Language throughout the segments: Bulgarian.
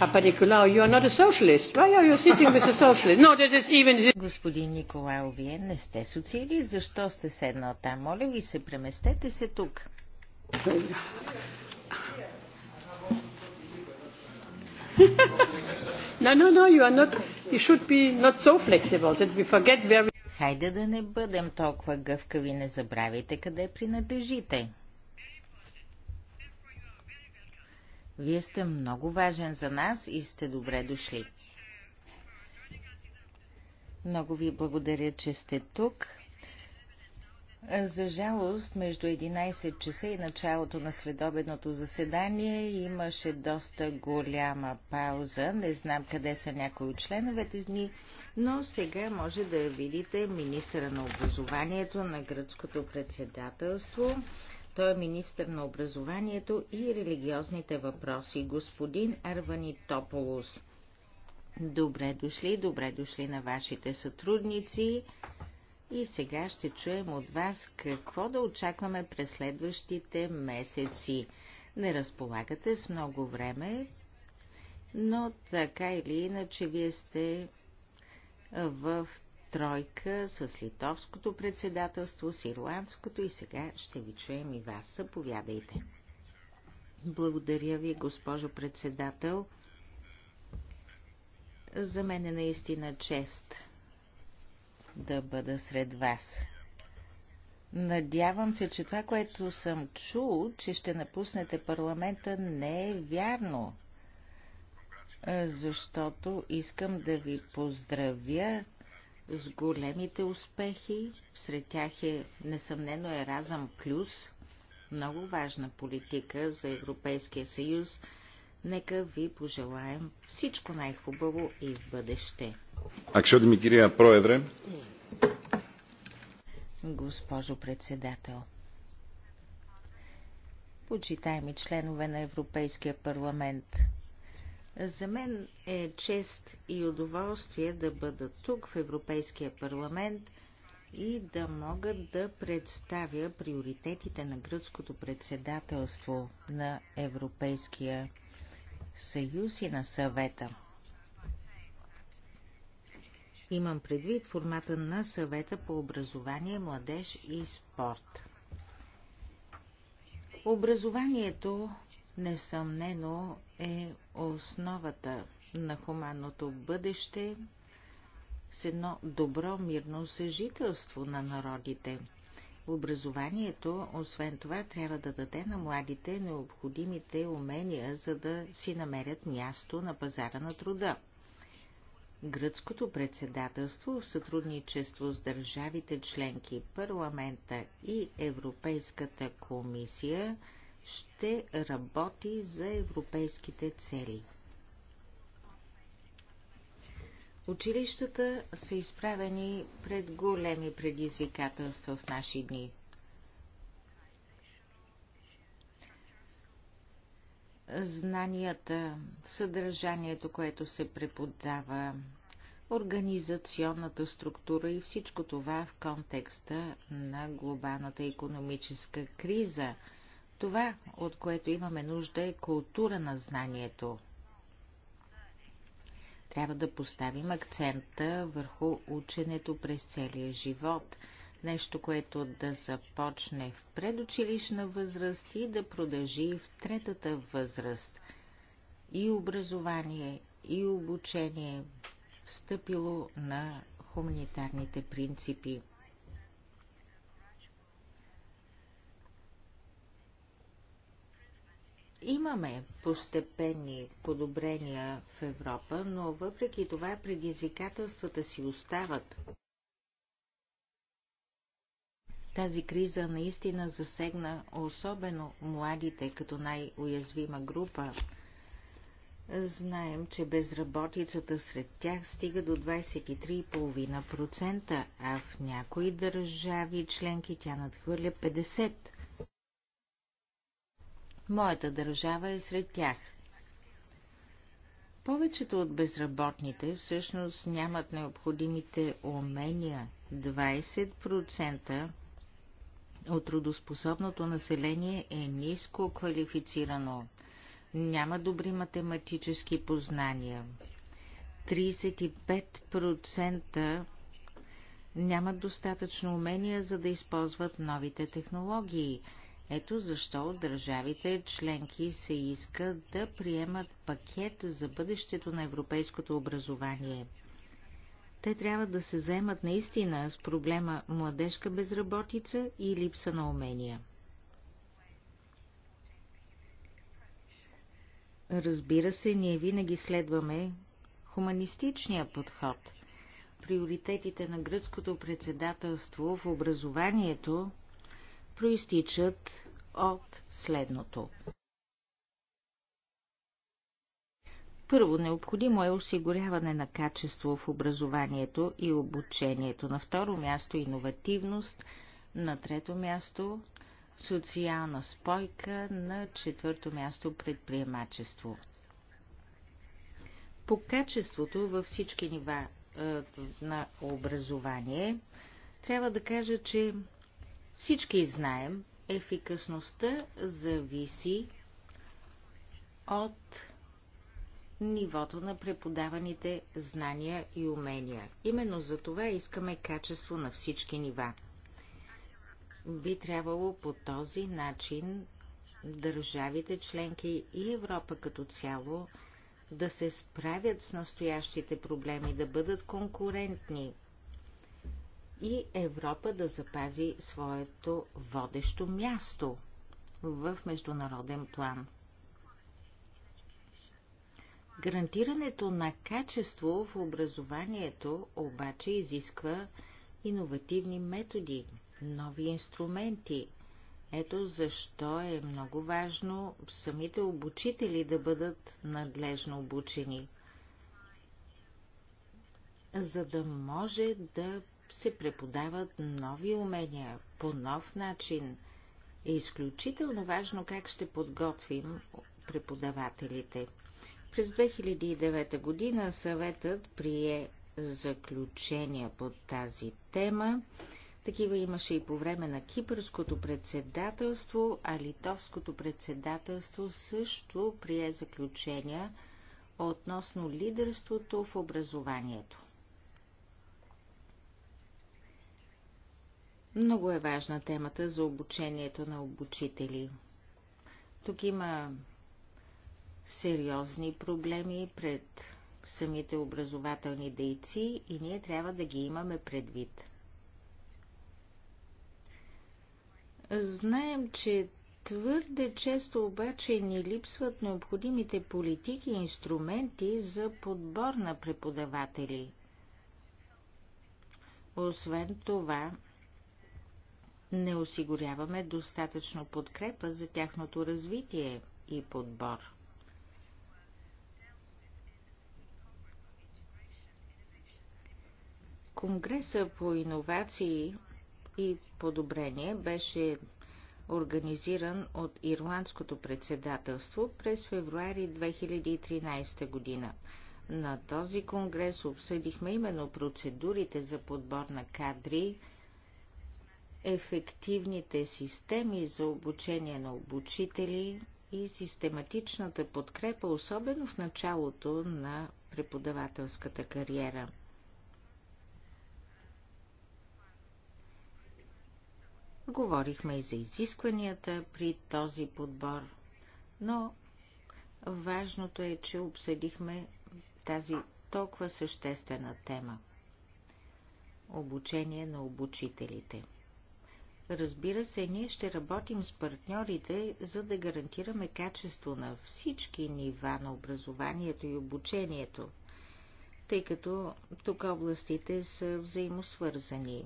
Николао, you are not a socialist. Why are you sitting with a socialist? No, is even... Господин Николао, вие не сте социалист. Защо сте седнал там? Моля ви се, преместете се тук. no, no, no, you are not... You should be not so flexible that we forget where... Хайде да не бъдем толкова гъвкави, не забравяйте къде принадлежите. Вие сте много важен за нас и сте добре дошли. Много ви благодаря, че сте тук. За жалост, между 11 часа и началото на следобедното заседание имаше доста голяма пауза. Не знам къде са някои от членовете ни, но сега може да видите министра на образованието на гръцкото председателство той е министър на образованието и религиозните въпроси, господин Арвани Тополус. Добре дошли, добре дошли на вашите сътрудници. И сега ще чуем от вас какво да очакваме през следващите месеци. Не разполагате с много време, но така или иначе вие сте в тройка с литовското председателство, с ирландското и сега ще ви чуем и вас. Съповядайте. Благодаря ви, госпожо председател. За мен е наистина чест да бъда сред вас. Надявам се, че това, което съм чул, че ще напуснете парламента, не е вярно. Защото искам да ви поздравя с големите успехи. Сред тях е несъмнено Еразъм Плюс, много важна политика за Европейския съюз. Нека ви пожелаем всичко най-хубаво и в бъдеще. Акшодими Кирия Проедре. Госпожо председател. Почитаеми членове на Европейския парламент, за мен е чест и удоволствие да бъда тук в Европейския парламент и да мога да представя приоритетите на гръцкото председателство на Европейския съюз и на съвета. Имам предвид формата на съвета по образование, младеж и спорт. Образованието несъмнено е основата на хуманното бъдеще с едно добро мирно съжителство на народите. Образованието, освен това, трябва да даде на младите необходимите умения, за да си намерят място на пазара на труда. Гръцкото председателство в сътрудничество с държавите членки, парламента и Европейската комисия – ще работи за европейските цели. Училищата са изправени пред големи предизвикателства в наши дни. Знанията, съдържанието, което се преподава, организационната структура и всичко това в контекста на глобалната економическа криза – това, от което имаме нужда, е култура на знанието. Трябва да поставим акцента върху ученето през целия живот, нещо, което да започне в предучилищна възраст и да продължи в третата възраст. И образование, и обучение, встъпило на хуманитарните принципи – Имаме постепенни подобрения в Европа, но въпреки това предизвикателствата си остават. Тази криза наистина засегна особено младите като най-уязвима група. Знаем, че безработицата сред тях стига до 23,5%, а в някои държави членки тя надхвърля 50%. Моята държава е сред тях. Повечето от безработните всъщност нямат необходимите умения. 20% от трудоспособното население е ниско квалифицирано. Няма добри математически познания. 35% нямат достатъчно умения, за да използват новите технологии. Ето защо от държавите членки се иска да приемат пакет за бъдещето на европейското образование. Те трябва да се заемат наистина с проблема младежка безработица и липса на умения. Разбира се, ние винаги следваме хуманистичния подход. Приоритетите на гръцкото председателство в образованието проистичат от следното. Първо, необходимо е осигуряване на качество в образованието и обучението. На второ място – иновативност. На трето място – социална спойка. На четвърто място – предприемачество. По качеството във всички нива на образование трябва да кажа, че всички знаем, ефикасността зависи от нивото на преподаваните знания и умения. Именно за това искаме качество на всички нива. Би трябвало по този начин държавите членки и Европа като цяло да се справят с настоящите проблеми, да бъдат конкурентни и Европа да запази своето водещо място в международен план. Гарантирането на качество в образованието обаче изисква иновативни методи, нови инструменти. Ето защо е много важно самите обучители да бъдат надлежно обучени, за да може да се преподават нови умения по нов начин. Е изключително важно как ще подготвим преподавателите. През 2009 година съветът прие заключения по тази тема. Такива имаше и по време на кипърското председателство, а литовското председателство също прие заключения относно лидерството в образованието. Много е важна темата за обучението на обучители. Тук има сериозни проблеми пред самите образователни дейци и ние трябва да ги имаме предвид. Знаем, че твърде често обаче ни липсват необходимите политики и инструменти за подбор на преподаватели. Освен това, не осигуряваме достатъчно подкрепа за тяхното развитие и подбор. Конгреса по иновации и подобрение беше организиран от Ирландското председателство през февруари 2013 година. На този конгрес обсъдихме именно процедурите за подбор на кадри – ефективните системи за обучение на обучители и систематичната подкрепа, особено в началото на преподавателската кариера. Говорихме и за изискванията при този подбор, но важното е, че обсъдихме тази толкова съществена тема – обучение на обучителите – Разбира се, ние ще работим с партньорите, за да гарантираме качество на всички нива на образованието и обучението, тъй като тук областите са взаимосвързани.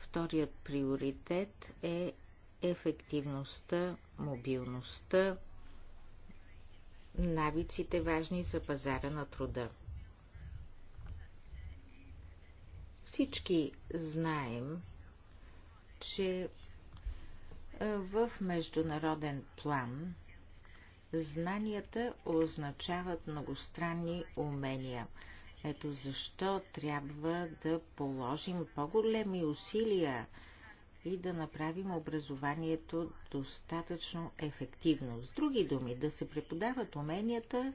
Вторият приоритет е ефективността, мобилността, навиците важни за пазара на труда. Всички знаем, че в международен план знанията означават многостранни умения. Ето защо трябва да положим по-големи усилия и да направим образованието достатъчно ефективно. С други думи, да се преподават уменията,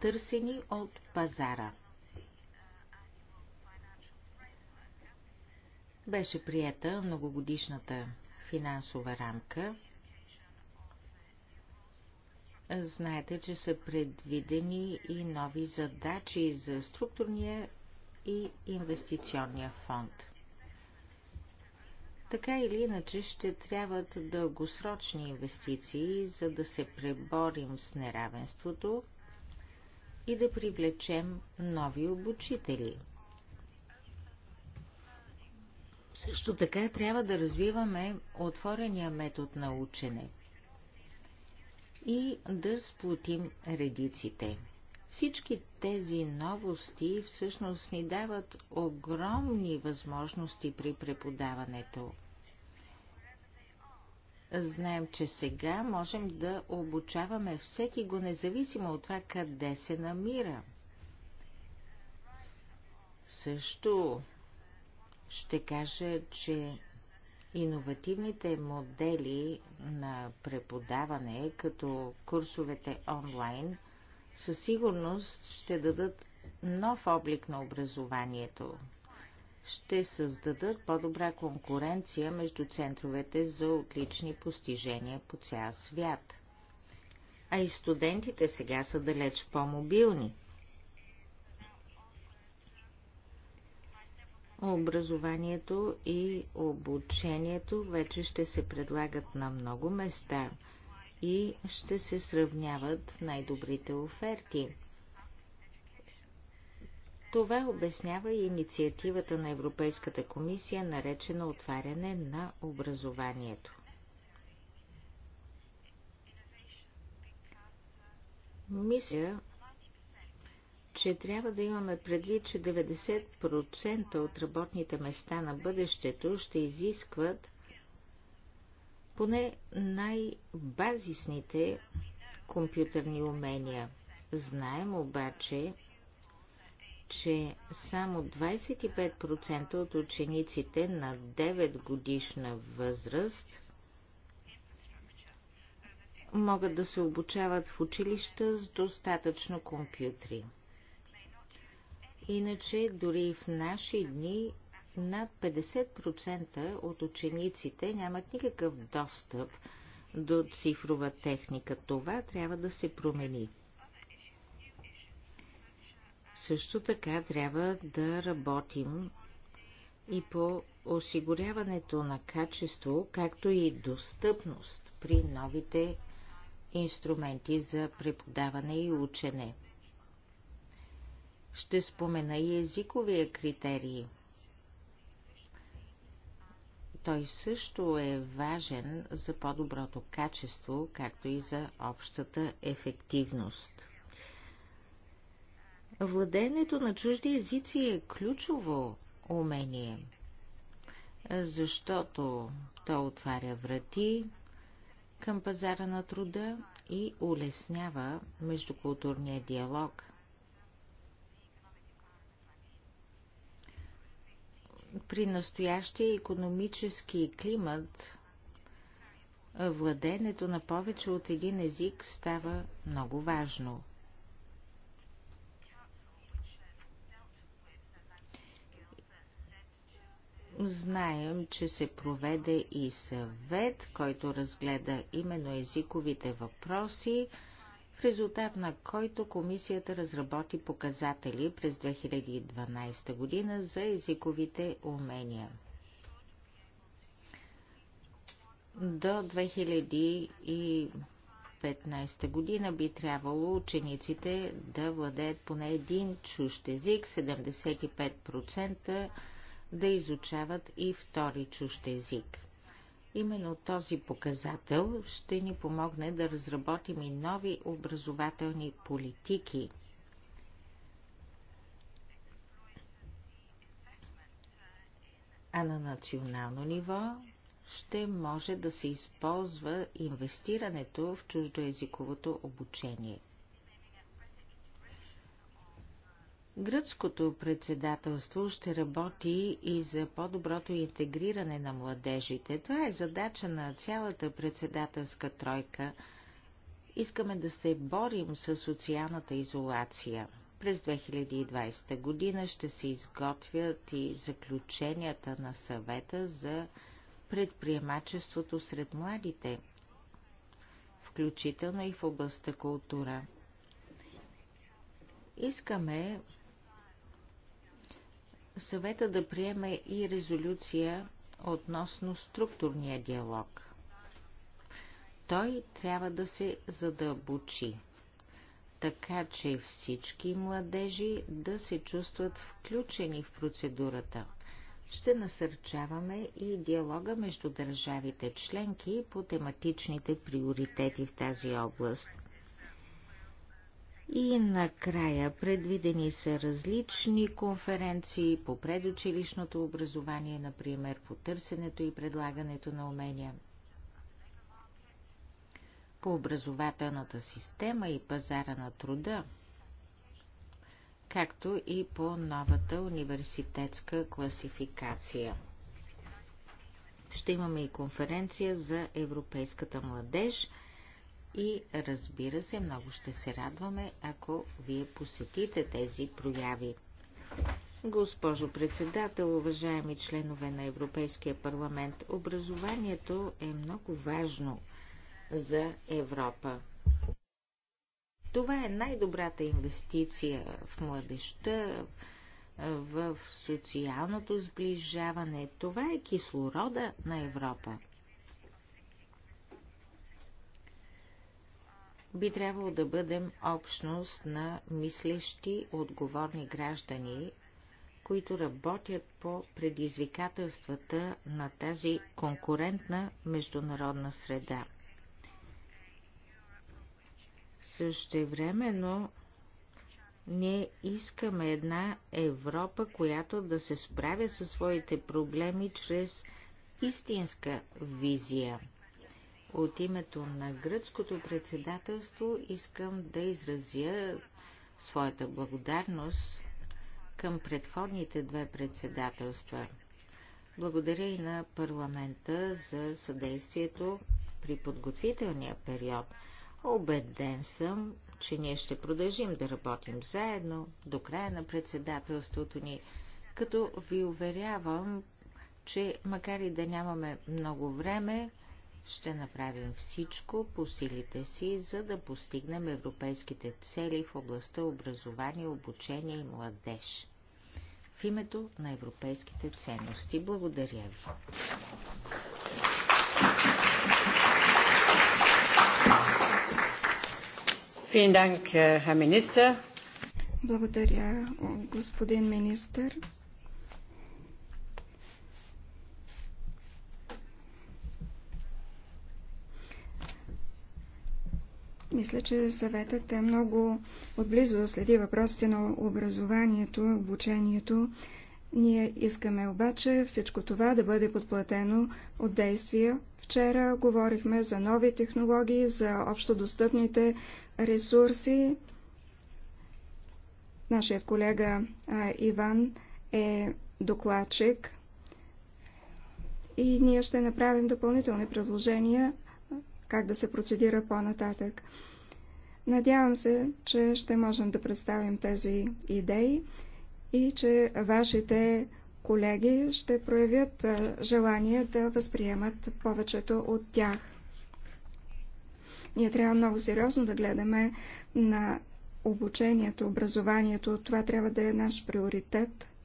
търсени от пазара – Беше приета многогодишната финансова рамка. Знаете, че са предвидени и нови задачи за структурния и инвестиционния фонд. Така или иначе ще трябват дългосрочни инвестиции, за да се преборим с неравенството и да привлечем нови обучители – Също така трябва да развиваме отворения метод на учене и да сплотим редиците. Всички тези новости всъщност ни дават огромни възможности при преподаването. Знаем, че сега можем да обучаваме всеки го, независимо от това къде се намира. Също ще кажа, че иновативните модели на преподаване, като курсовете онлайн, със сигурност ще дадат нов облик на образованието. Ще създадат по-добра конкуренция между центровете за отлични постижения по цял свят. А и студентите сега са далеч по-мобилни – Образованието и обучението вече ще се предлагат на много места и ще се сравняват най-добрите оферти. Това обяснява и инициативата на Европейската комисия, наречена отваряне на образованието. Мисля, че трябва да имаме предвид, че 90% от работните места на бъдещето ще изискват поне най-базисните компютърни умения. Знаем обаче, че само 25% от учениците на 9 годишна възраст могат да се обучават в училища с достатъчно компютри. Иначе дори в наши дни над 50% от учениците нямат никакъв достъп до цифрова техника. Това трябва да се промени. Също така трябва да работим и по осигуряването на качество, както и достъпност при новите инструменти за преподаване и учене. Ще спомена и езиковия критерий. Той също е важен за по-доброто качество, както и за общата ефективност. Владенето на чужди езици е ключово умение, защото то отваря врати към пазара на труда и улеснява междукултурния диалог. при настоящия економически климат владенето на повече от един език става много важно. Знаем, че се проведе и съвет, който разгледа именно езиковите въпроси – в резултат на който комисията разработи показатели през 2012 година за езиковите умения. До 2015 година би трябвало учениците да владеят поне един чужд език, 75% да изучават и втори чужд език. Именно този показател ще ни помогне да разработим и нови образователни политики. А на национално ниво ще може да се използва инвестирането в чуждоязиковото обучение – Гръцкото председателство ще работи и за по-доброто интегриране на младежите. Това е задача на цялата председателска тройка. Искаме да се борим с социалната изолация. През 2020 година ще се изготвят и заключенията на съвета за предприемачеството сред младите, включително и в областта култура. Искаме съвета да приеме и резолюция относно структурния диалог. Той трябва да се задълбочи, така че всички младежи да се чувстват включени в процедурата. Ще насърчаваме и диалога между държавите членки по тематичните приоритети в тази област – и накрая предвидени са различни конференции по предучилищното образование, например по търсенето и предлагането на умения, по образователната система и пазара на труда, както и по новата университетска класификация. Ще имаме и конференция за европейската младеж – и разбира се, много ще се радваме, ако вие посетите тези прояви. Госпожо председател, уважаеми членове на Европейския парламент, образованието е много важно за Европа. Това е най-добрата инвестиция в младеща, в социалното сближаване. Това е кислорода на Европа. Би трябвало да бъдем общност на мислещи, отговорни граждани, които работят по предизвикателствата на тази конкурентна международна среда. Същевременно ние искаме една Европа, която да се справя със своите проблеми чрез истинска визия – от името на гръцкото председателство искам да изразя своята благодарност към предходните две председателства. Благодаря и на парламента за съдействието при подготвителния период. Обеден съм, че ние ще продължим да работим заедно до края на председателството ни, като ви уверявам, че макар и да нямаме много време, ще направим всичко по силите си, за да постигнем европейските цели в областта образование, обучение и младеж. В името на европейските ценности. Благодаря ви. Благодаря, господин министър. Мисля, че съветът е много отблизо следи въпросите на образованието, обучението. Ние искаме обаче всичко това да бъде подплатено от действия. Вчера говорихме за нови технологии, за общодостъпните ресурси. Нашият колега а, Иван е докладчик и ние ще направим допълнителни предложения как да се процедира по-нататък. Надявам се, че ще можем да представим тези идеи и че вашите колеги ще проявят желание да възприемат повечето от тях. Ние трябва много сериозно да гледаме на обучението, образованието. Това трябва да е наш приоритет –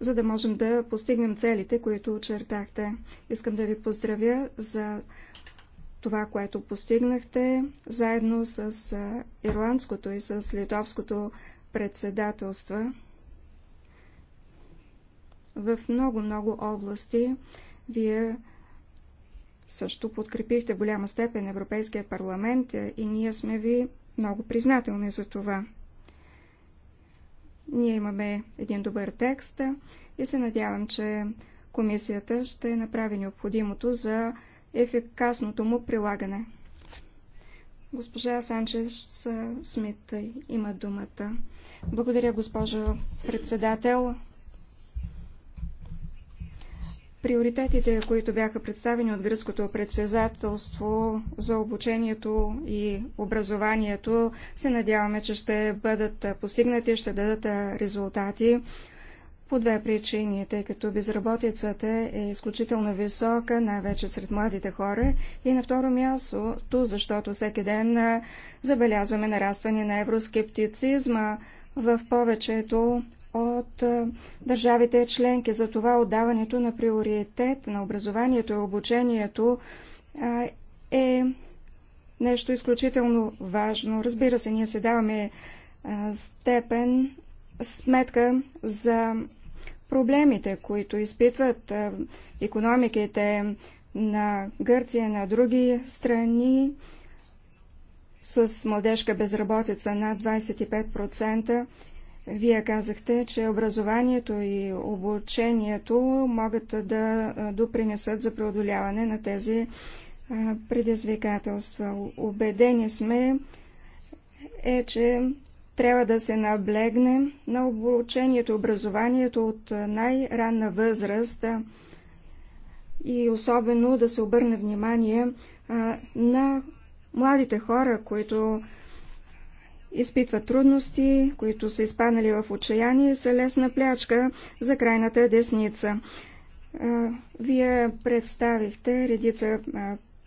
за да можем да постигнем целите, които очертахте. Искам да ви поздравя за това, което постигнахте заедно с ирландското и с литовското председателство. В много-много области вие също подкрепихте в голяма степен Европейският парламент и ние сме ви много признателни за това. Ние имаме един добър текст и се надявам, че комисията ще направи необходимото за ефикасното му прилагане. Госпожа Санчес Смит има думата. Благодаря, госпожо председател. Приоритетите, които бяха представени от гръцкото председателство за обучението и образованието, се надяваме, че ще бъдат постигнати, ще дадат резултати по две причини, тъй като безработицата е изключително висока, най-вече сред младите хора, и на второ място, защото всеки ден забелязваме нарастване на евроскептицизма в повечето от държавите членки. Затова отдаването на приоритет на образованието и обучението е нещо изключително важно. Разбира се, ние се даваме степен сметка за проблемите, които изпитват економиките на Гърция, на други страни с младежка безработица над 25%. Вие казахте, че образованието и обучението могат да допринесат за преодоляване на тези предизвикателства. Обедени сме е, че трябва да се наблегне на обучението, образованието от най-ранна възраст и особено да се обърне внимание на младите хора, които изпитват трудности, които са изпаднали в отчаяние са лесна плячка за крайната десница. Вие представихте редица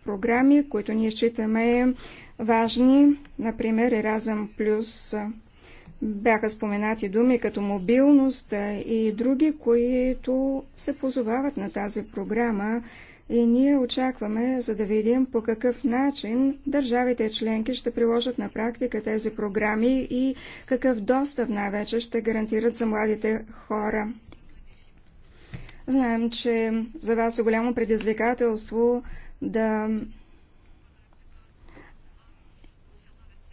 програми, които ние считаме важни, например Еразъм Плюс. Бяха споменати думи като мобилност и други, които се позовават на тази програма и ние очакваме, за да видим по какъв начин държавите членки ще приложат на практика тези програми и какъв достъп най-вече ще гарантират за младите хора. Знаем, че за вас е голямо предизвикателство да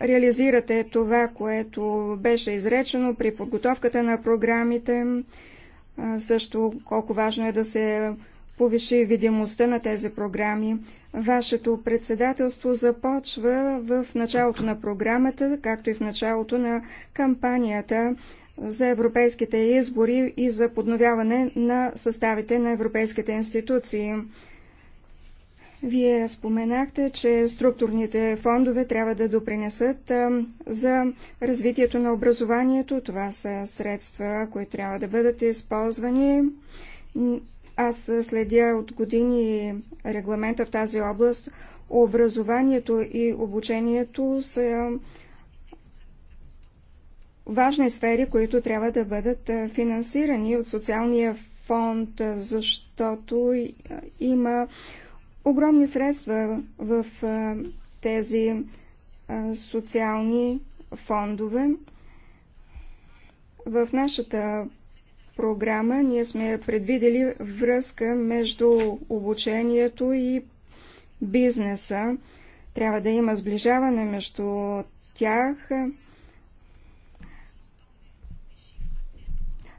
реализирате това, което беше изречено при подготовката на програмите, също колко важно е да се повиши видимостта на тези програми. Вашето председателство започва в началото на програмата, както и в началото на кампанията за европейските избори и за подновяване на съставите на европейските институции. Вие споменахте, че структурните фондове трябва да допринесат за развитието на образованието. Това са средства, които трябва да бъдат използвани. Аз следя от години регламента в тази област. Образованието и обучението са важни сфери, които трябва да бъдат финансирани от социалния фонд, защото има огромни средства в тези социални фондове. В нашата програма ние сме предвидели връзка между обучението и бизнеса. Трябва да има сближаване между тях.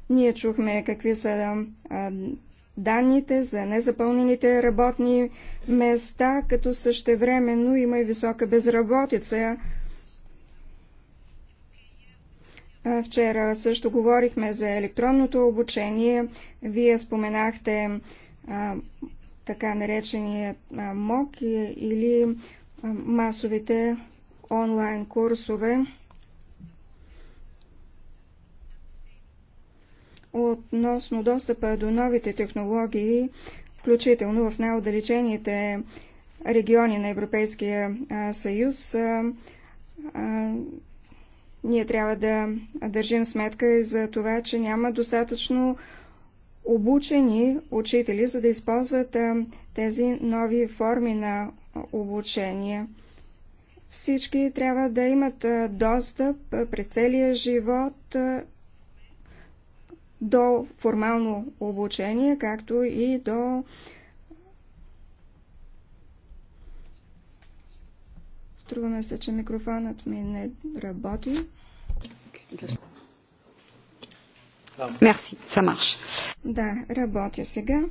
Ние чухме какви са данните за незапълнените работни места, като същевременно има и висока безработица. Вчера също говорихме за електронното обучение. Вие споменахте а, така наречения МОК или масовите онлайн курсове. относно достъпа до новите технологии, включително в най-отдалечените региони на Европейския съюз, ние трябва да държим сметка и за това, че няма достатъчно обучени учители, за да използват тези нови форми на обучение. Всички трябва да имат достъп през целия живот до формално обучение, както и до Струваме се, че микрофонът ми не работи. Мерси, Да, работя сега.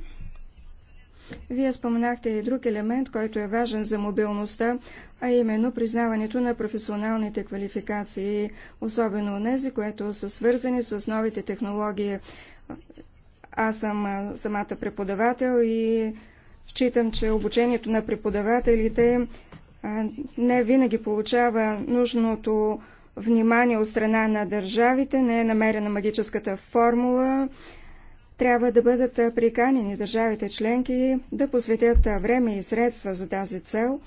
Вие споменахте и друг елемент, който е важен за мобилността, а именно признаването на професионалните квалификации, особено тези, които са свързани с новите технологии. Аз съм самата преподавател и считам, че обучението на преподавателите не винаги получава нужното внимание от страна на държавите, не е намерена магическата формула трябва да бъдат приканени държавите членки да посветят време и средства за тази цел,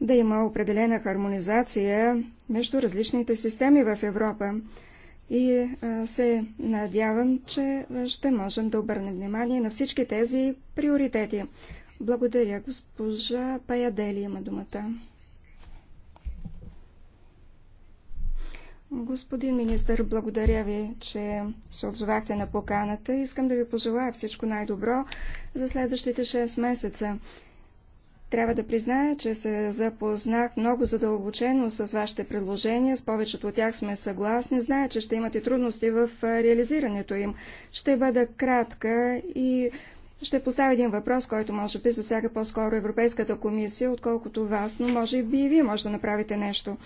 да има определена хармонизация между различните системи в Европа. И се надявам, че ще можем да обърнем внимание на всички тези приоритети. Благодаря, госпожа Паядели има думата. Господин министър, благодаря ви, че се отзовахте на поканата. Искам да ви пожелая всичко най-добро за следващите 6 месеца. Трябва да призная, че се запознах много задълбочено с вашите предложения. С повечето от тях сме съгласни. Зная, че ще имате трудности в реализирането им. Ще бъда кратка и ще поставя един въпрос, който може би засяга по-скоро Европейската комисия, отколкото вас, но може би и вие може да направите нещо.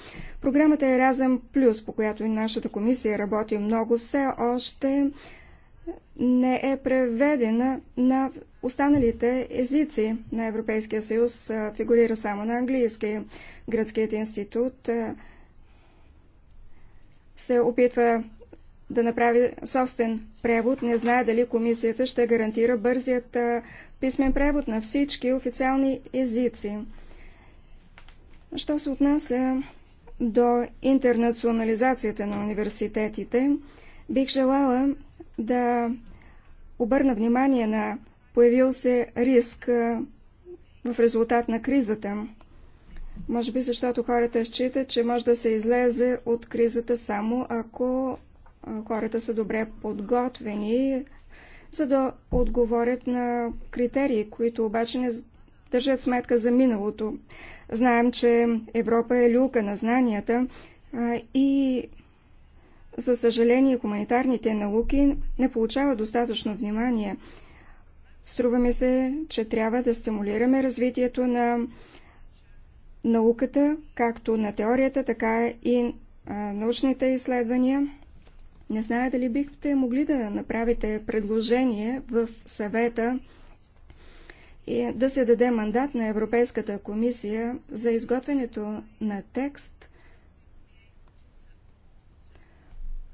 Програмата Разъм Плюс, по която и нашата комисия работи много, все още не е преведена на останалите езици на Европейския съюз, фигурира само на английски. Гръцкият институт се опитва да направи собствен превод. Не знае дали комисията ще гарантира бързият писмен превод на всички официални езици. Що се отнася до интернационализацията на университетите, бих желала да обърна внимание на появил се риск в резултат на кризата. Може би защото хората считат, че може да се излезе от кризата само ако хората са добре подготвени, за да отговорят на критерии, които обаче не държат сметка за миналото. Знаем, че Европа е люка на знанията и за съжаление хуманитарните науки не получават достатъчно внимание. Струва ми се, че трябва да стимулираме развитието на науката, както на теорията, така и научните изследвания. Не зная дали бихте могли да направите предложение в съвета и да се даде мандат на Европейската комисия за изготвянето на текст,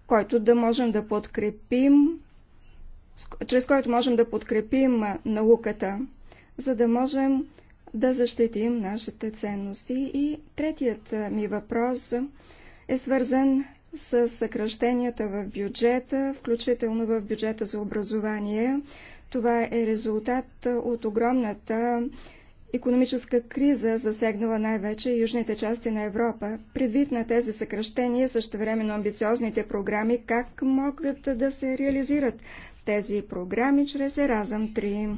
който да можем да подкрепим, чрез който можем да подкрепим науката, за да можем да защитим нашите ценности. И третият ми въпрос е свързан с съкръщенията в бюджета, включително в бюджета за образование. Това е резултат от огромната економическа криза, засегнала най-вече южните части на Европа. Предвид на тези съкръщения, същевременно амбициозните програми, как могат да се реализират тези програми чрез Еразъм 3?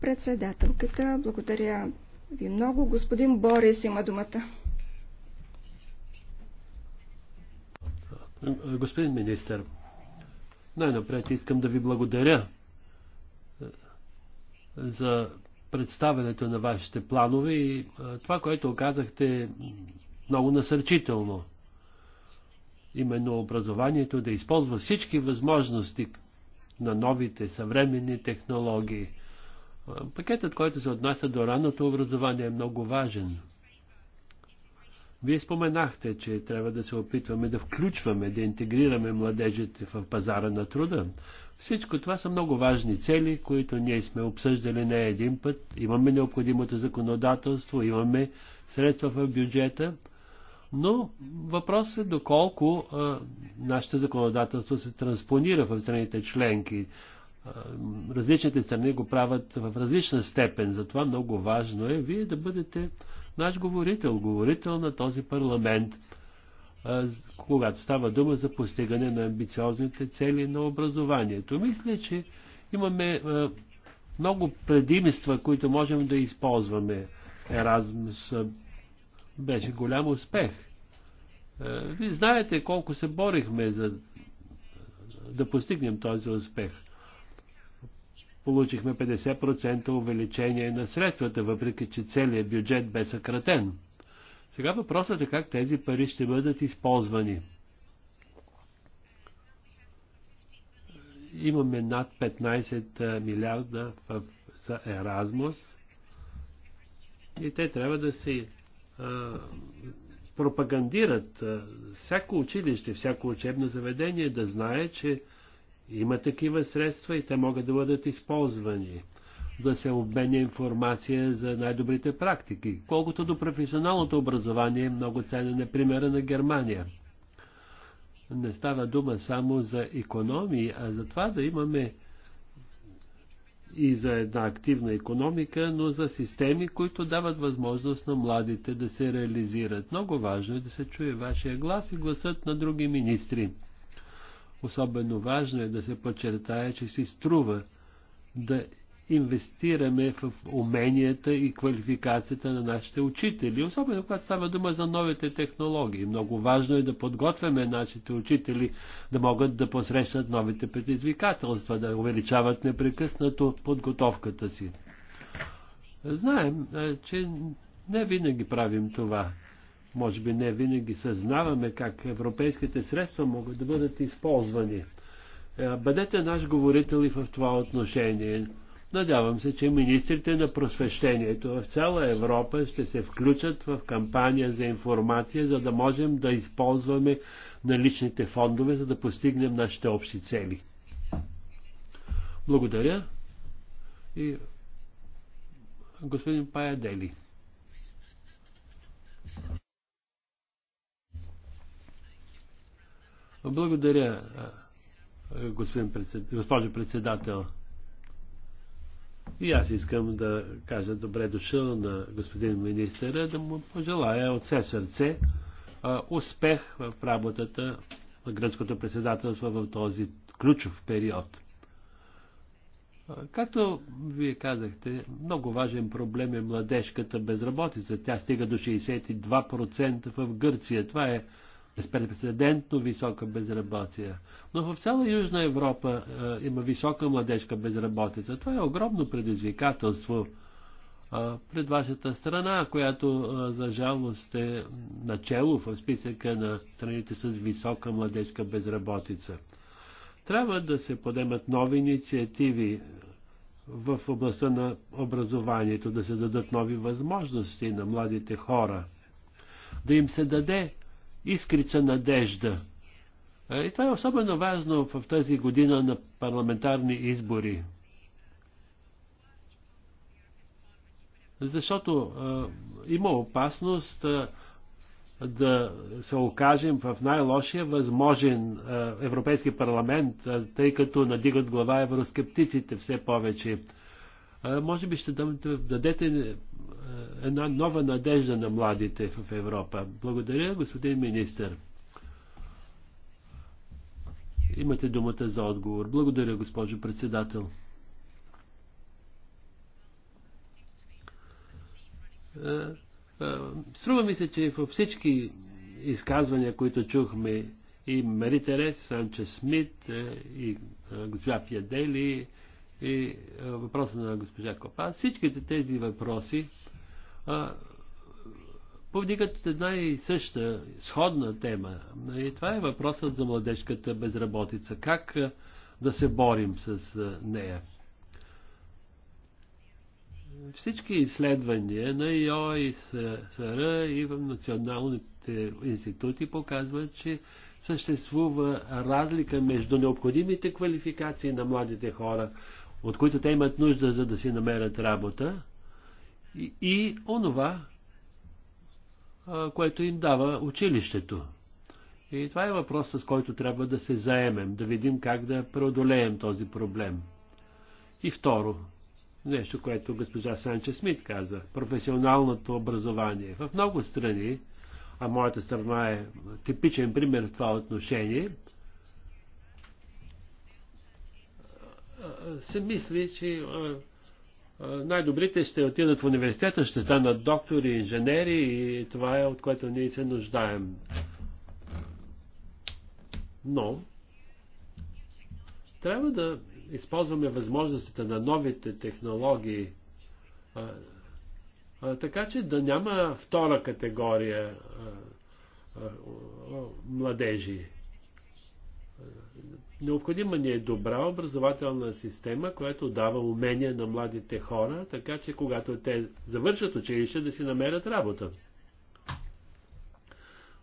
Председателката, благодаря ви много. Господин Борис има думата. Господин министър, най-напред искам да ви благодаря е, за представенето на вашите планове и е, това, което казахте, много насърчително. Именно образованието да използва всички възможности на новите съвременни технологии. Е, пакетът, който се отнася до ранното образование е много важен. Вие споменахте, че трябва да се опитваме да включваме, да интегрираме младежите в пазара на труда. Всичко това са много важни цели, които ние сме обсъждали не един път. Имаме необходимото законодателство, имаме средства в бюджета, но въпрос е доколко а, нашето законодателство се транспонира в страните членки. А, различните страни го правят в различна степен, затова много важно е вие да бъдете наш говорител, говорител на този парламент, когато става дума за постигане на амбициозните цели на образованието. Мисля, че имаме много предимства, които можем да използваме. Еразмус беше голям успех. Вие знаете колко се борихме за да постигнем този успех получихме 50% увеличение на средствата, въпреки че целият бюджет бе съкратен. Сега въпросът е как тези пари ще бъдат използвани. Имаме над 15 милиарда за Еразмус и те трябва да се пропагандират. Всяко училище, всяко учебно заведение да знае, че има такива средства и те могат да бъдат използвани да се обменя информация за най-добрите практики. Колкото до професионалното образование, е много ценен е примера на Германия. Не става дума само за економии, а за това да имаме и за една активна економика, но за системи, които дават възможност на младите да се реализират. Много важно е да се чуе вашия глас и гласът на други министри. Особено важно е да се подчертае, че си струва да инвестираме в уменията и квалификацията на нашите учители, особено когато става дума за новите технологии. Много важно е да подготвяме нашите учители да могат да посрещат новите предизвикателства, да увеличават непрекъснато подготовката си. Знаем, че не винаги правим това. Може би не винаги съзнаваме как европейските средства могат да бъдат използвани. Е, бъдете наш говорител и в това отношение. Надявам се, че министрите на просвещението в цяла Европа ще се включат в кампания за информация, за да можем да използваме наличните фондове, за да постигнем нашите общи цели. Благодаря. И господин Паядели. Благодаря, господин госпожо председател. И аз искам да кажа добре дошъл на господин министъра, да му пожелая от все сърце успех в работата на гръцкото председателство в този ключов период. Както вие казахте, много важен проблем е младежката безработица. Тя стига до 62% в Гърция. Това е безпрецедентно висока безработица. Но в цяла Южна Европа е, има висока младежка безработица. Това е огромно предизвикателство е, пред вашата страна, която е, за жалост е начало в списъка на страните с висока младежка безработица. Трябва да се подемат нови инициативи е, в областта на образованието, да се дадат нови възможности на младите хора, да им се даде искрица надежда. Е, и това е особено важно в тази година на парламентарни избори. Защото а, е, има опасност а, е, да се окажем в най-лошия възможен а, Европейски парламент, а, тъй като надигат глава евроскептиците все повече може би ще дадете е, една нова надежда на младите в Европа. Благодаря, господин министр. Имате думата за отговор. Благодаря, госпожо председател. Е, е, струва ми се, че във всички изказвания, които чухме и Мари Терес, Санче Смит и госпожа Пиадели, и е, въпроса на госпожа Копа. Всичките тези въпроси а, е, повдигат една и съща сходна тема. И това е въпросът за младежката безработица. Как е, да се борим с нея? Всички изследвания на ИО и СР и в националните институти показват, че съществува разлика между необходимите квалификации на младите хора от които те имат нужда, за да си намерят работа, и, и онова, а, което им дава училището. И това е въпрос, с който трябва да се заемем, да видим как да преодолеем този проблем. И второ, нещо, което госпожа Санче Смит каза, професионалното образование. В много страни, а моята страна е типичен пример в това отношение, се мисли, че най-добрите ще отидат в университета, ще станат доктори, инженери и това е от което ние се нуждаем. Но трябва да използваме възможностите на новите технологии, а, а, така че да няма втора категория а, а, младежи. Необходима ни е добра образователна система, която дава умения на младите хора, така че когато те завършат училище, да си намерят работа.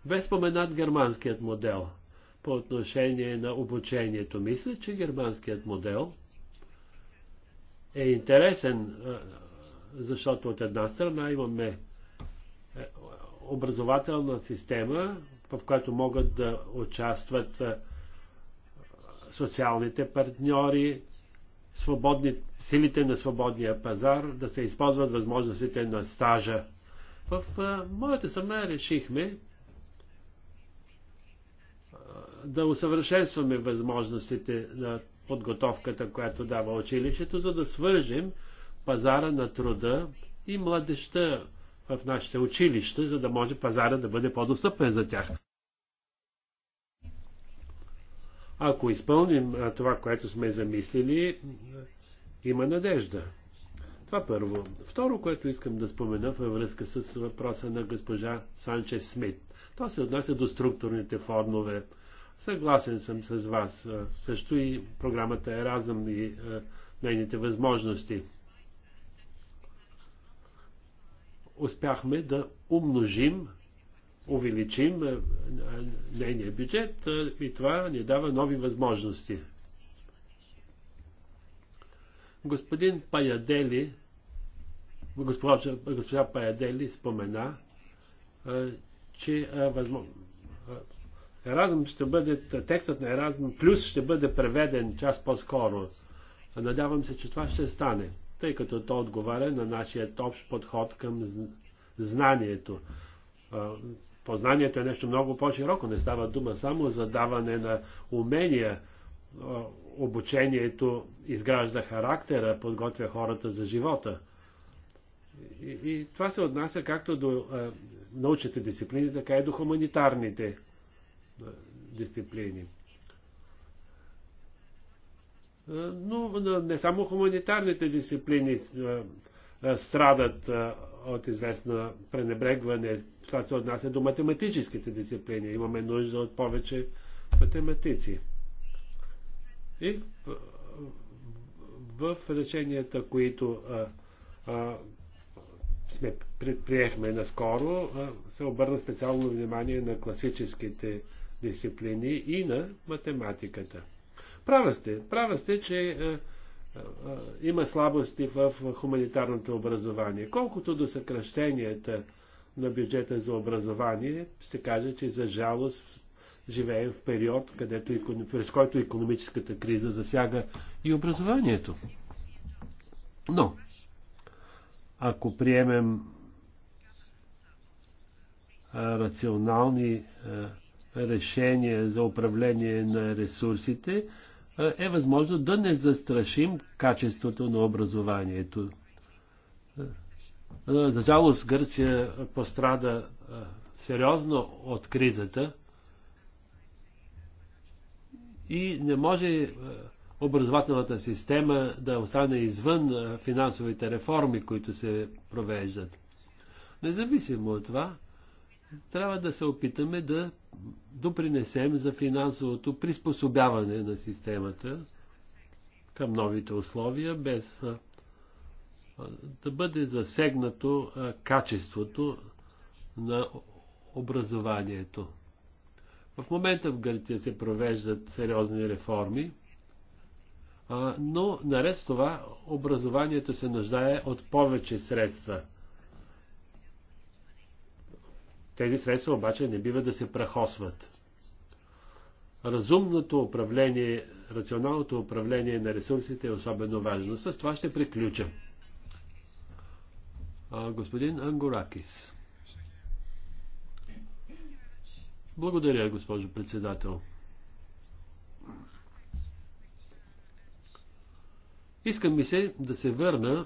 Без споменат германският модел по отношение на обучението. Мисля, че германският модел е интересен, защото от една страна имаме е, образователна система, в която могат да участват социалните партньори, свободни, силите на свободния пазар, да се използват възможностите на стажа. В а, моята съмна решихме а, да усъвършенстваме възможностите на подготовката, която дава училището, за да свържим пазара на труда и младеща в нашите училища, за да може пазара да бъде по-достъпен за тях. Ако изпълним това, което сме замислили, има надежда. Това първо. Второ, което искам да спомена във връзка с въпроса на госпожа Санчес Смит. То се отнася до структурните формове. Съгласен съм с вас. Също и програмата е разъм и нейните възможности. Успяхме да умножим увеличим нейния бюджет и това ни дава нови възможности. Господин Паядели, госпожа, госпожа Паядели спомена, че възможно, Еразъм ще бъде, текстът на Еразъм плюс ще бъде преведен час по-скоро. Надявам се, че това ще стане, тъй като то отговаря на нашия общ подход към знанието познанието е нещо много по-широко. Не става дума само за даване на умения. Обучението изгражда характера, подготвя хората за живота. И, и това се отнася както до а, е, научните дисциплини, така и до хуманитарните а, е, дисциплини. А, е, но не само хуманитарните дисциплини а, а, страдат а, от известно пренебрегване това се отнася до математическите дисциплини. Имаме нужда от повече математици. И в, решенията, които а, а, сме предприехме наскоро, а, се обърна специално внимание на класическите дисциплини и на математиката. Права сте, права сте, че а, а, има слабости в хуманитарното образование. Колкото до съкръщенията, на бюджета за образование, ще кажа, че за жалост живеем в период, където, през който економическата криза засяга и образованието. Но, ако приемем рационални решения за управление на ресурсите, е възможно да не застрашим качеството на образованието. За жалост Гърция пострада сериозно от кризата и не може образователната система да остане извън финансовите реформи, които се провеждат. Независимо от това, трябва да се опитаме да допринесем за финансовото приспособяване на системата към новите условия, без да бъде засегнато качеството на образованието. В момента в Гърция се провеждат сериозни реформи, но наред с това образованието се нуждае от повече средства. Тези средства обаче не бива да се прахосват. Разумното управление, рационалното управление на ресурсите е особено важно. С това ще приключа господин Ангоракис. Благодаря, госпожо председател. Искам ми се да се върна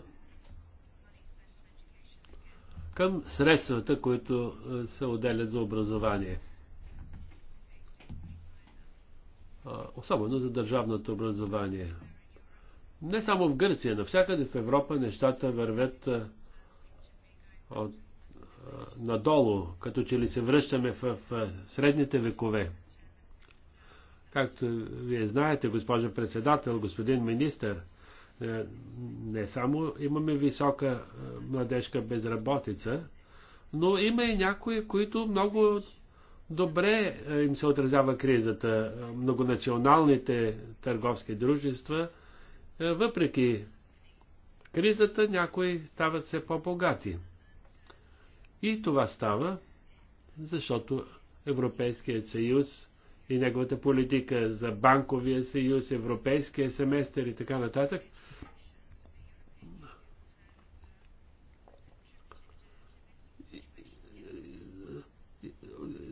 към средствата, които се отделят за образование. Особено за държавното образование. Не само в Гърция, навсякъде в Европа нещата вървят от, надолу, като че ли се връщаме в, в средните векове. Както вие знаете, госпожа председател, господин министър, е, не само имаме висока е, младежка безработица, но има и някои, които много добре е, им се отразява кризата. Многонационалните търговски дружества, въпреки кризата, някои стават все по-богати. И това става, защото Европейският съюз и неговата политика за банковия съюз, европейския семестър и така нататък,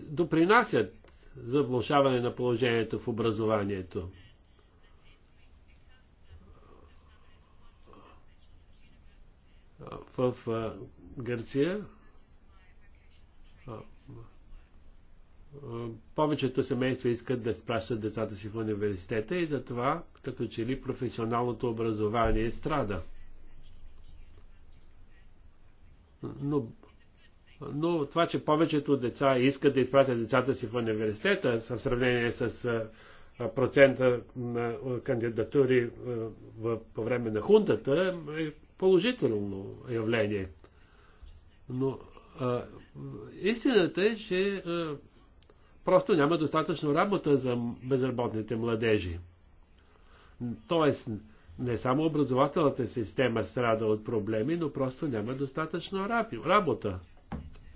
допринасят за влушаване на положението в образованието. В Гърция повечето семейства искат да спращат децата си в университета и затова като че ли професионалното образование страда. Но, но това, че повечето деца искат да изпратят децата си в университета в сравнение с процента на кандидатури по време на хунтата е положително явление. Но истината е, че просто няма достатъчно работа за безработните младежи. Тоест, не само образователната система страда от проблеми, но просто няма достатъчно работа.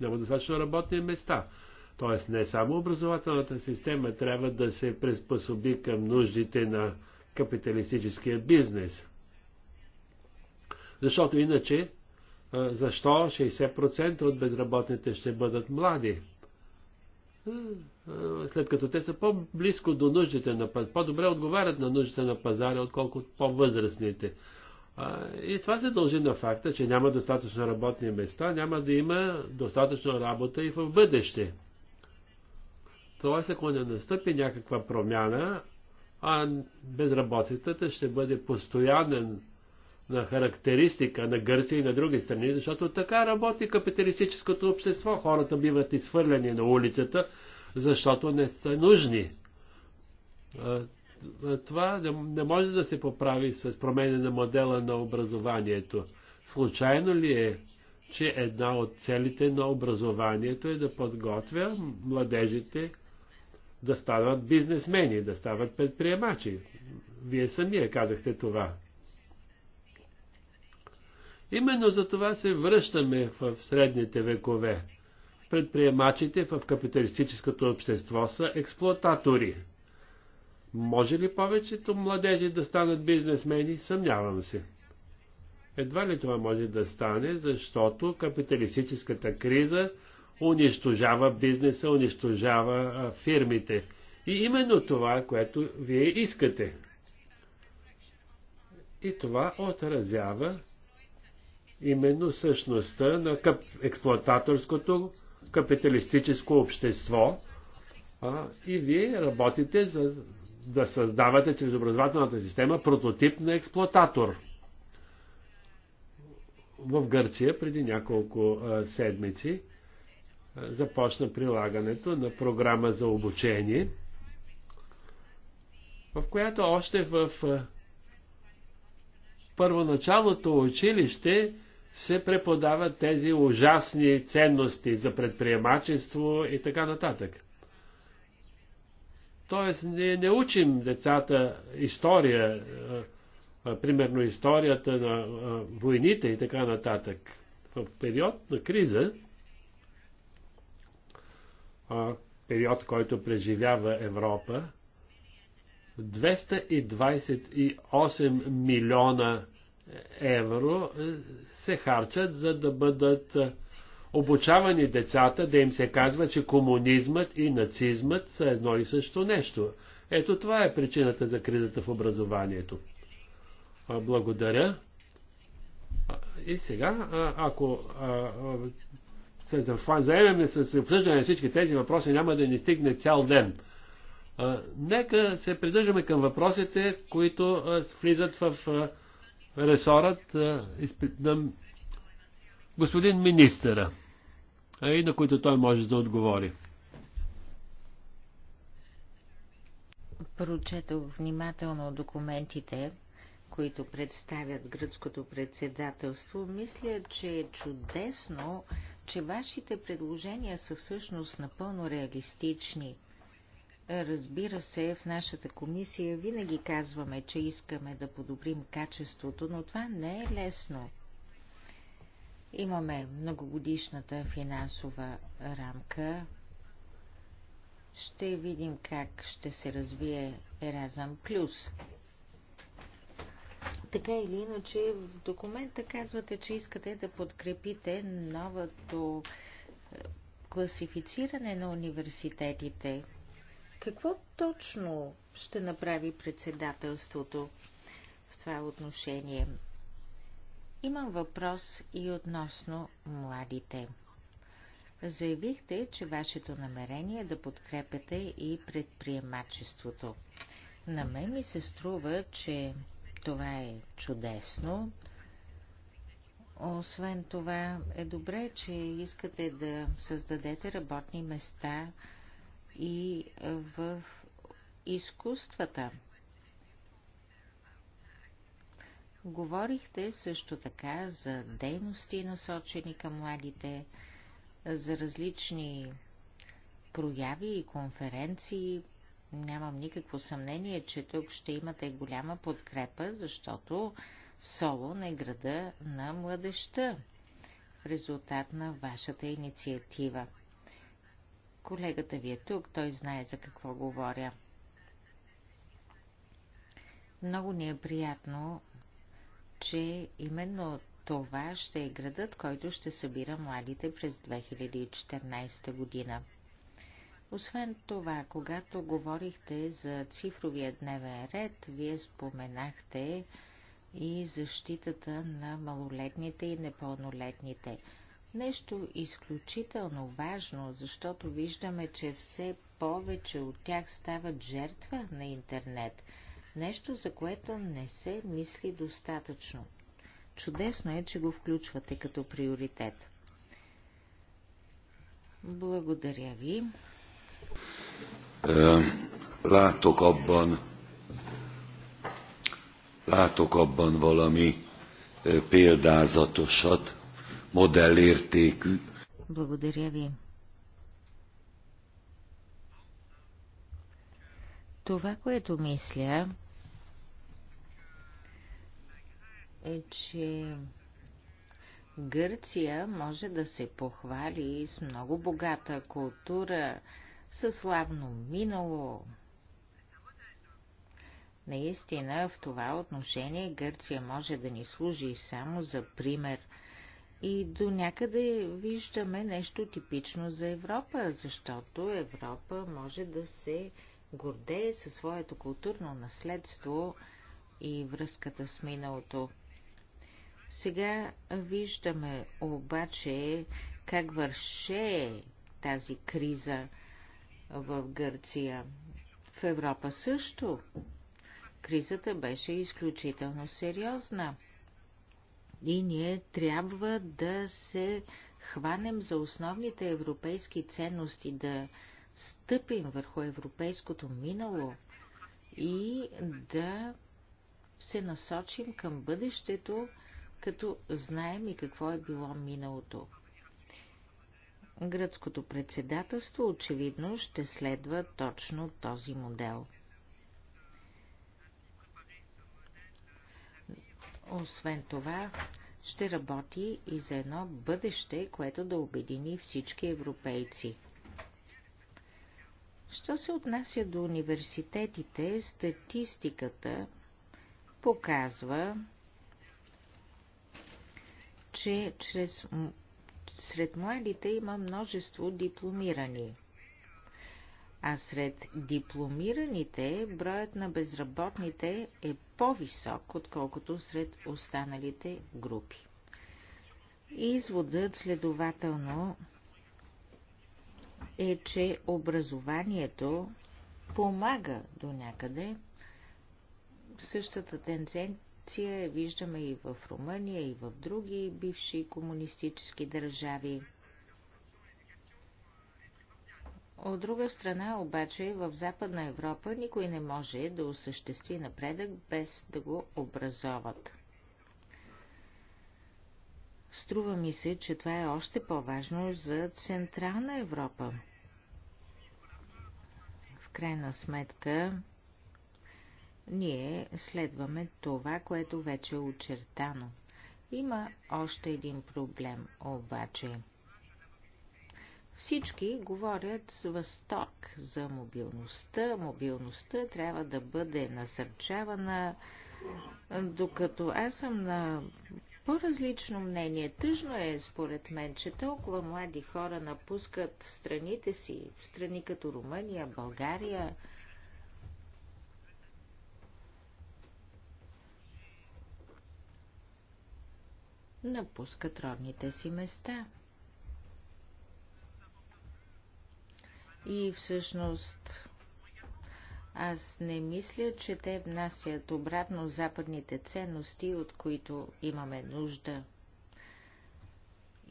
Няма достатъчно работни места. Тоест не само образователната система трябва да се приспособи към нуждите на капиталистическия бизнес. Защото иначе защо 60% от безработните ще бъдат млади. След като те са по-близко до нуждите на пазара, по-добре отговарят на нуждите на пазара, отколкото по-възрастните. И това се дължи на факта, че няма достатъчно работни места, няма да има достатъчно работа и в бъдеще. Тоест, ако не настъпи някаква промяна, а безработицата ще бъде постоянен на характеристика на Гърция и на други страни, защото така работи капиталистическото общество. Хората биват изхвърлени на улицата, защото не са нужни. Това не може да се поправи с промене на модела на образованието. Случайно ли е, че една от целите на образованието е да подготвя младежите да стават бизнесмени, да стават предприемачи? Вие самия казахте това. Именно за това се връщаме в средните векове. Предприемачите в капиталистическото общество са експлуататори. Може ли повечето младежи да станат бизнесмени? Съмнявам се. Едва ли това може да стане, защото капиталистическата криза унищожава бизнеса, унищожава фирмите. И именно това, което вие искате. И това отразява именно същността на кап... експлуататорското капиталистическо общество а, и вие работите за да създавате чрез образователната система прототип на експлуататор. В Гърция преди няколко а, седмици а, започна прилагането на програма за обучение, в която още в а, първоначалното училище се преподават тези ужасни ценности за предприемачество и така нататък. Тоест, не, не учим децата история, примерно историята на войните и така нататък. В период на криза, период, който преживява Европа, 228 милиона евро е, се харчат, за да бъдат е, обучавани децата, да им се казва, че комунизмът и нацизмът са едно и също нещо. Ето това е причината за кризата в образованието. Благодаря. И сега, ако се заемем с обсъждане на всички тези въпроси, няма да ни стигне цял ден. Нека се придържаме към въпросите, които влизат в ресорът на господин министъра, а и на които той може да отговори. Прочето внимателно документите, които представят гръцкото председателство. Мисля, че е чудесно, че вашите предложения са всъщност напълно реалистични. Разбира се, в нашата комисия винаги казваме, че искаме да подобрим качеството, но това не е лесно. Имаме многогодишната финансова рамка. Ще видим как ще се развие Еразъм Плюс. Така или иначе, в документа казвате, че искате да подкрепите новото е, класифициране на университетите. Какво точно ще направи председателството в това отношение? Имам въпрос и относно младите. Заявихте, че вашето намерение е да подкрепяте и предприемачеството. На мен ми се струва, че това е чудесно. Освен това е добре, че искате да създадете работни места – и в изкуствата. Говорихте също така за дейности, насочени към младите, за различни прояви и конференции. Нямам никакво съмнение, че тук ще имате голяма подкрепа, защото Солон е града на младеща в резултат на вашата инициатива. Колегата ви е тук, той знае за какво говоря. Много ни е приятно, че именно това ще е градът, който ще събира младите през 2014 година. Освен това, когато говорихте за цифровия дневен ред, вие споменахте и защитата на малолетните и непълнолетните. Нещо изключително важно, защото виждаме, че все повече от тях стават жертва на интернет. Нещо, за което не се мисли достатъчно. Чудесно е, че го включвате като приоритет. Благодаря ви. Е, látok abban, látok abban valami е, példázatosat, модellértékű. Благодаря ви. Това, което мисля, е, че Гърция може да се похвали с много богата култура, със славно минало. Наистина, в това отношение Гърция може да ни служи само за пример – и до някъде виждаме нещо типично за Европа, защото Европа може да се гордее със своето културно наследство и връзката с миналото. Сега виждаме обаче как върше тази криза в Гърция. В Европа също. Кризата беше изключително сериозна – и ние трябва да се хванем за основните европейски ценности, да стъпим върху европейското минало и да се насочим към бъдещето, като знаем и какво е било миналото. Гръцкото председателство очевидно ще следва точно този модел – Освен това, ще работи и за едно бъдеще, което да обедини всички европейци. Що се отнася до университетите, статистиката показва, че чрез... сред младите има множество дипломирани а сред дипломираните броят на безработните е по-висок, отколкото сред останалите групи. Изводът следователно е, че образованието помага до някъде. Същата тенденция виждаме и в Румъния, и в други бивши комунистически държави. От друга страна, обаче, в Западна Европа никой не може да осъществи напредък без да го образоват. Струва ми се, че това е още по-важно за Централна Европа. В крайна сметка, ние следваме това, което вече е очертано. Има още един проблем, обаче – всички говорят с възторг за мобилността. Мобилността трябва да бъде насърчавана, докато аз съм на по-различно мнение. Тъжно е, според мен, че толкова млади хора напускат страните си, страни като Румъния, България. Напускат родните си места. И всъщност аз не мисля, че те внасят обратно западните ценности, от които имаме нужда.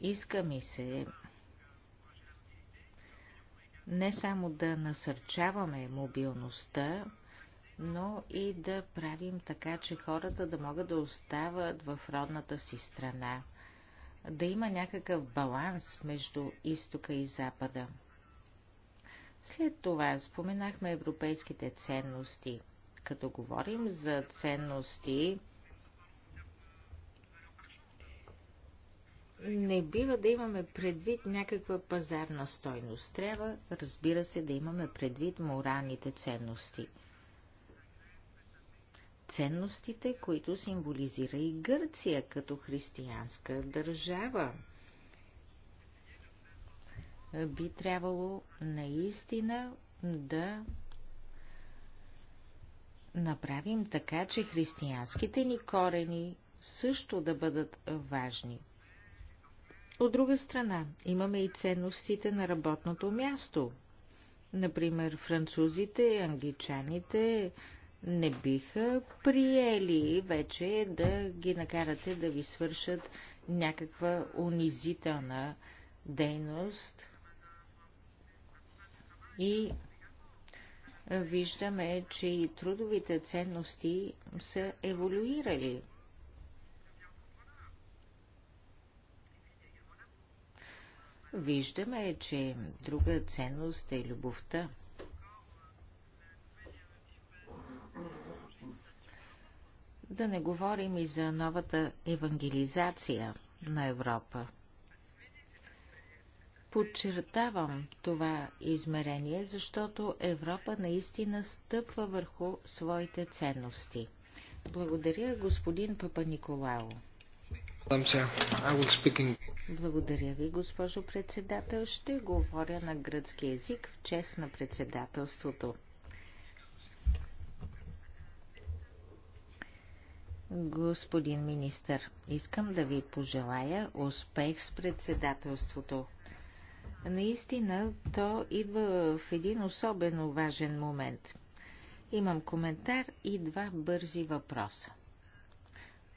Иска ми се не само да насърчаваме мобилността, но и да правим така, че хората да могат да остават в родната си страна. Да има някакъв баланс между изтока и запада. След това споменахме европейските ценности. Като говорим за ценности, не бива да имаме предвид някаква пазарна стойност. Трябва, разбира се, да имаме предвид моралните ценности. Ценностите, които символизира и Гърция като християнска държава би трябвало наистина да направим така, че християнските ни корени също да бъдат важни. От друга страна, имаме и ценностите на работното място. Например, французите, англичаните не биха приели вече да ги накарате да ви свършат някаква унизителна дейност, и е, виждаме, че и трудовите ценности са еволюирали. Виждаме, че друга ценност е любовта. Да не говорим и за новата евангелизация на Европа. Подчертавам това измерение, защото Европа наистина стъпва върху своите ценности. Благодаря, господин Папа Николао. Благодаря ви, госпожо председател. Ще говоря на гръцки язик в чест на председателството. Господин министър, искам да ви пожелая успех с председателството. Наистина, то идва в един особено важен момент. Имам коментар и два бързи въпроса.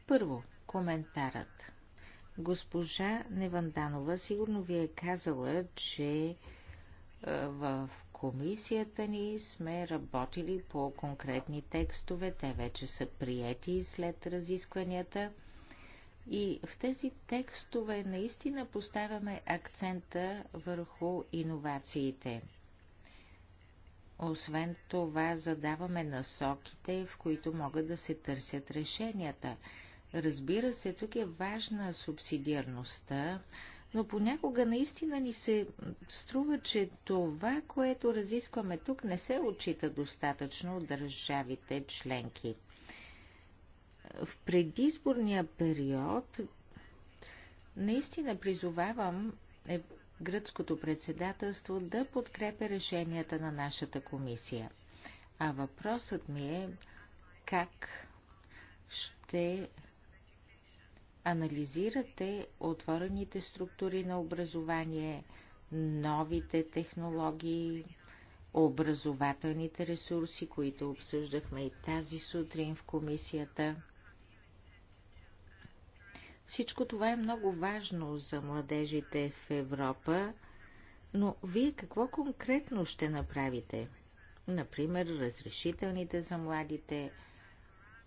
Първо, коментарът. Госпожа Неванданова сигурно ви е казала, че е, в комисията ни сме работили по конкретни текстове. Те вече са приети след разискванията – и в тези текстове наистина поставяме акцента върху иновациите. Освен това, задаваме насоките, в които могат да се търсят решенията. Разбира се, тук е важна субсидиарността, но понякога наистина ни се струва, че това, което разискваме тук, не се отчита достатъчно от държавите членки. В предизборния период наистина призовавам е гръцкото председателство да подкрепя решенията на нашата комисия. А въпросът ми е как ще анализирате отворените структури на образование, новите технологии, образователните ресурси, които обсъждахме и тази сутрин в комисията – всичко това е много важно за младежите в Европа, но вие какво конкретно ще направите? Например, разрешителните за младите,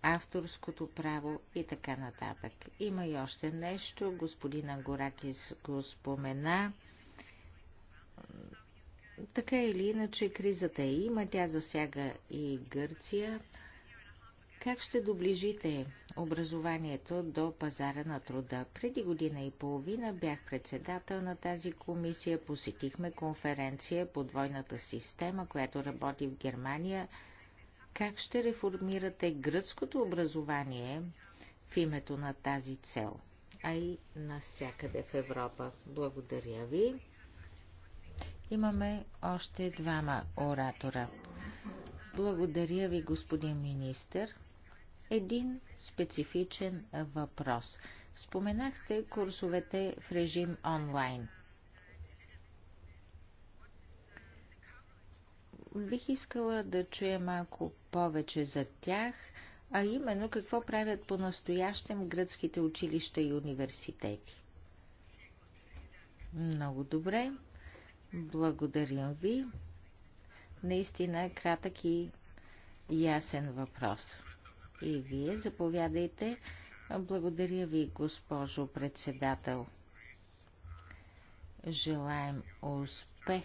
авторското право и така нататък. Има и още нещо, господин Ангоракис го спомена. Така или иначе, кризата е има, тя засяга и Гърция. Как ще доближите образованието до пазара на труда. Преди година и половина бях председател на тази комисия, посетихме конференция по двойната система, която работи в Германия. Как ще реформирате гръцкото образование в името на тази цел, а и навсякъде в Европа? Благодаря ви. Имаме още двама оратора. Благодаря ви, господин министър един специфичен въпрос. Споменахте курсовете в режим онлайн. Бих искала да чуя малко повече за тях, а именно какво правят по-настоящем гръцките училища и университети. Много добре. Благодарям ви. Наистина кратък и ясен въпрос и вие. Заповядайте. Благодаря ви, госпожо председател. Желаем успех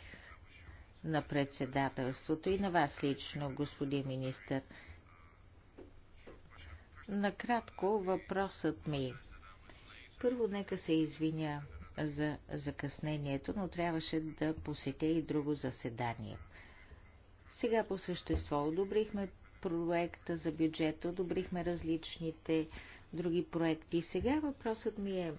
на председателството и на вас лично, господин министър. Накратко въпросът ми. Първо нека се извиня за закъснението, но трябваше да посетя и друго заседание. Сега по същество одобрихме проекта за бюджет, одобрихме различните други проекти. Сега въпросът ми е,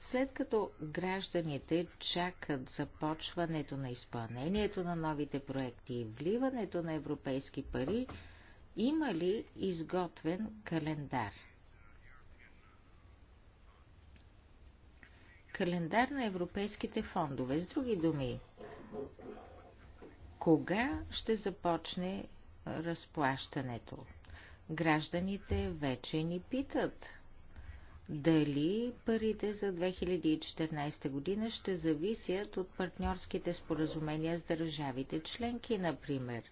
след като гражданите чакат започването на изпълнението на новите проекти и вливането на европейски пари, има ли изготвен календар? Календар на европейските фондове. С други думи, кога ще започне разплащането. Гражданите вече ни питат дали парите за 2014 година ще зависят от партньорските споразумения с държавите членки, например.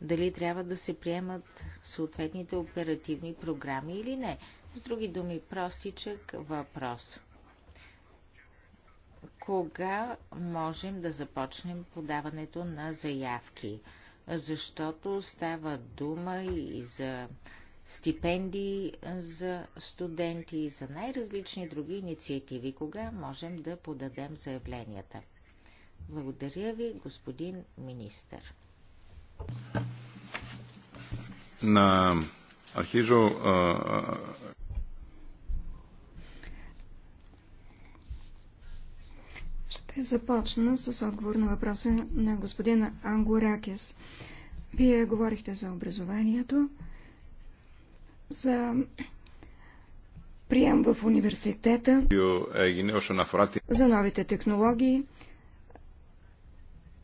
Дали трябва да се приемат съответните оперативни програми или не. С други думи, простичък въпрос. Кога можем да започнем подаването на заявки? защото става дума и за стипендии за студенти и за най-различни други инициативи. Кога можем да подадем заявленията? Благодаря ви, господин министър. На архижо започна с отговор на въпроса на господин Ангоракис. Вие говорихте за образованието, за прием в университета, за новите технологии.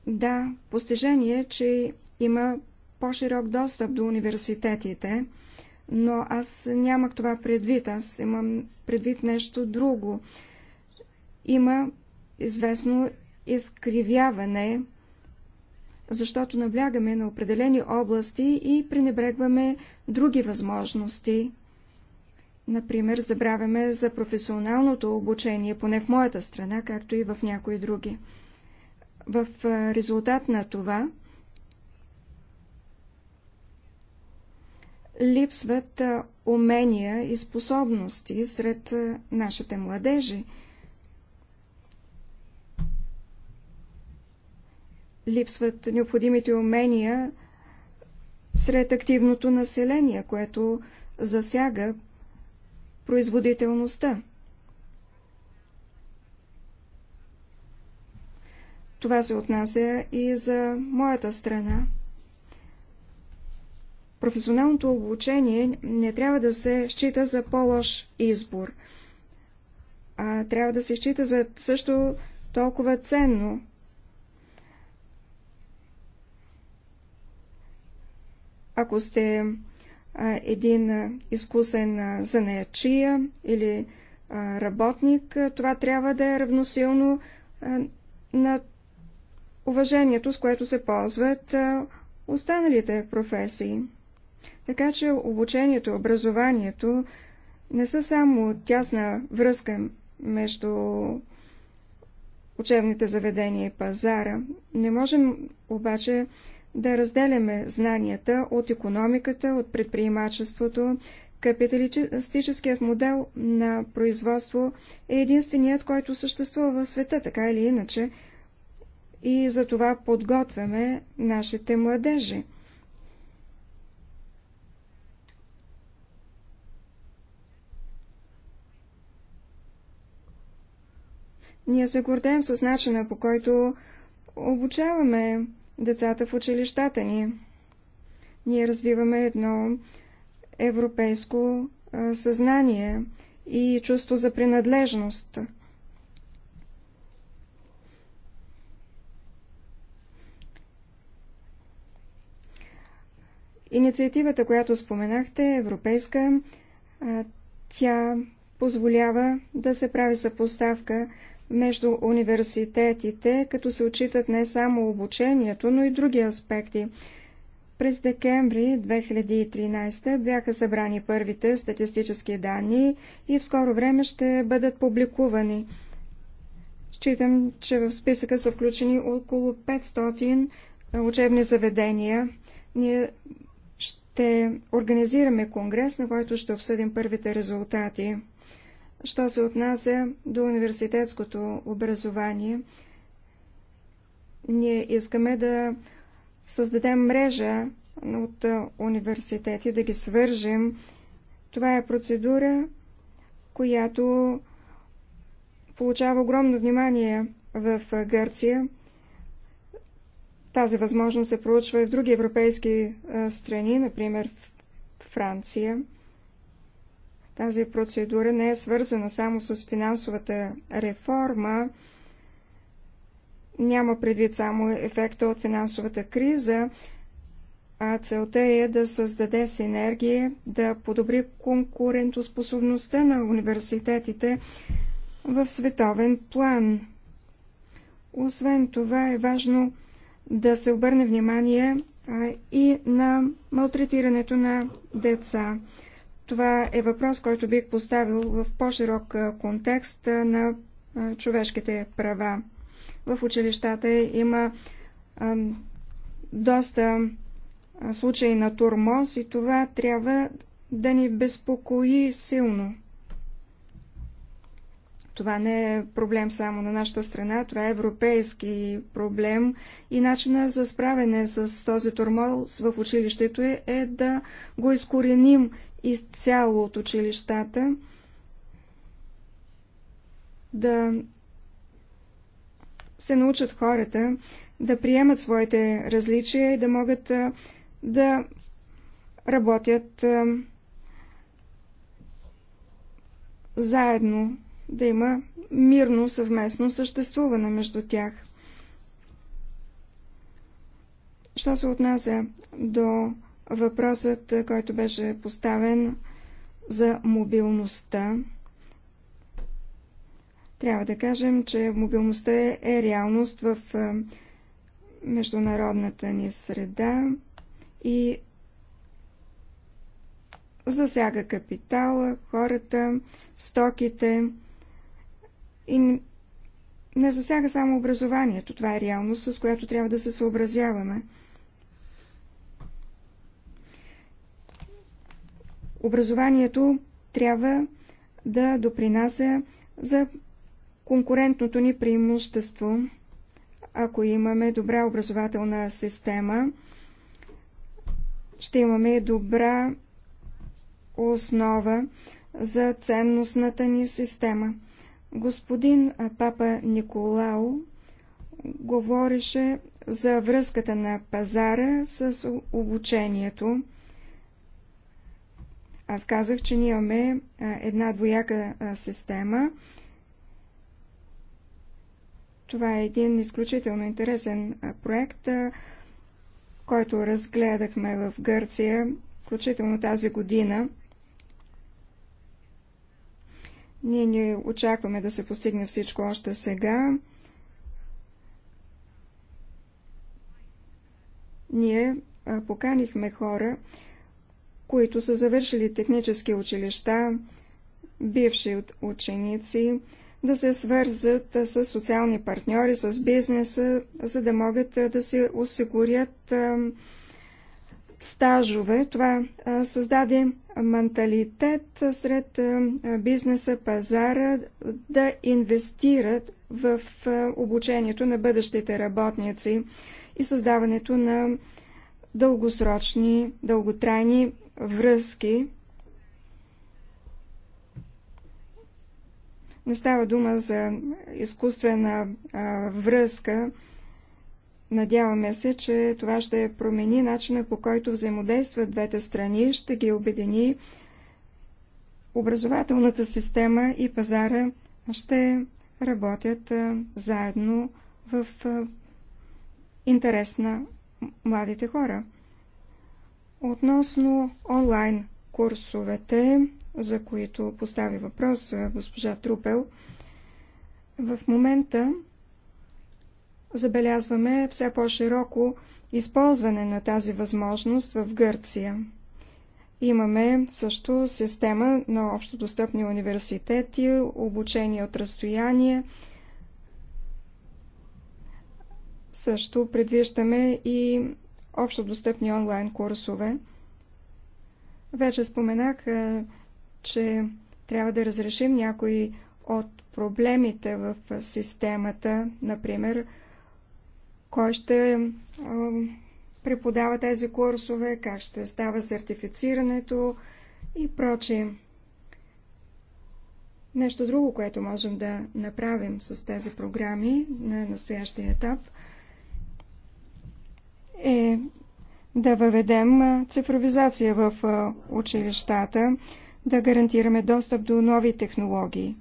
Да, постижение, е, че има по-широк достъп до университетите, но аз нямах това предвид. Аз имам предвид нещо друго. Има известно изкривяване, защото наблягаме на определени области и пренебрегваме други възможности. Например, забравяме за професионалното обучение, поне в моята страна, както и в някои други. В резултат на това липсват умения и способности сред нашите младежи – липсват необходимите умения сред активното население, което засяга производителността. Това се отнася и за моята страна. Професионалното обучение не трябва да се счита за по-лош избор, а трябва да се счита за също толкова ценно ако сте един изкусен занаячия или работник, това трябва да е равносилно на уважението, с което се ползват останалите професии. Така че обучението, образованието не са само тясна връзка между учебните заведения и пазара. Не можем обаче да разделяме знанията от економиката, от предприемачеството. Капиталистическият модел на производство е единственият, който съществува в света, така или иначе, и за това подготвяме нашите младежи. Ние се гордеем с начина, по който обучаваме децата в училищата ни. Ние развиваме едно европейско съзнание и чувство за принадлежност. Инициативата, която споменахте, е европейска. Тя позволява да се прави съпоставка между университетите, като се отчитат не само обучението, но и други аспекти. През декември 2013 бяха събрани първите статистически данни и в скоро време ще бъдат публикувани. Считам, че в списъка са включени около 500 учебни заведения. Ние ще организираме конгрес, на който ще обсъдим първите резултати. Що се отнася до университетското образование, ние искаме да създадем мрежа от университети, да ги свържем. Това е процедура, която получава огромно внимание в Гърция. Тази възможност се проучва и в други европейски страни, например в Франция. Тази процедура не е свързана само с финансовата реформа, няма предвид само ефекта от финансовата криза, а целта е да създаде синергия, да подобри конкурентоспособността на университетите в световен план. Освен това е важно да се обърне внимание и на малтретирането на деца. Това е въпрос, който бих поставил в по-широк контекст на човешките права. В училищата има доста случаи на турмоз и това трябва да ни безпокои силно. Това не е проблем само на нашата страна, това е европейски проблем и начина за справяне с този турмол в училището е, е да го изкореним изцяло от училищата, да се научат хората да приемат своите различия и да могат да работят заедно да има мирно съвместно съществуване между тях. Що се отнася до въпросът, който беше поставен за мобилността, трябва да кажем, че мобилността е реалност в международната ни среда и засяга капитала, хората, стоките, и не засяга само образованието. Това е реалност, с която трябва да се съобразяваме. Образованието трябва да допринася за конкурентното ни преимущество. Ако имаме добра образователна система, ще имаме добра основа за ценностната ни система. Господин Папа Николао говореше за връзката на пазара с обучението. Аз казах, че ние имаме една двояка система. Това е един изключително интересен проект, който разгледахме в Гърция, включително тази година. Ние не очакваме да се постигне всичко още сега. Ние поканихме хора, които са завършили технически училища, бивши ученици, да се свързат с социални партньори, с бизнеса, за да могат да се осигурят стажове. Това създаде менталитет сред бизнеса, пазара да инвестират в обучението на бъдещите работници и създаването на дългосрочни, дълготрайни връзки. Не става дума за изкуствена връзка, Надяваме се, че това ще промени начина по който взаимодействат двете страни, ще ги обедини образователната система и пазара ще работят заедно в интерес на младите хора. Относно онлайн курсовете, за които постави въпрос госпожа Трупел, в момента забелязваме все по-широко използване на тази възможност в Гърция. Имаме също система на общодостъпни университети, обучение от разстояние. Също предвиждаме и общодостъпни онлайн курсове. Вече споменах, че трябва да разрешим някои от проблемите в системата, например, кой ще преподава тези курсове, как ще става сертифицирането и прочее. Нещо друго, което можем да направим с тези програми на настоящия етап, е да въведем цифровизация в училищата, да гарантираме достъп до нови технологии.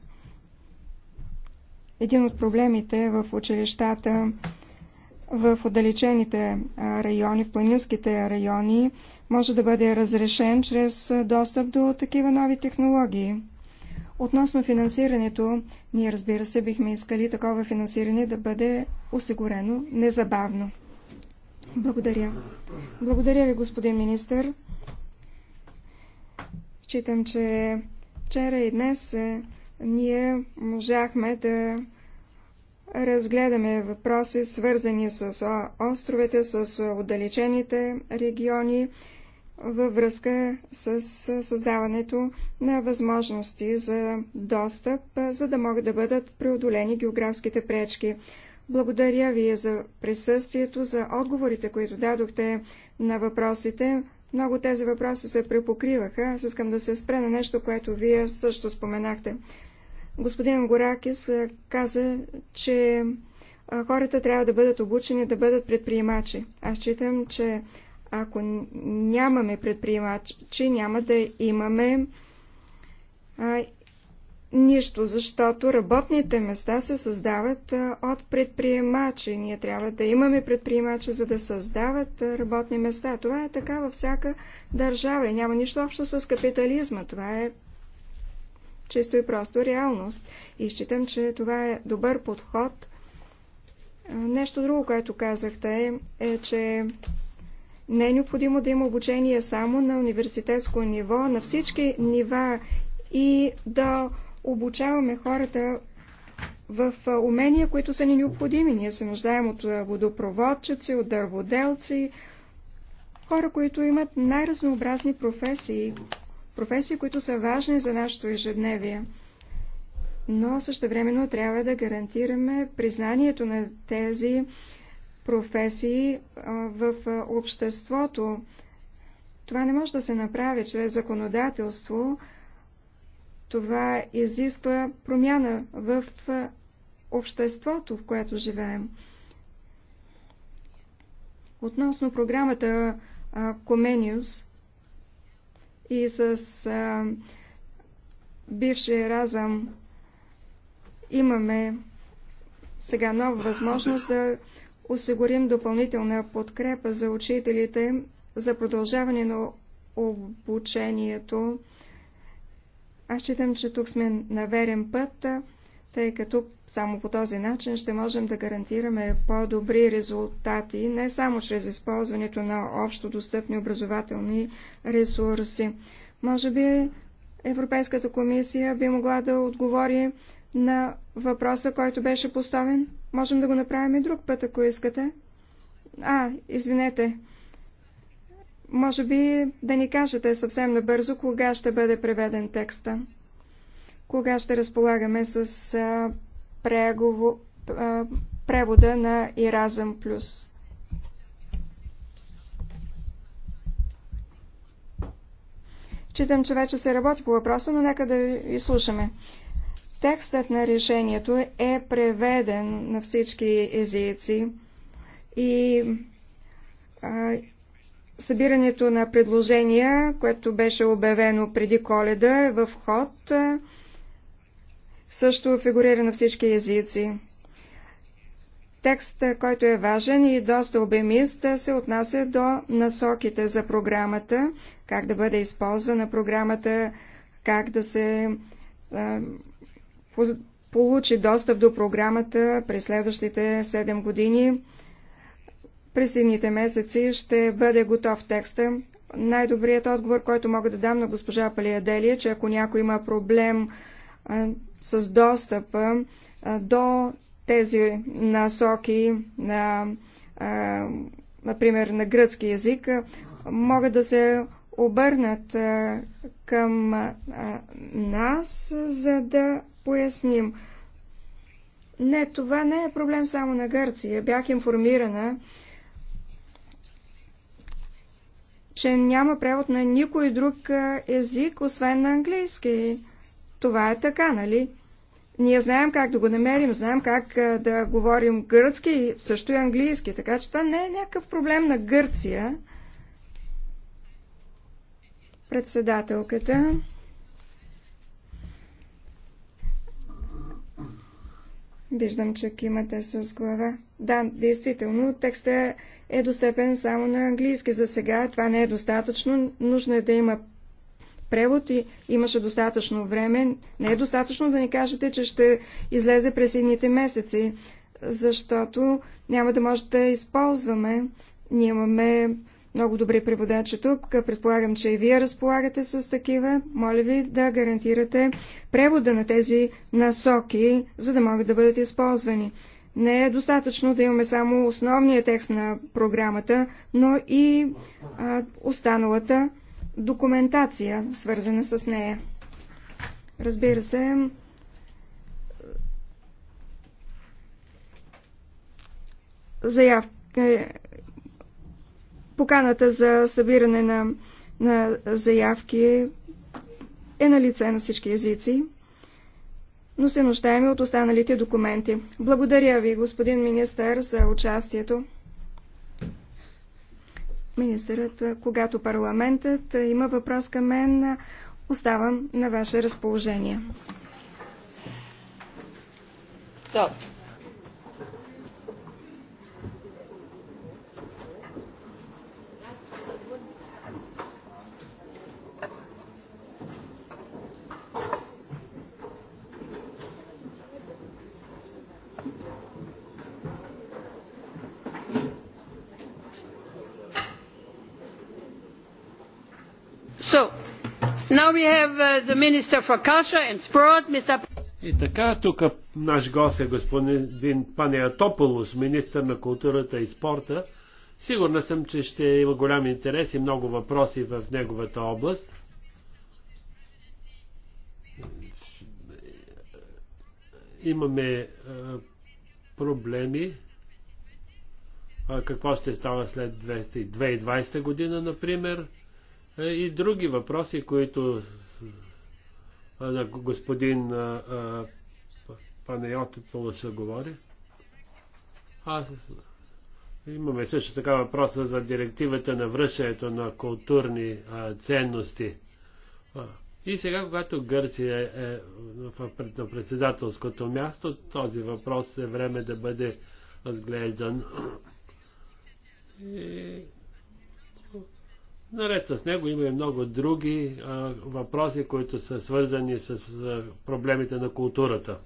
Един от проблемите в училищата в отдалечените райони, в планинските райони, може да бъде разрешен чрез достъп до такива нови технологии. Относно финансирането, ние разбира се бихме искали такова финансиране да бъде осигурено незабавно. Благодаря. Благодаря ви, господин министр. Считам, че вчера и днес ние можахме да разгледаме въпроси, свързани с островете, с отдалечените региони, във връзка с създаването на възможности за достъп, за да могат да бъдат преодолени географските пречки. Благодаря ви за присъствието, за отговорите, които дадохте на въпросите. Много тези въпроси се препокриваха. Аз искам да се спре на нещо, което вие също споменахте. Господин Горакис каза, че хората трябва да бъдат обучени да бъдат предприемачи. Аз считам, че ако нямаме предприемачи, няма да имаме а, нищо, защото работните места се създават а, от предприемачи. Ние трябва да имаме предприемачи, за да създават а, работни места. Това е така във всяка държава и няма нищо общо с капитализма. Това е чисто и просто реалност. И считам, че това е добър подход. Нещо друго, което казахте е, че не е необходимо да има обучение само на университетско ниво, на всички нива и да обучаваме хората в умения, които са ни необходими. Ние се нуждаем от водопроводчици, от дърводелци, хора, които имат най-разнообразни професии, професии, които са важни за нашето ежедневие. Но същевременно трябва да гарантираме признанието на тези професии в обществото. Това не може да се направи чрез законодателство. Това изисква промяна в обществото, в което живеем. Относно програмата Comenius, и с а, бившия разъм имаме сега нова възможност да осигурим допълнителна подкрепа за учителите за продължаване на обучението. Аз считам, че тук сме на верен път тъй като само по този начин ще можем да гарантираме по-добри резултати, не само чрез използването на общо достъпни образователни ресурси. Може би Европейската комисия би могла да отговори на въпроса, който беше поставен. Можем да го направим и друг път, ако искате. А, извинете. Може би да ни кажете съвсем набързо, кога ще бъде преведен текста кога ще разполагаме с а, прегово, а, превода на Иразъм Плюс. Читам, че вече се работи по въпроса, но нека да слушаме. Текстът на решението е преведен на всички езици и а, събирането на предложения, което беше обявено преди коледа, е в ход. А, също фигурира на всички езици. Текст, е, който е важен и доста обемист, е, се отнася до насоките за програмата, как да бъде използвана програмата, как да се а, е, получи достъп до програмата през следващите 7 години. През едните месеци ще бъде готов текста. Най-добрият отговор, който мога да дам на госпожа Палиадели че ако някой има проблем с достъп до тези насоки на, например, на гръцки язик, могат да се обърнат към нас, за да поясним. Не, това не е проблем само на Гърция. Бях информирана, че няма превод на никой друг език, освен на английски. Това е така, нали? Ние знаем как да го намерим, знаем как да говорим гръцки, и също и английски, така че това не е някакъв проблем на Гърция. Председателката. Виждам, че кимате с глава. Да, действително, текстът е достъпен само на английски за сега. Това не е достатъчно. Нужно е да има превод и имаше достатъчно време. Не е достатъчно да ни кажете, че ще излезе през едните месеци, защото няма да може да използваме. Ние имаме много добри преводачи тук. Предполагам, че и вие разполагате с такива. Моля ви да гарантирате превода на тези насоки, за да могат да бъдат използвани. Не е достатъчно да имаме само основния текст на програмата, но и а, останалата документация, свързана с нея. Разбира се, заявка, е, поканата за събиране на, на заявки е на лице на всички езици, но се нуждаем от останалите документи. Благодаря ви, господин министър, за участието министърът, когато парламентът има въпрос към мен, оставам на ваше разположение. Uh, и така, тук наш гост е господин Панеатополус, министър на културата и спорта. Сигурна съм, че ще има голям интерес и много въпроси в неговата област. Имаме е, проблеми. какво ще става след 2020 година, например? Е, и други въпроси, които на господин Панайотополос говори. Аз имаме също така въпроса за директивата на връщането на културни а, ценности. А, и сега, когато Гърция е, е в председателското място, този въпрос е време да бъде разглеждан. И Наред с него има и много други а, въпроси, които са свързани с а, проблемите на културата.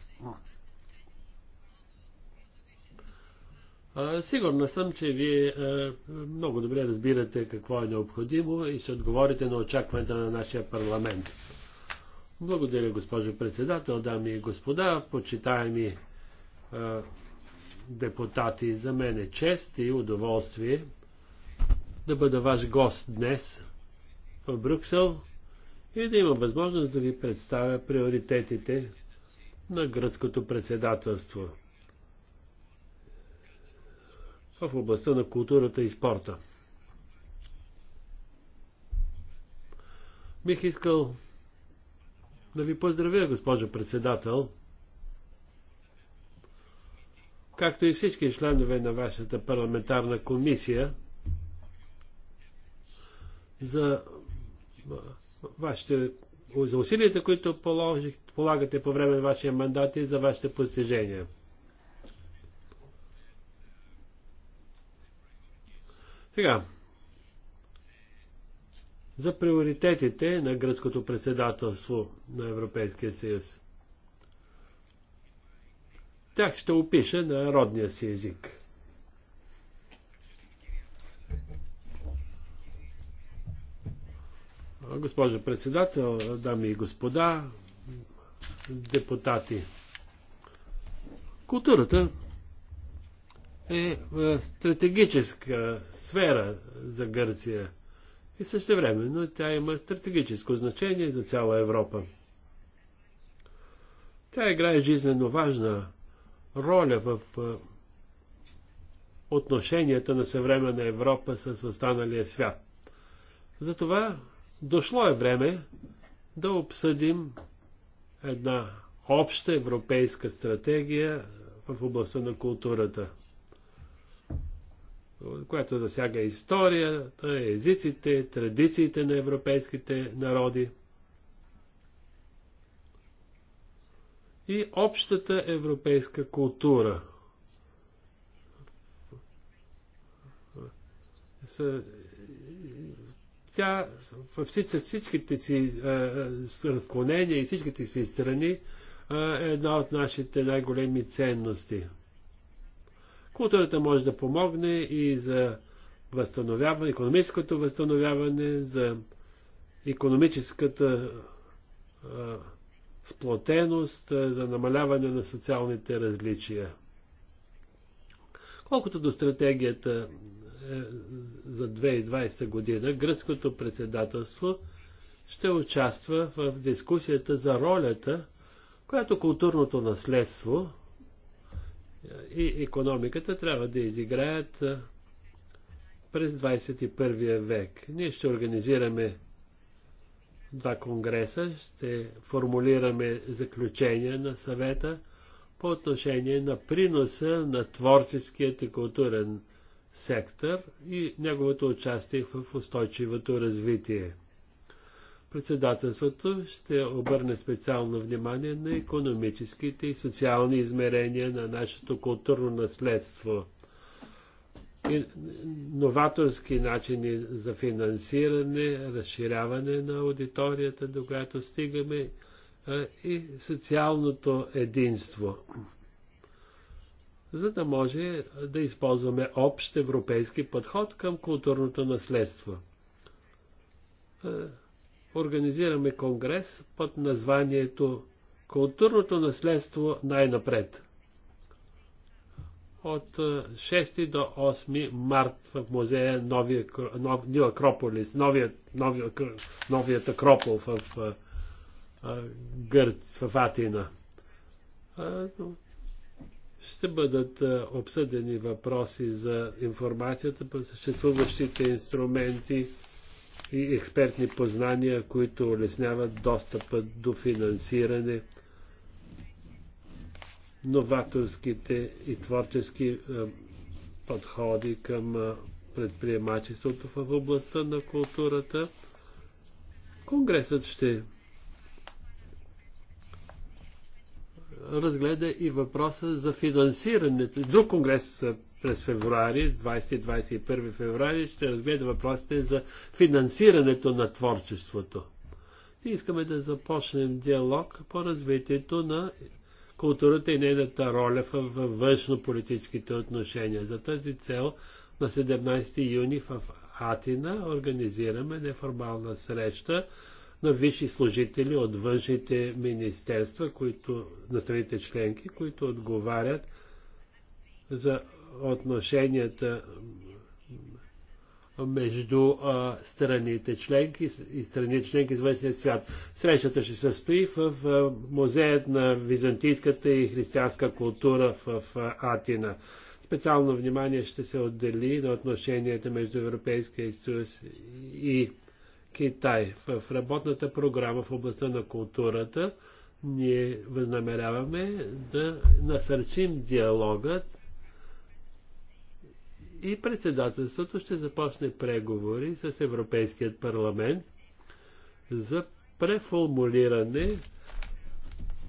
А, сигурна съм, че вие а, много добре разбирате какво е необходимо и ще отговорите на очакването на нашия парламент. Благодаря, госпожо председател, дами и господа, почитаеми а, депутати. За мен е чест и удоволствие да бъда ваш гост днес в Брюксел и да има възможност да ви представя приоритетите на гръцкото председателство в областта на културата и спорта. Бих искал да ви поздравя, госпожо председател, както и всички членове на вашата парламентарна комисия – за вашите за усилията, които положих, полагате по време на вашия мандат и за вашите постижения. Сега, за приоритетите на гръцкото председателство на Европейския съюз. Тях ще опиша на родния си език. Госпожо председател, дами и господа, депутати. Културата е, е стратегическа сфера за Гърция и също но тя има стратегическо значение за цяла Европа. Тя играе жизненно важна роля в е, отношенията на съвременна Европа с останалия свят. Затова Дошло е време да обсъдим една обща европейска стратегия в областта на културата, която засяга историята, езиците, традициите на европейските народи и общата европейска култура тя във всичките си е, е, разклонения и всичките си страни е, е една от нашите най-големи ценности. Културата може да помогне и за възстановяване, економическото възстановяване, за економическата сплотеност, за намаляване на социалните различия. Колкото до стратегията за 2020 година гръцкото председателство ще участва в дискусията за ролята, която културното наследство и економиката трябва да изиграят през 21 век. Ние ще организираме два конгреса, ще формулираме заключения на съвета по отношение на приноса на творческият и културен сектор и неговото участие в устойчивото развитие. Председателството ще обърне специално внимание на економическите и социални измерения на нашето културно наследство, новаторски начини за финансиране, разширяване на аудиторията, до която стигаме, и социалното единство за да може да използваме общ европейски подход към културното наследство. Е, организираме конгрес под названието Културното наследство най-напред. От 6 е, до 8 март в музея Новия, нов, Нил Акрополис, новият, новият, новият Акропол в, в, в е, Гърц, в Атина ще бъдат е, обсъдени въпроси за информацията по съществуващите инструменти и експертни познания, които улесняват достъпа до финансиране, новаторските и творчески е, подходи към е, предприемачеството в областта на културата. Конгресът ще разгледа и въпроса за финансирането. Друг конгрес през февруари, 20-21 февруари, ще разгледа въпросите за финансирането на творчеството. И искаме да започнем диалог по развитието на културата и нейната роля в външно-политическите отношения. За тази цел на 17 юни в Атина организираме неформална среща на висши служители от външните министерства които, на страните членки, които отговарят за отношенията между а, страните членки и страните членки с външния свят. Срещата ще се състои в, в музеят на византийската и християнска култура в, в Атина. Специално внимание ще се отдели на отношенията между Европейския съюз и Китай. В работната програма в областта на културата ние възнамеряваме да насърчим диалогът и председателството ще започне преговори с Европейският парламент за преформулиране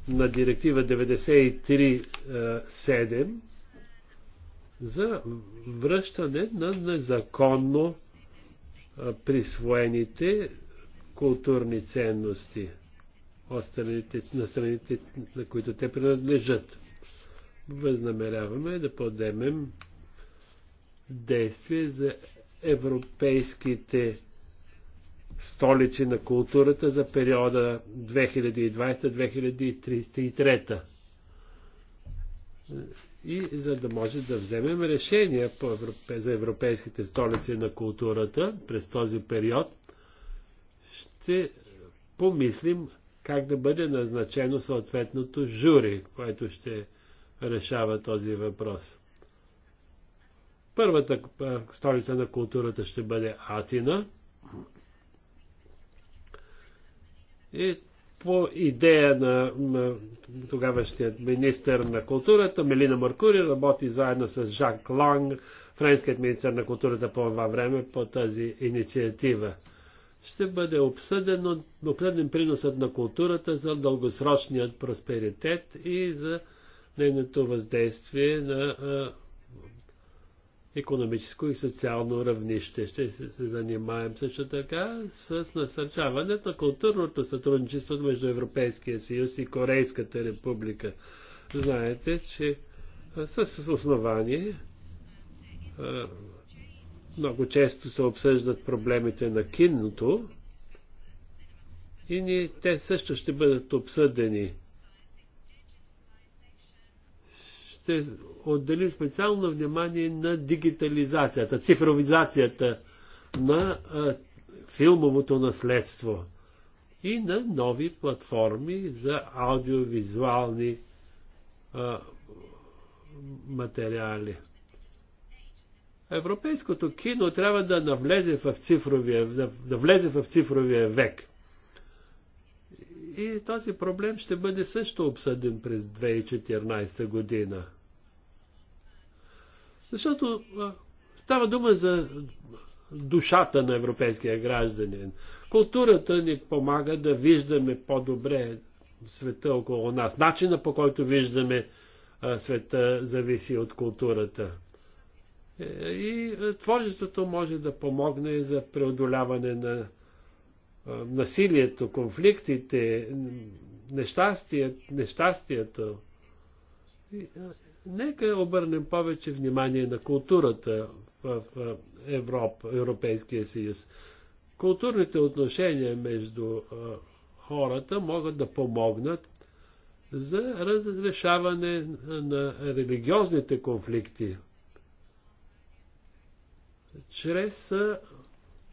на директива 93.7 е, за връщане на незаконно присвоените културни ценности от страните, на страните, на които те принадлежат. Възнамеряваме да подемем действие за европейските столици на културата за периода 2020-2033 и за да може да вземем решения по европе, за европейските столици на културата през този период, ще помислим как да бъде назначено съответното жури, което ще решава този въпрос. Първата столица на културата ще бъде Атина. И по идея на тогавашният министър на културата Мелина Маркури работи заедно с Жак Ланг, френският министър на културата по това време, по тази инициатива. Ще бъде обсъден, обсъден приносът на културата за дългосрочният просперитет и за нейното въздействие на економическо и социално равнище. Ще се, занимаем също така с насърчаването на културното сътрудничество между Европейския съюз и Корейската република. Знаете, че с основание много често се обсъждат проблемите на киното и ни, те също ще бъдат обсъдени ще отделим специално внимание на дигитализацията, цифровизацията на а, филмовото наследство и на нови платформи за аудиовизуални а, материали. Европейското кино трябва да навлезе в цифровия, да влезе в цифровия век. И този проблем ще бъде също обсъден през 2014 година. Защото става дума за душата на европейския гражданин. Културата ни помага да виждаме по-добре света около нас. Начина по който виждаме света зависи от културата. Е, и творчеството може да помогне за преодоляване на насилието, конфликтите, нещастието. нещастието. Нека обърнем повече внимание на културата в Европа, Европейския съюз. Културните отношения между хората могат да помогнат за разрешаване на религиозните конфликти чрез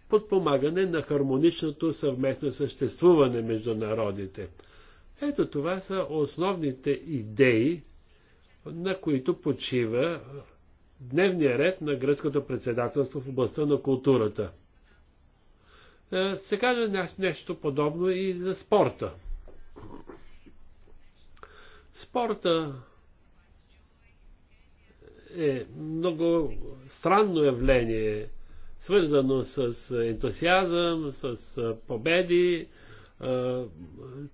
подпомагане на хармоничното съвместно съществуване между народите. Ето това са основните идеи, на които почива дневния ред на гръцкото председателство в областта на културата. Е, Се каже нещо подобно и за спорта. Спорта е много странно явление, свързано с ентусиазъм, с победи,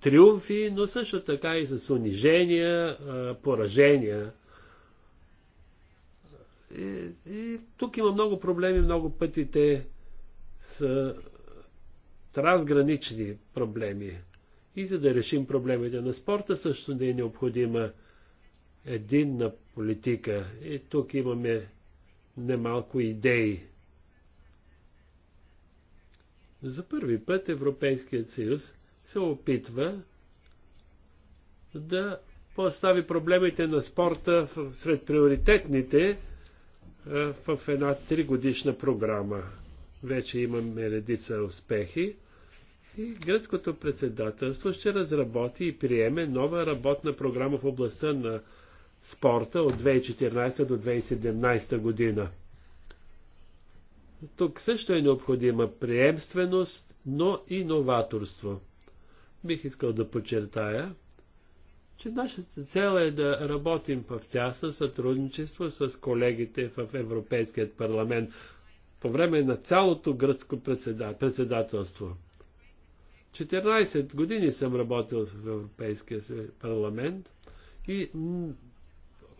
триумфи, но също така и с унижения, поражения. И, и тук има много проблеми, много пъти те са трансгранични проблеми. И за да решим проблемите на спорта, също не е необходима единна политика. И тук имаме немалко идеи. За първи път Европейският съюз се опитва да постави проблемите на спорта сред приоритетните в една тригодишна програма. Вече имаме редица успехи и гръцкото председателство ще разработи и приеме нова работна програма в областта на спорта от 2014 до 2017 година. Тук също е необходима приемственост, но и новаторство. Бих искал да подчертая, че нашата цел е да работим в тясно сътрудничество с колегите в Европейският парламент по време на цялото гръцко председателство. 14 години съм работил в Европейския парламент и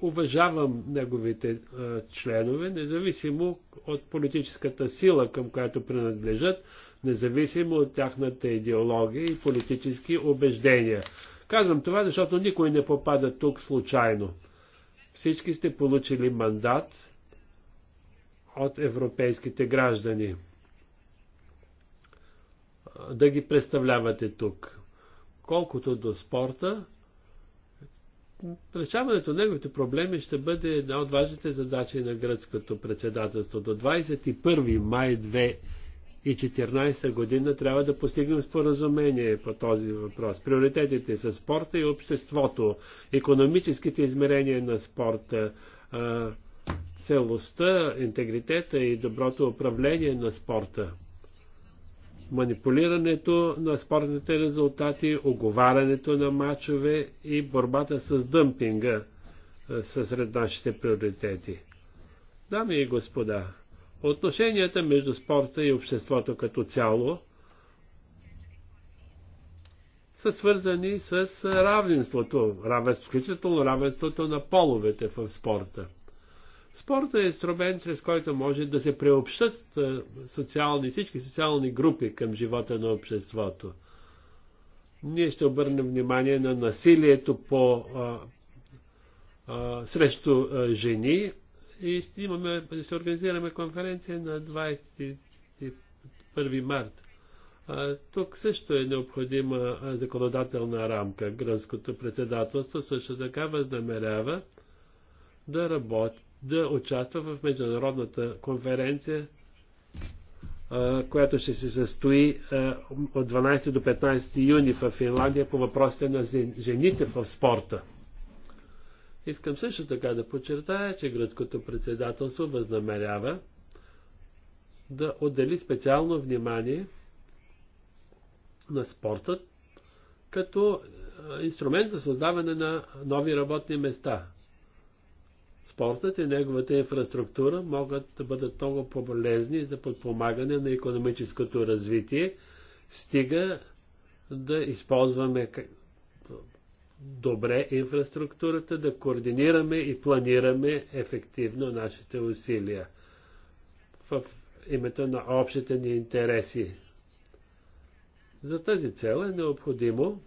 уважавам неговите а, е, членове, независимо от политическата сила, към която принадлежат, независимо от тяхната идеология и политически убеждения. Казвам това, защото никой не попада тук случайно. Всички сте получили мандат от европейските граждани да ги представлявате тук. Колкото до спорта, решаването на неговите проблеми ще бъде една от важните задачи на гръцкото председателство. До 21 май 2014 година трябва да постигнем споразумение по този въпрос. Приоритетите са спорта и обществото, економическите измерения на спорта, целостта, интегритета и доброто управление на спорта манипулирането на спортните резултати, оговарянето на матчове и борбата с дъмпинга са сред нашите приоритети. Дами и господа, отношенията между спорта и обществото като цяло са свързани с равенството, равенство, включително равенството на половете в спорта. Спортът е инструмент, чрез който може да се преобщат социални, всички социални групи към живота на обществото. Ние ще обърнем внимание на насилието по, а, а, срещу а, жени и ще, имаме, ще организираме конференция на 21 март. А, тук също е необходима законодателна рамка. Гръцкото председателство също така възнамерява да работи да участва в международната конференция, която ще се състои от 12 до 15 юни в Финландия по въпросите на жените в спорта. Искам също така да подчертая, че гръцкото председателство възнамерява да отдели специално внимание на спортът като инструмент за създаване на нови работни места – Спортът и неговата инфраструктура могат да бъдат много по-болезни за подпомагане на економическото развитие, стига да използваме добре инфраструктурата, да координираме и планираме ефективно нашите усилия в името на общите ни интереси. За тази цел е необходимо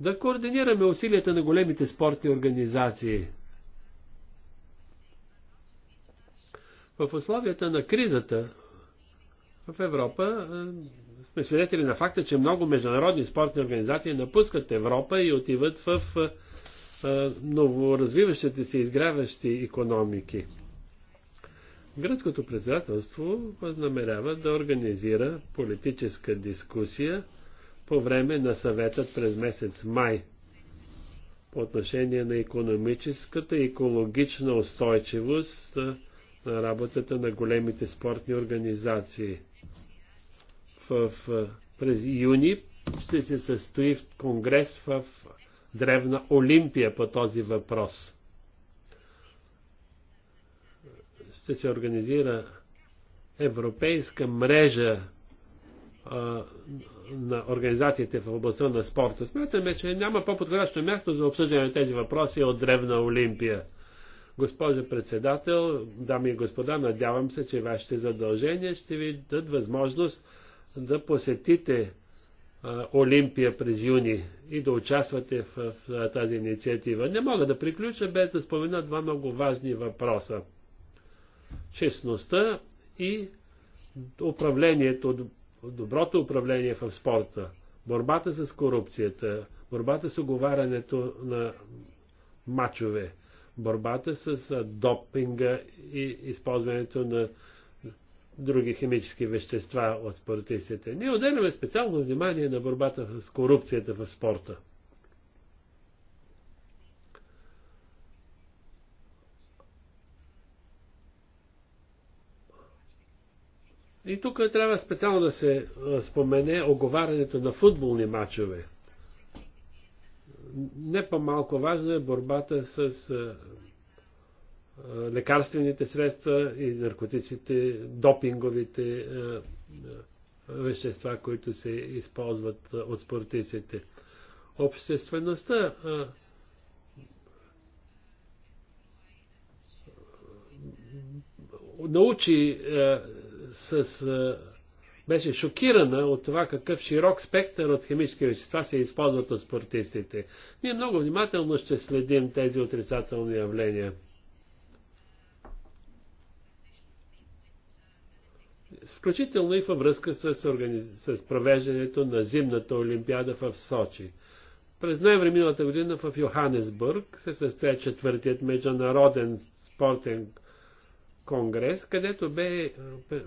да координираме усилията на големите спортни организации. В условията на кризата в Европа е, сме свидетели на факта, че много международни спортни организации напускат Европа и отиват в е, е, новоразвиващите се изгряващи економики. Гръцкото председателство възнамерява да организира политическа дискусия по време на съветът през месец май по отношение на економическата и екологична устойчивост на работата на големите спортни организации. В, в, през юни ще се състои в конгрес в Древна Олимпия по този въпрос. Ще се организира европейска мрежа а, на организациите в областта на спорта. Смятаме, че няма по-подходящо място за обсъждане на тези въпроси от Древна Олимпия. Госпожа председател, дами и господа, надявам се, че вашите задължения ще ви дадат възможност да посетите а, Олимпия през юни и да участвате в, в, в тази инициатива. Не мога да приключа без да спомена два много важни въпроса. Честността и управлението, доброто управление в спорта, борбата с корупцията, борбата с оговарянето на мачове, борбата с допинга и използването на други химически вещества от спортистите. Ние отделяме специално внимание на борбата с корупцията в спорта. И тук трябва специално да се спомене оговарянето на футболни матчове. Не по-малко важно е борбата с лекарствените средства и наркотиците, допинговите вещества, които се използват от спортистите. Обществеността научи с, с, беше шокирана от това какъв широк спектър от химически вещества се използват от спортистите. Ние много внимателно ще следим тези отрицателни явления. Включително и във връзка с, организ... с провеждането на зимната олимпиада в Сочи. През ноември миналата година в Йоханесбург се състоя четвъртият международен спортен конгрес, където бе е, е,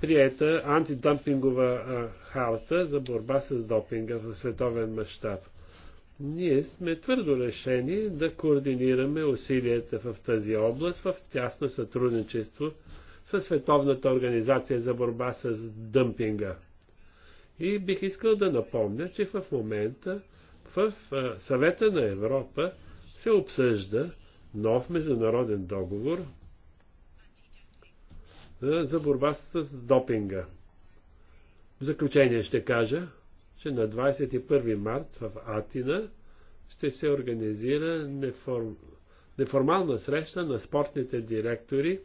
приета антидампингова харта за борба с допинга в световен мащаб. Ние сме твърдо решени да координираме усилията в тази област в тясно сътрудничество с Световната организация за борба с дъмпинга. И бих искал да напомня, че в момента в Съвета на Европа се обсъжда нов международен договор за борба с допинга. В заключение ще кажа, че на 21 март в Атина ще се организира неформ... неформална среща на спортните директори,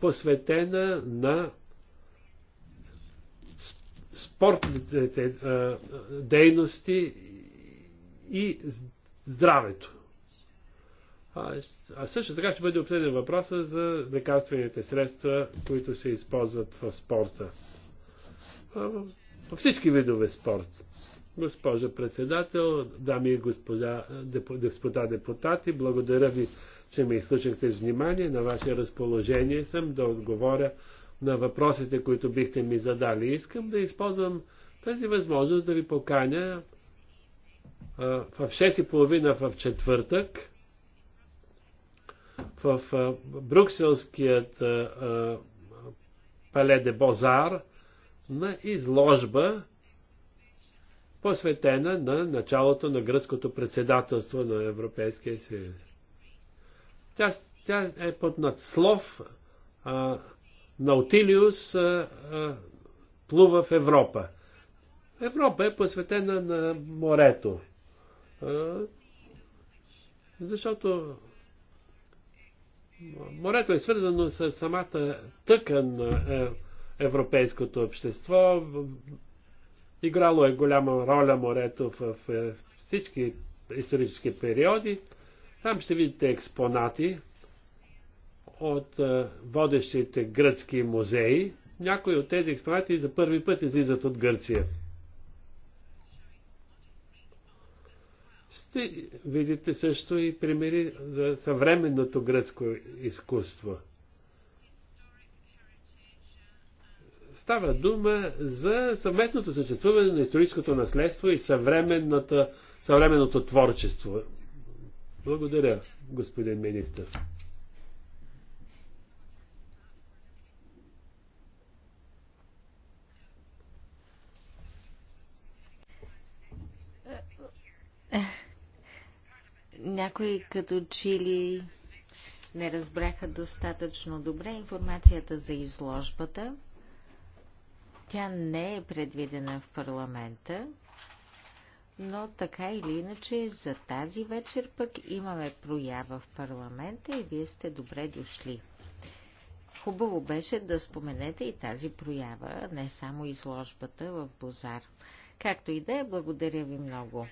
посветена на спортните дейности и здравето. А също така ще бъде обсъден въпроса за лекарствените средства, които се използват в спорта. В всички видове спорт. Госпожа председател, дами и господа, господа депутати, благодаря ви, че ме изслушахте с внимание. На ваше разположение съм да отговоря на въпросите, които бихте ми задали. Искам да използвам тази възможност да ви поканя а, в 6.30 в четвъртък в Брюкселският Пале де Бозар на изложба, посветена на началото на гръцкото председателство на Европейския съюз. Тя, тя е под надслов а, Наутилиус а, а, плува в Европа. Европа е посветена на морето. А, защото морето е свързано с самата тъкан на е, европейското общество. Играло е голяма роля морето в всички исторически периоди. Там ще видите експонати от е, водещите гръцки музеи. Някои от тези експонати за първи път излизат от Гърция. Ще видите също и примери за съвременното гръцко изкуство. Става дума за съвместното съществуване на историческото наследство и съвременното творчество. Благодаря, господин министър. Някои като чили не разбраха достатъчно добре информацията за изложбата. Тя не е предвидена в парламента, но така или иначе за тази вечер пък имаме проява в парламента и вие сте добре дошли. Хубаво беше да споменете и тази проява, не само изложбата в Бозар. Както и да е, благодаря ви много.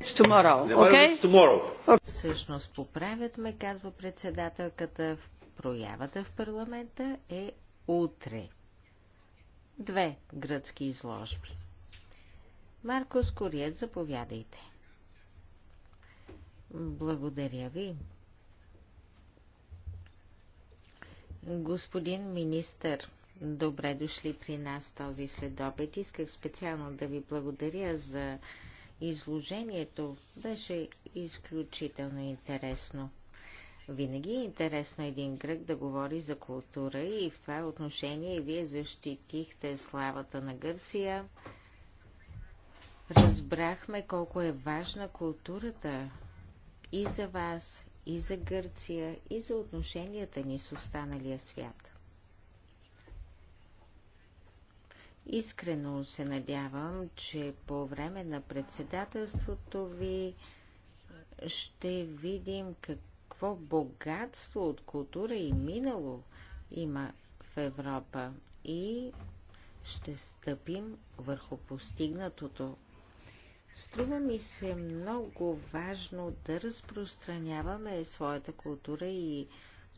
Tomorrow, okay? tomorrow. Всъщност поправят ме, казва председателката. Проявата в парламента е утре. Две гръцки изложби. Маркос Корият, заповядайте. Благодаря ви. Господин министър, добре дошли при нас този следобед. Исках специално да ви благодаря за Изложението беше изключително интересно. Винаги е интересно един грък да говори за култура и в това отношение вие защитихте славата на Гърция. Разбрахме колко е важна културата и за вас, и за Гърция, и за отношенията ни с останалия свят. Искрено се надявам, че по време на председателството ви ще видим какво богатство от култура и минало има в Европа и ще стъпим върху постигнатото. Струва ми се много важно да разпространяваме своята култура и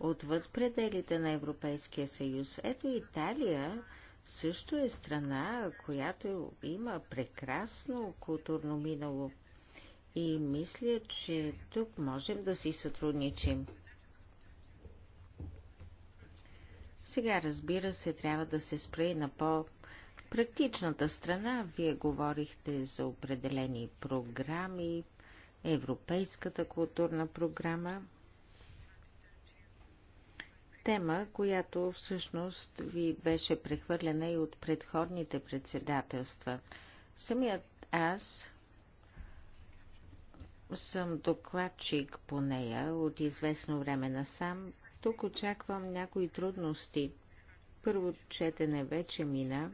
отвъд пределите на Европейския съюз. Ето Италия също е страна, която има прекрасно културно минало. И мисля, че тук можем да си сътрудничим. Сега, разбира се, трябва да се спре на по-практичната страна. Вие говорихте за определени програми, Европейската културна програма тема, която всъщност ви беше прехвърлена и от предходните председателства. Самият аз съм докладчик по нея от известно време насам. Тук очаквам някои трудности. Първо четене вече мина.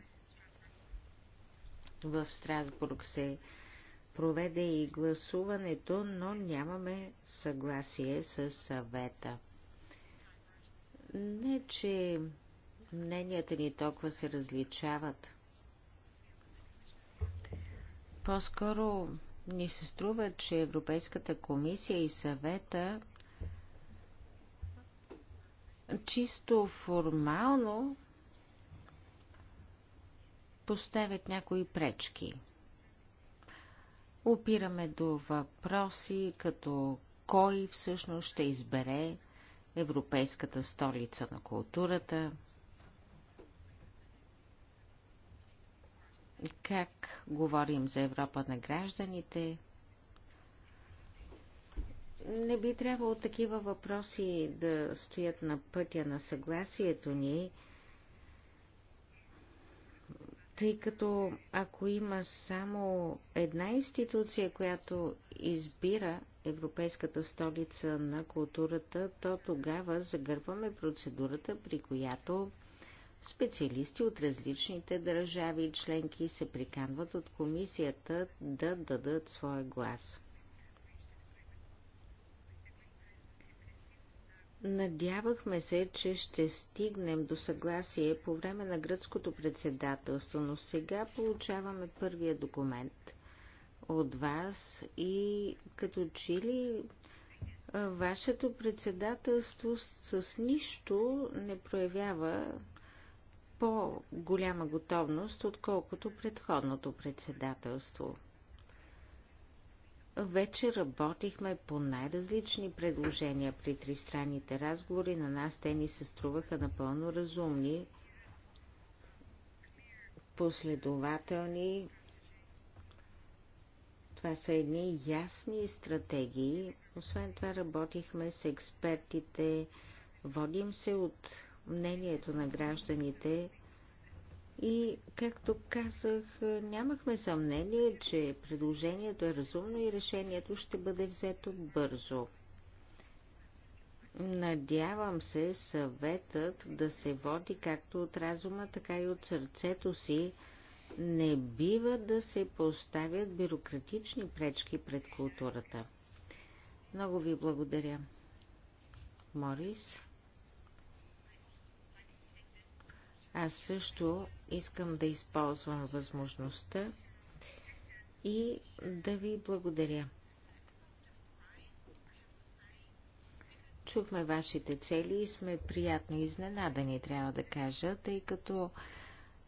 В Страсбург се проведе и гласуването, но нямаме съгласие с съвета. Не, че мненията ни толкова се различават. По-скоро ни се струва, че Европейската комисия и съвета чисто формално поставят някои пречки. Опираме до въпроси като кой всъщност ще избере Европейската столица на културата. Как говорим за Европа на гражданите? Не би трябвало такива въпроси да стоят на пътя на съгласието ни, тъй като ако има само една институция, която избира Европейската столица на културата, то тогава загърваме процедурата, при която специалисти от различните държави и членки се приканват от комисията да дадат своя глас. Надявахме се, че ще стигнем до съгласие по време на гръцкото председателство, но сега получаваме първия документ от вас и като че ли вашето председателство с нищо не проявява по-голяма готовност, отколкото предходното председателство. Вече работихме по най-различни предложения при тристранните разговори. На нас те ни се струваха напълно разумни, последователни това са едни ясни стратегии. Освен това работихме с експертите, водим се от мнението на гражданите и, както казах, нямахме съмнение, че предложението е разумно и решението ще бъде взето бързо. Надявам се съветът да се води както от разума, така и от сърцето си, не бива да се поставят бюрократични пречки пред културата. Много ви благодаря. Морис. Аз също искам да използвам възможността и да ви благодаря. Чухме вашите цели и сме приятно изненадани, трябва да кажа, тъй като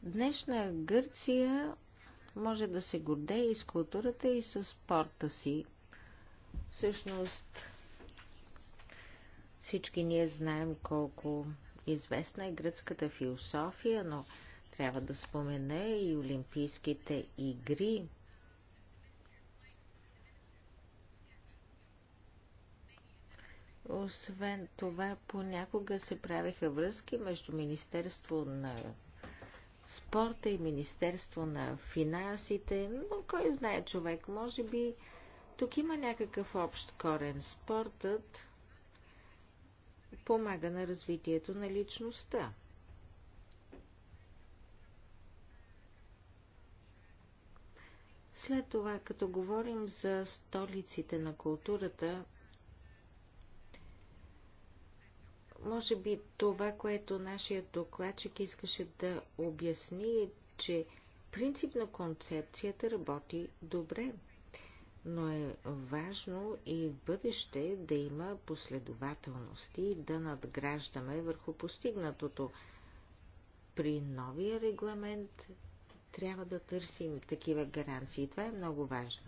Днешна Гърция може да се гордее и с културата, и с спорта си. Всъщност, всички ние знаем колко известна е гръцката философия, но трябва да спомене и Олимпийските игри. Освен това, понякога се правиха връзки между Министерство на спорта и Министерство на финансите, но кой знае човек, може би тук има някакъв общ корен. Спортът помага на развитието на личността. След това, като говорим за столиците на културата, Може би това, което нашия докладчик искаше да обясни е, че принципно концепцията работи добре, но е важно и в бъдеще да има последователности и да надграждаме върху постигнатото. При новия регламент трябва да търсим такива гаранции. Това е много важно.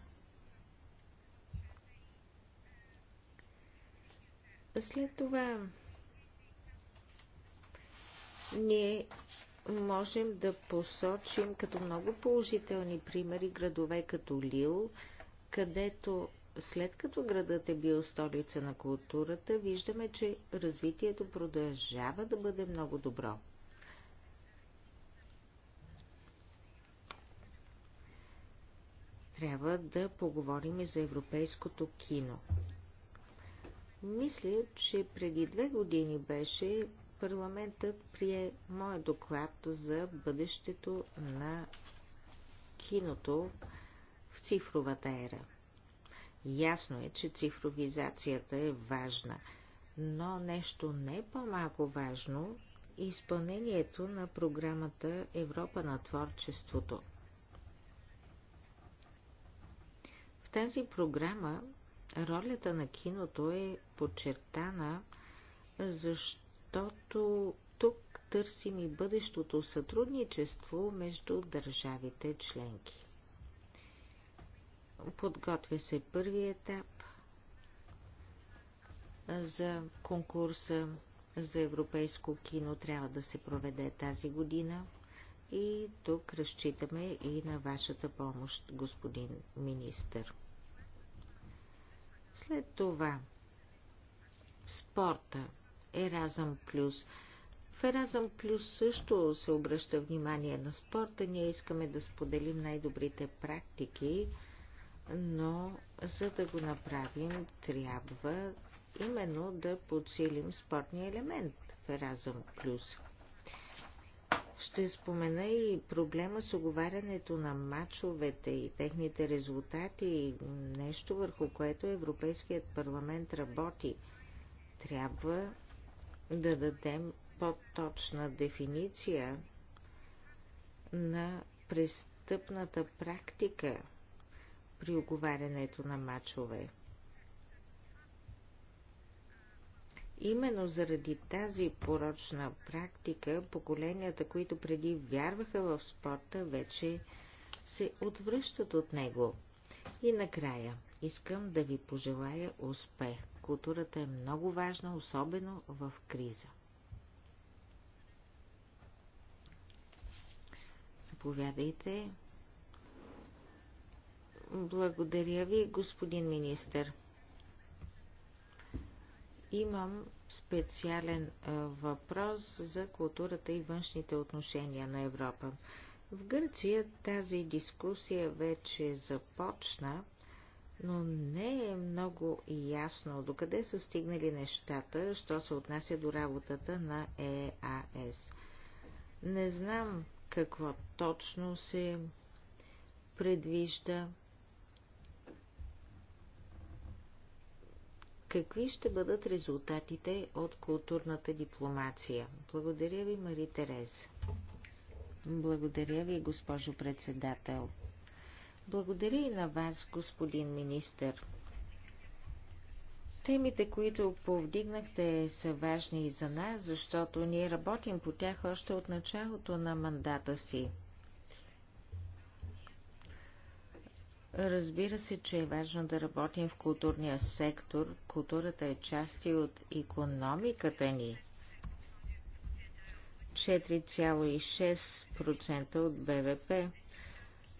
След това ние можем да посочим като много положителни примери градове като Лил, където след като градът е бил столица на културата, виждаме, че развитието продължава да бъде много добро. Трябва да поговорим и за европейското кино. Мисля, че преди две години беше парламентът прие моя доклад за бъдещето на киното в цифровата ера. Ясно е, че цифровизацията е важна, но нещо не по-малко важно е – изпълнението на програмата Европа на творчеството. В тази програма ролята на киното е подчертана, защото защото тук търсим и бъдещото сътрудничество между държавите членки. Подготвя се първи етап за конкурса за европейско кино трябва да се проведе тази година и тук разчитаме и на вашата помощ, господин министър. След това спорта – Еразъм Плюс. В Еразъм Плюс също се обръща внимание на спорта. Ние искаме да споделим най-добрите практики, но за да го направим трябва именно да подсилим спортния елемент в Еразъм Плюс. Ще спомена и проблема с оговарянето на матчовете и техните резултати, нещо върху което Европейският парламент работи. Трябва да дадем по-точна дефиниция на престъпната практика при оговарянето на мачове. Именно заради тази порочна практика, поколенията, които преди вярваха в спорта, вече се отвръщат от него. И накрая искам да ви пожелая успех културата е много важна, особено в криза. Заповядайте. Благодаря ви, господин министър. Имам специален въпрос за културата и външните отношения на Европа. В Гърция тази дискусия вече започна но не е много ясно докъде са стигнали нещата, що се отнася до работата на ЕАС. Не знам какво точно се предвижда, какви ще бъдат резултатите от културната дипломация. Благодаря ви, Мари Терез. Благодаря ви, госпожо председател. Благодаря и на вас, господин министър. Темите, които повдигнахте, са важни и за нас, защото ние работим по тях още от началото на мандата си. Разбира се, че е важно да работим в културния сектор. Културата е част и от економиката ни. 4,6% от БВП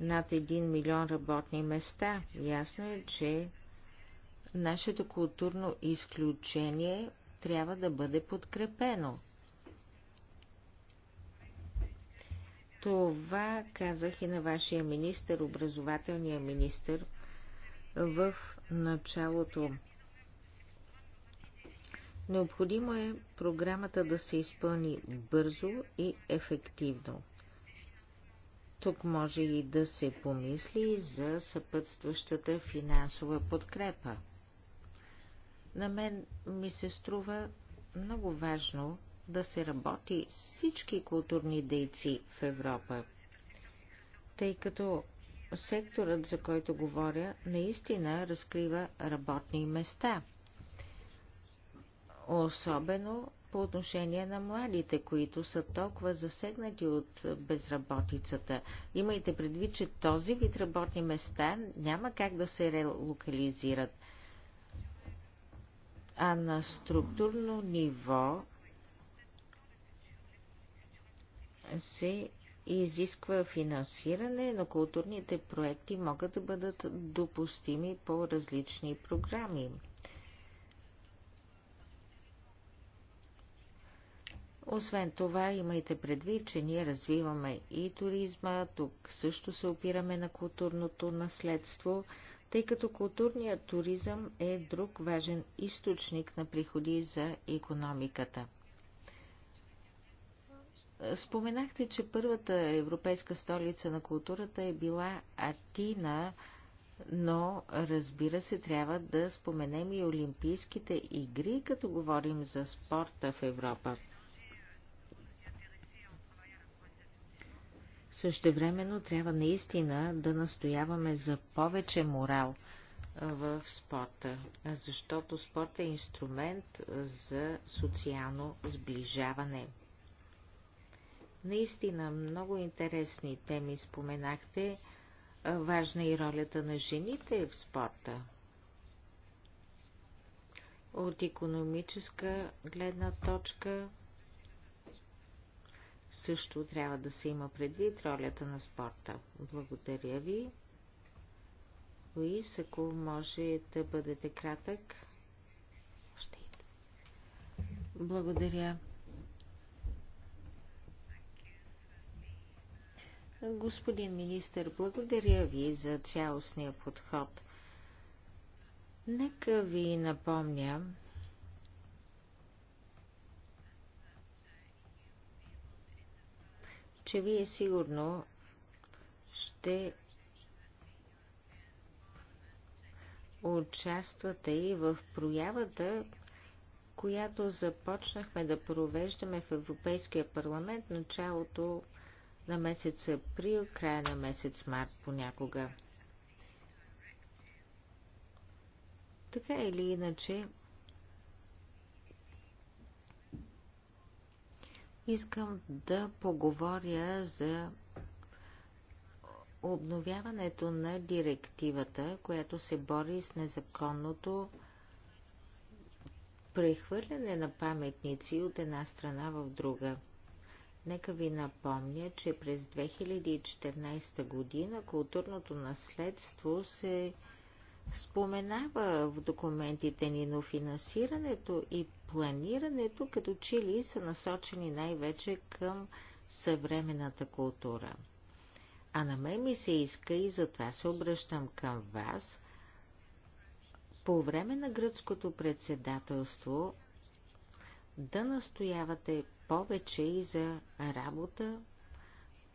над 1 милион работни места. Ясно е, че нашето културно изключение трябва да бъде подкрепено. Това казах и на вашия министр, образователния министр, в началото. Необходимо е програмата да се изпълни бързо и ефективно. Тук може и да се помисли за съпътстващата финансова подкрепа. На мен ми се струва много важно да се работи с всички културни дейци в Европа, тъй като секторът, за който говоря, наистина разкрива работни места, особено по отношение на младите, които са толкова засегнати от безработицата. Имайте предвид, че този вид работни места няма как да се релокализират. А на структурно ниво се изисква финансиране, но културните проекти могат да бъдат допустими по различни програми. Освен това, имайте предвид, че ние развиваме и туризма, тук също се опираме на културното наследство, тъй като културният туризъм е друг важен източник на приходи за економиката. Споменахте, че първата европейска столица на културата е била Атина, но разбира се, трябва да споменем и Олимпийските игри, като говорим за спорта в Европа. Същевременно трябва наистина да настояваме за повече морал в спорта, защото спорт е инструмент за социално сближаване. Наистина много интересни теми споменахте. Важна е и ролята на жените в спорта. От економическа гледна точка също трябва да се има предвид ролята на спорта. Благодаря ви. Луис, ако може да бъдете кратък. Благодаря. Господин министр, благодаря ви за цялостния подход. Нека ви напомня, че вие сигурно ще участвате и в проявата, която започнахме да провеждаме в Европейския парламент началото на месец април, края на месец март понякога. Така или иначе, Искам да поговоря за обновяването на директивата, която се бори с незаконното прехвърляне на паметници от една страна в друга. Нека ви напомня, че през 2014 година културното наследство се споменава в документите ни, но финансирането и планирането като че ли са насочени най-вече към съвременната култура. А на мен ми се иска и затова се обръщам към вас. По време на гръцкото председателство да настоявате повече и за работа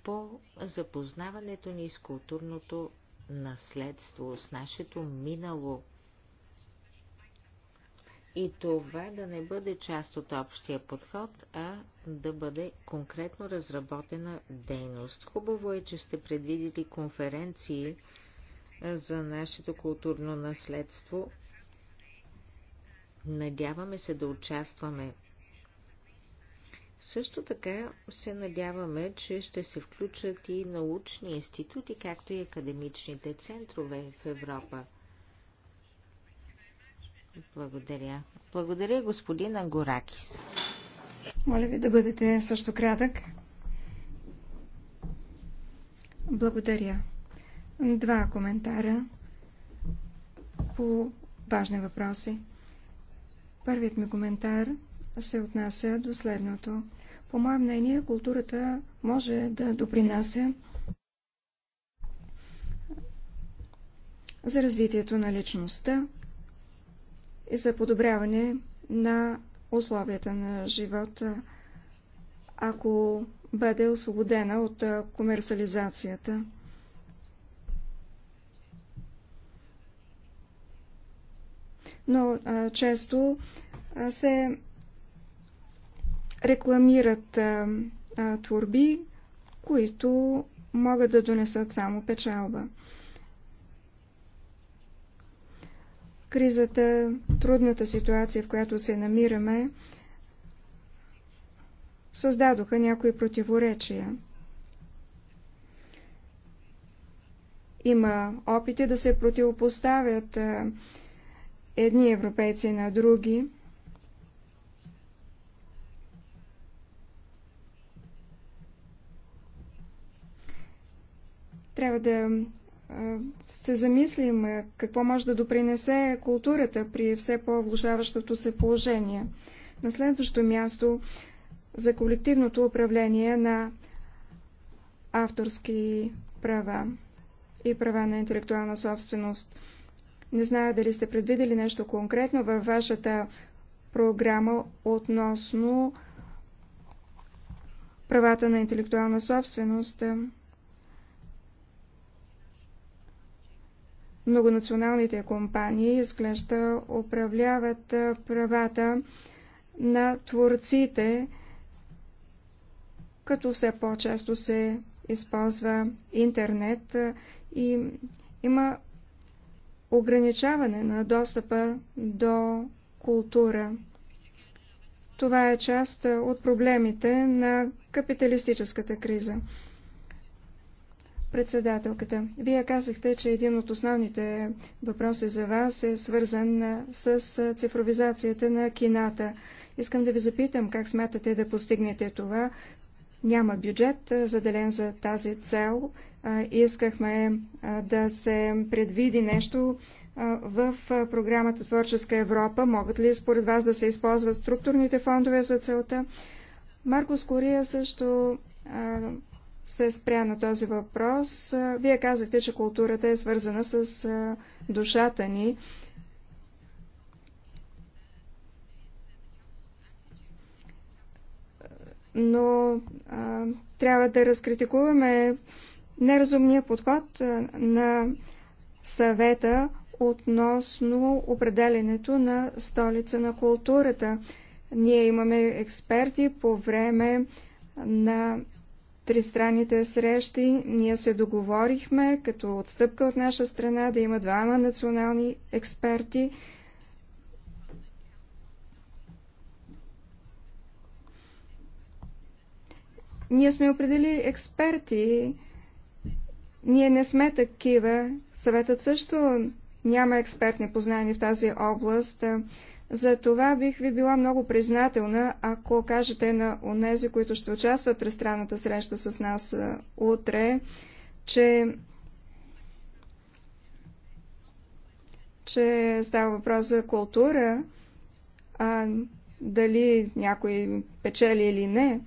по запознаването ни с културното наследство, с нашето минало. И това да не бъде част от общия подход, а да бъде конкретно разработена дейност. Хубаво е, че сте предвидили конференции за нашето културно наследство. Надяваме се да участваме също така се надяваме, че ще се включат и научни институти, както и академичните центрове в Европа. Благодаря. Благодаря, господин Горакис. Моля ви да бъдете също кратък. Благодаря. Два коментара по важни въпроси. Първият ми коментар се отнася до следното. По мое мнение, културата може да допринася за развитието на личността и за подобряване на условията на живота, ако бъде освободена от комерциализацията. Но а, често а, се рекламират а, а, творби, които могат да донесат само печалба. Кризата, трудната ситуация, в която се намираме, създадоха някои противоречия. Има опити да се противопоставят а, едни европейци на други – Трябва да се замислим какво може да допринесе културата при все по-влушаващото се положение. На следващо място за колективното управление на авторски права и права на интелектуална собственост. Не зная дали сте предвидели нещо конкретно във вашата програма относно правата на интелектуална собственост. многонационалните компании изглежда управляват правата на творците, като все по-често се използва интернет и има ограничаване на достъпа до култура. Това е част от проблемите на капиталистическата криза. Председателката, вие казахте, че един от основните въпроси за вас е свързан с цифровизацията на кината. Искам да ви запитам как смятате да постигнете това. Няма бюджет заделен за тази цел. Искахме да се предвиди нещо в програмата Творческа Европа. Могат ли според вас да се използват структурните фондове за целта? Марко Кория също се спря на този въпрос. Вие казахте, че културата е свързана с душата ни. Но а, трябва да разкритикуваме неразумния подход на съвета относно определенето на столица на културата. Ние имаме експерти по време на тристранните срещи ние се договорихме като отстъпка от наша страна да има двама национални експерти. Ние сме определили експерти. Ние не сме такива. Съветът също няма експертни познания в тази област. За това бих ви била много признателна, ако кажете на онези, които ще участват в тристранната среща с нас утре, че че става въпрос за култура, а дали някой печели или не.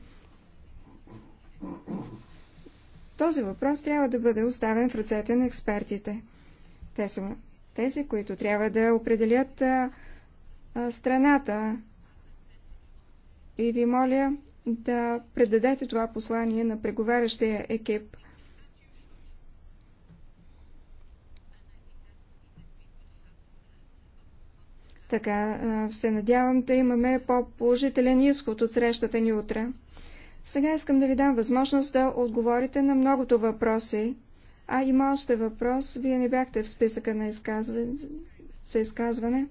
Този въпрос трябва да бъде оставен в ръцете на експертите. Те са тези, които трябва да определят страната. И ви моля да предадете това послание на преговарящия екип. Така се надявам да имаме по-положителен изход от срещата ни утре. Сега искам да ви дам възможност да отговорите на многото въпроси. А има още въпрос. Вие не бяхте в списъка на изказване за изказване?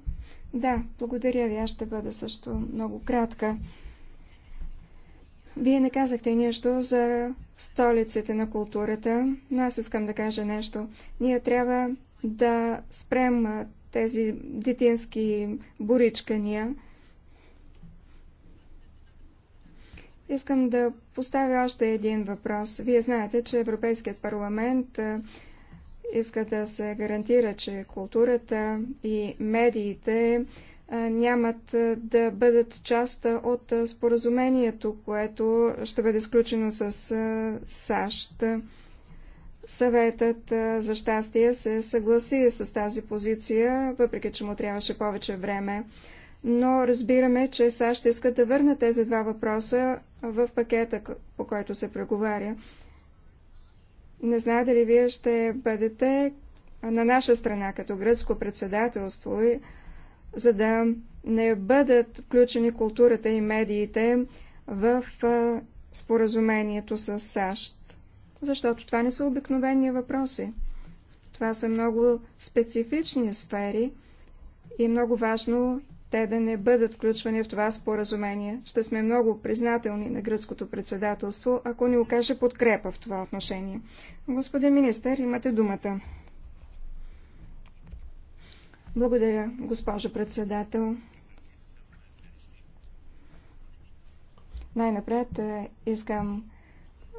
Да, благодаря ви. Аз ще бъда също много кратка. Вие не казахте нищо за столиците на културата, но аз искам да кажа нещо. Ние трябва да спрем тези детински боричкания. Искам да поставя още един въпрос. Вие знаете, че Европейският парламент иска да се гарантира, че културата и медиите нямат да бъдат част от споразумението, което ще бъде сключено с САЩ. Съветът за щастие се съгласи с тази позиция, въпреки че му трябваше повече време. Но разбираме, че САЩ иска да върне тези два въпроса в пакета, по който се преговаря. Не знае дали вие ще бъдете на наша страна като гръцко председателство, за да не бъдат включени културата и медиите в споразумението с САЩ. Защото това не са обикновени въпроси. Това са много специфични сфери и е много важно те да не бъдат включвани в това споразумение. Ще сме много признателни на гръцкото председателство, ако ни окаже подкрепа в това отношение. Господин министър, имате думата. Благодаря, госпожо председател. Най-напред е, искам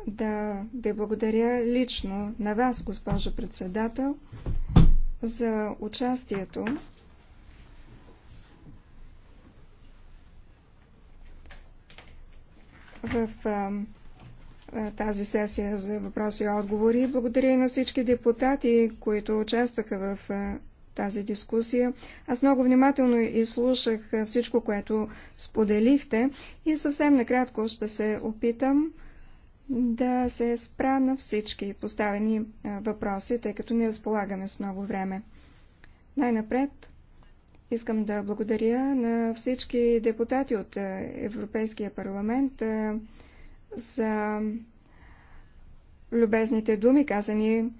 да ви благодаря лично на вас, госпожо председател, за участието в тази сесия за въпроси и отговори. Благодаря и на всички депутати, които участваха в тази дискусия. Аз много внимателно изслушах всичко, което споделихте и съвсем накратко ще се опитам да се спра на всички поставени въпроси, тъй като не разполагаме с много време. Най-напред Искам да благодаря на всички депутати от е, Европейския парламент е, за любезните думи, казани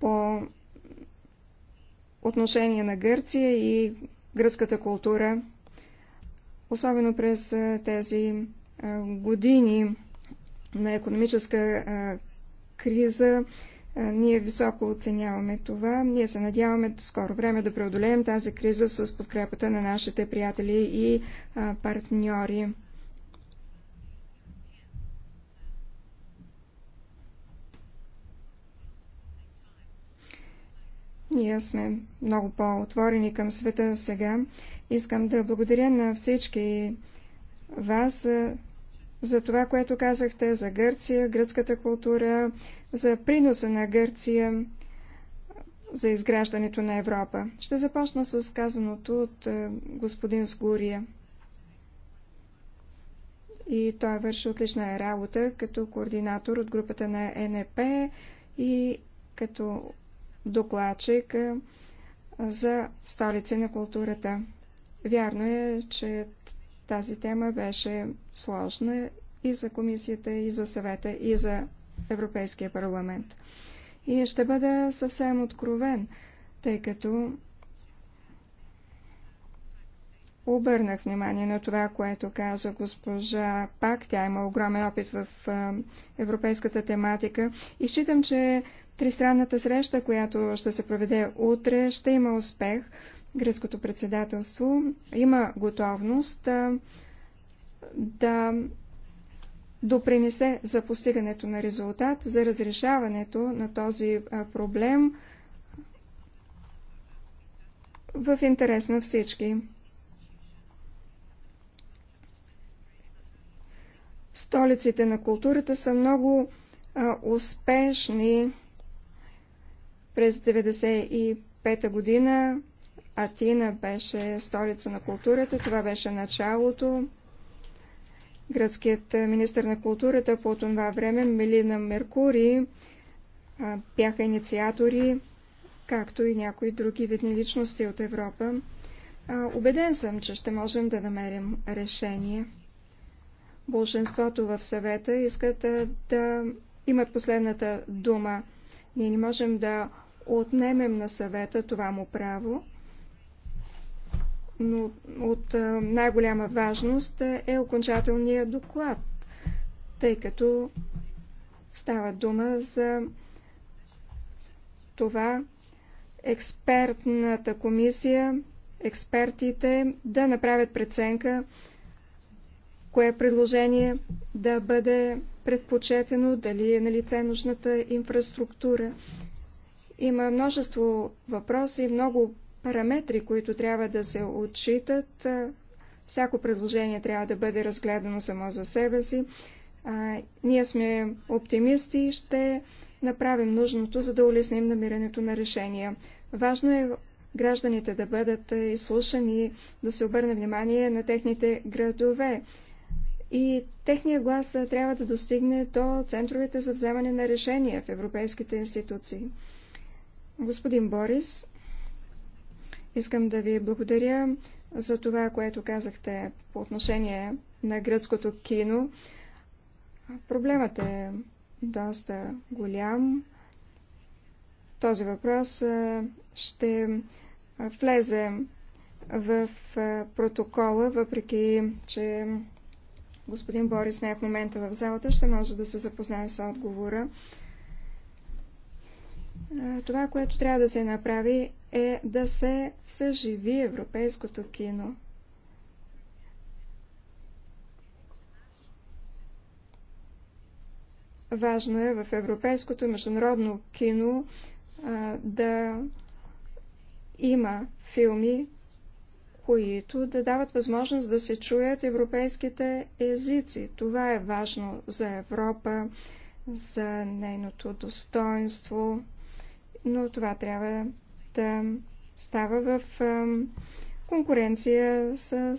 по отношение на Гърция и гръцката култура, особено през е, тези години на економическа криза ние високо оценяваме това. Ние се надяваме до скоро време да преодолеем тази криза с подкрепата на нашите приятели и партньори. Ние сме много по-отворени към света сега. Искам да благодаря на всички вас за това, което казахте за Гърция, гръцката култура, за приноса на Гърция за изграждането на Европа. Ще започна с казаното от е, господин Сгурия. И той върши отлична работа като координатор от групата на НП и като докладчик е, за столици на културата. Вярно е, че тази тема беше сложна и за комисията, и за съвета, и за Европейския парламент. И ще бъда съвсем откровен, тъй като обърнах внимание на това, което каза госпожа Пак. Тя има огромен опит в европейската тематика и считам, че тристранната среща, която ще се проведе утре, ще има успех гръцкото председателство има готовност да допринесе за постигането на резултат, за разрешаването на този проблем в интерес на всички. Столиците на културата са много а, успешни. През 1995 година Атина беше столица на културата, това беше началото. Гръцкият е, министр на културата по това време, Мелина Меркури, е, бяха инициатори, както и някои други видни личности от Европа. Обеден е, съм, че ще можем да намерим решение. Болшинството в съвета искат да имат последната дума. Ние не можем да отнемем на съвета това му право но от най-голяма важност е окончателният доклад, тъй като става дума за това експертната комисия, експертите да направят преценка кое предложение да бъде предпочетено, дали е на лице нужната инфраструктура. Има множество въпроси, много параметри, които трябва да се отчитат. Всяко предложение трябва да бъде разгледано само за себе си. А, ние сме оптимисти и ще направим нужното, за да улесним намирането на решения. Важно е гражданите да бъдат изслушани, да се обърне внимание на техните градове. И техния глас трябва да достигне до центровете за вземане на решения в европейските институции. Господин Борис, Искам да ви благодаря за това, което казахте по отношение на гръцкото кино. Проблемът е доста голям. Този въпрос ще влезе в протокола, въпреки че господин Борис не е в момента в залата, ще може да се запознае с отговора. Това, което трябва да се направи е да се съживи европейското кино. Важно е в европейското международно кино а, да има филми, които да дават възможност да се чуят европейските езици. Това е важно за Европа, за нейното достоинство, но това трябва става в конкуренция с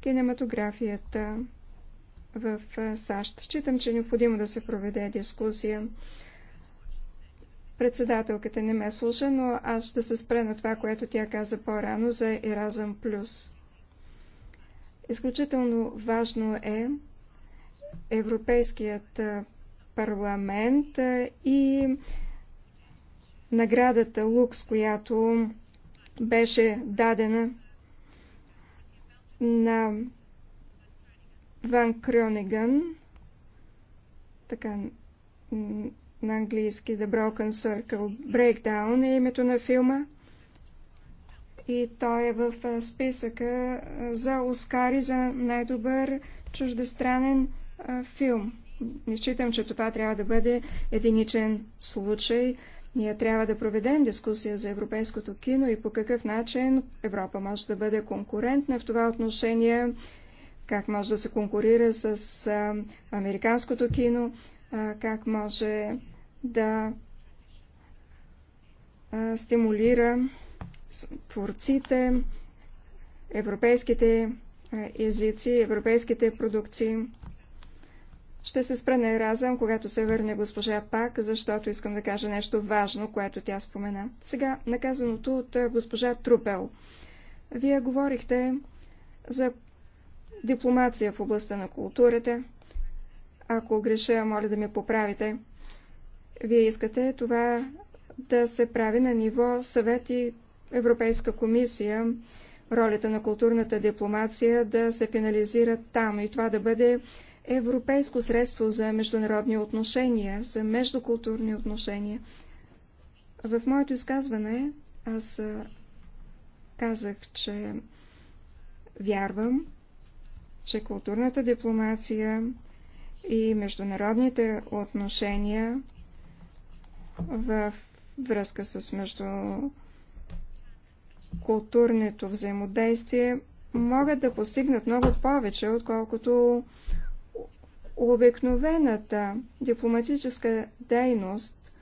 кинематографията в САЩ. Считам, че е необходимо да се проведе дискусия. Председателката не ме слуша, но аз ще се спре на това, което тя каза по-рано за Еразъм Плюс. Изключително важно е Европейският парламент и наградата Лукс, която беше дадена на Ван Крониган, така на английски The Broken Circle Breakdown е името на филма. И той е в списъка за Оскари за най-добър чуждестранен филм. Не считам, че това трябва да бъде единичен случай. Ние трябва да проведем дискусия за европейското кино и по какъв начин Европа може да бъде конкурентна в това отношение, как може да се конкурира с американското кино, как може да стимулира творците, европейските езици, европейските продукции. Ще се спра на Еразъм, когато се върне госпожа Пак, защото искам да кажа нещо важно, което тя спомена. Сега, наказаното от госпожа Трупел. Вие говорихте за дипломация в областта на културата. Ако греша, моля да ме поправите. Вие искате това да се прави на ниво съвет и Европейска комисия, ролята на културната дипломация да се финализира там и това да бъде европейско средство за международни отношения, за междукултурни отношения. В моето изказване аз казах, че вярвам, че културната дипломация и международните отношения в връзка с междукултурното взаимодействие могат да постигнат много повече, отколкото Обикновената дипломатическа дейност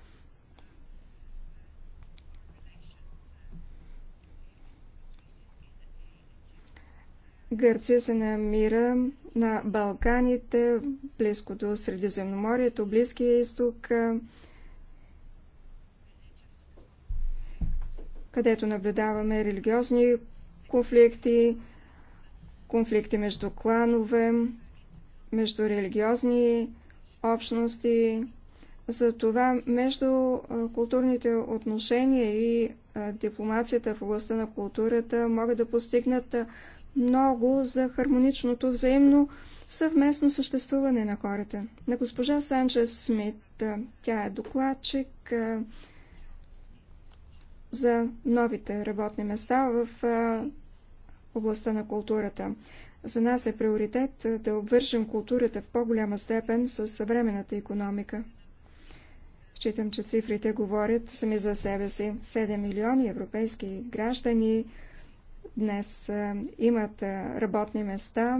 Гърция се намира на Балканите, близко до Средиземноморието, Близкия изток, където наблюдаваме религиозни конфликти, конфликти между кланове, между религиозни общности, за това между културните отношения и дипломацията в областта на културата могат да постигнат много за хармоничното взаимно съвместно съществуване на хората. На госпожа Санчес Смит, тя е докладчик за новите работни места в областта на културата. За нас е приоритет е, да обвържем културата в по-голяма степен с съвременната економика. Считам, че цифрите говорят сами за себе си. 7 милиони европейски граждани днес е, имат е, работни места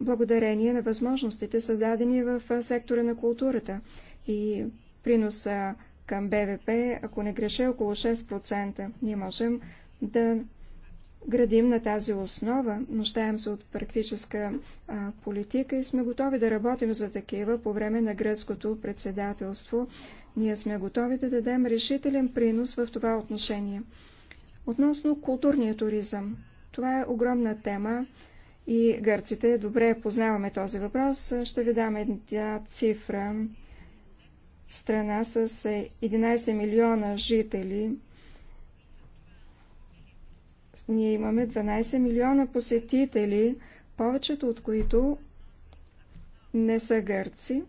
благодарение на възможностите, създадени в сектора на културата и приноса към БВП, ако не греше, около 6%. Ние можем да градим на тази основа. Нуждаем се от практическа а, политика и сме готови да работим за такива по време на гръцкото председателство. Ние сме готови да дадем решителен принос в това отношение. Относно културния туризъм. Това е огромна тема и гърците добре познаваме този въпрос. Ще ви дам една цифра. Страна с 11 е, милиона жители – ние имаме 12 милиона посетители, повечето от които не са гърци.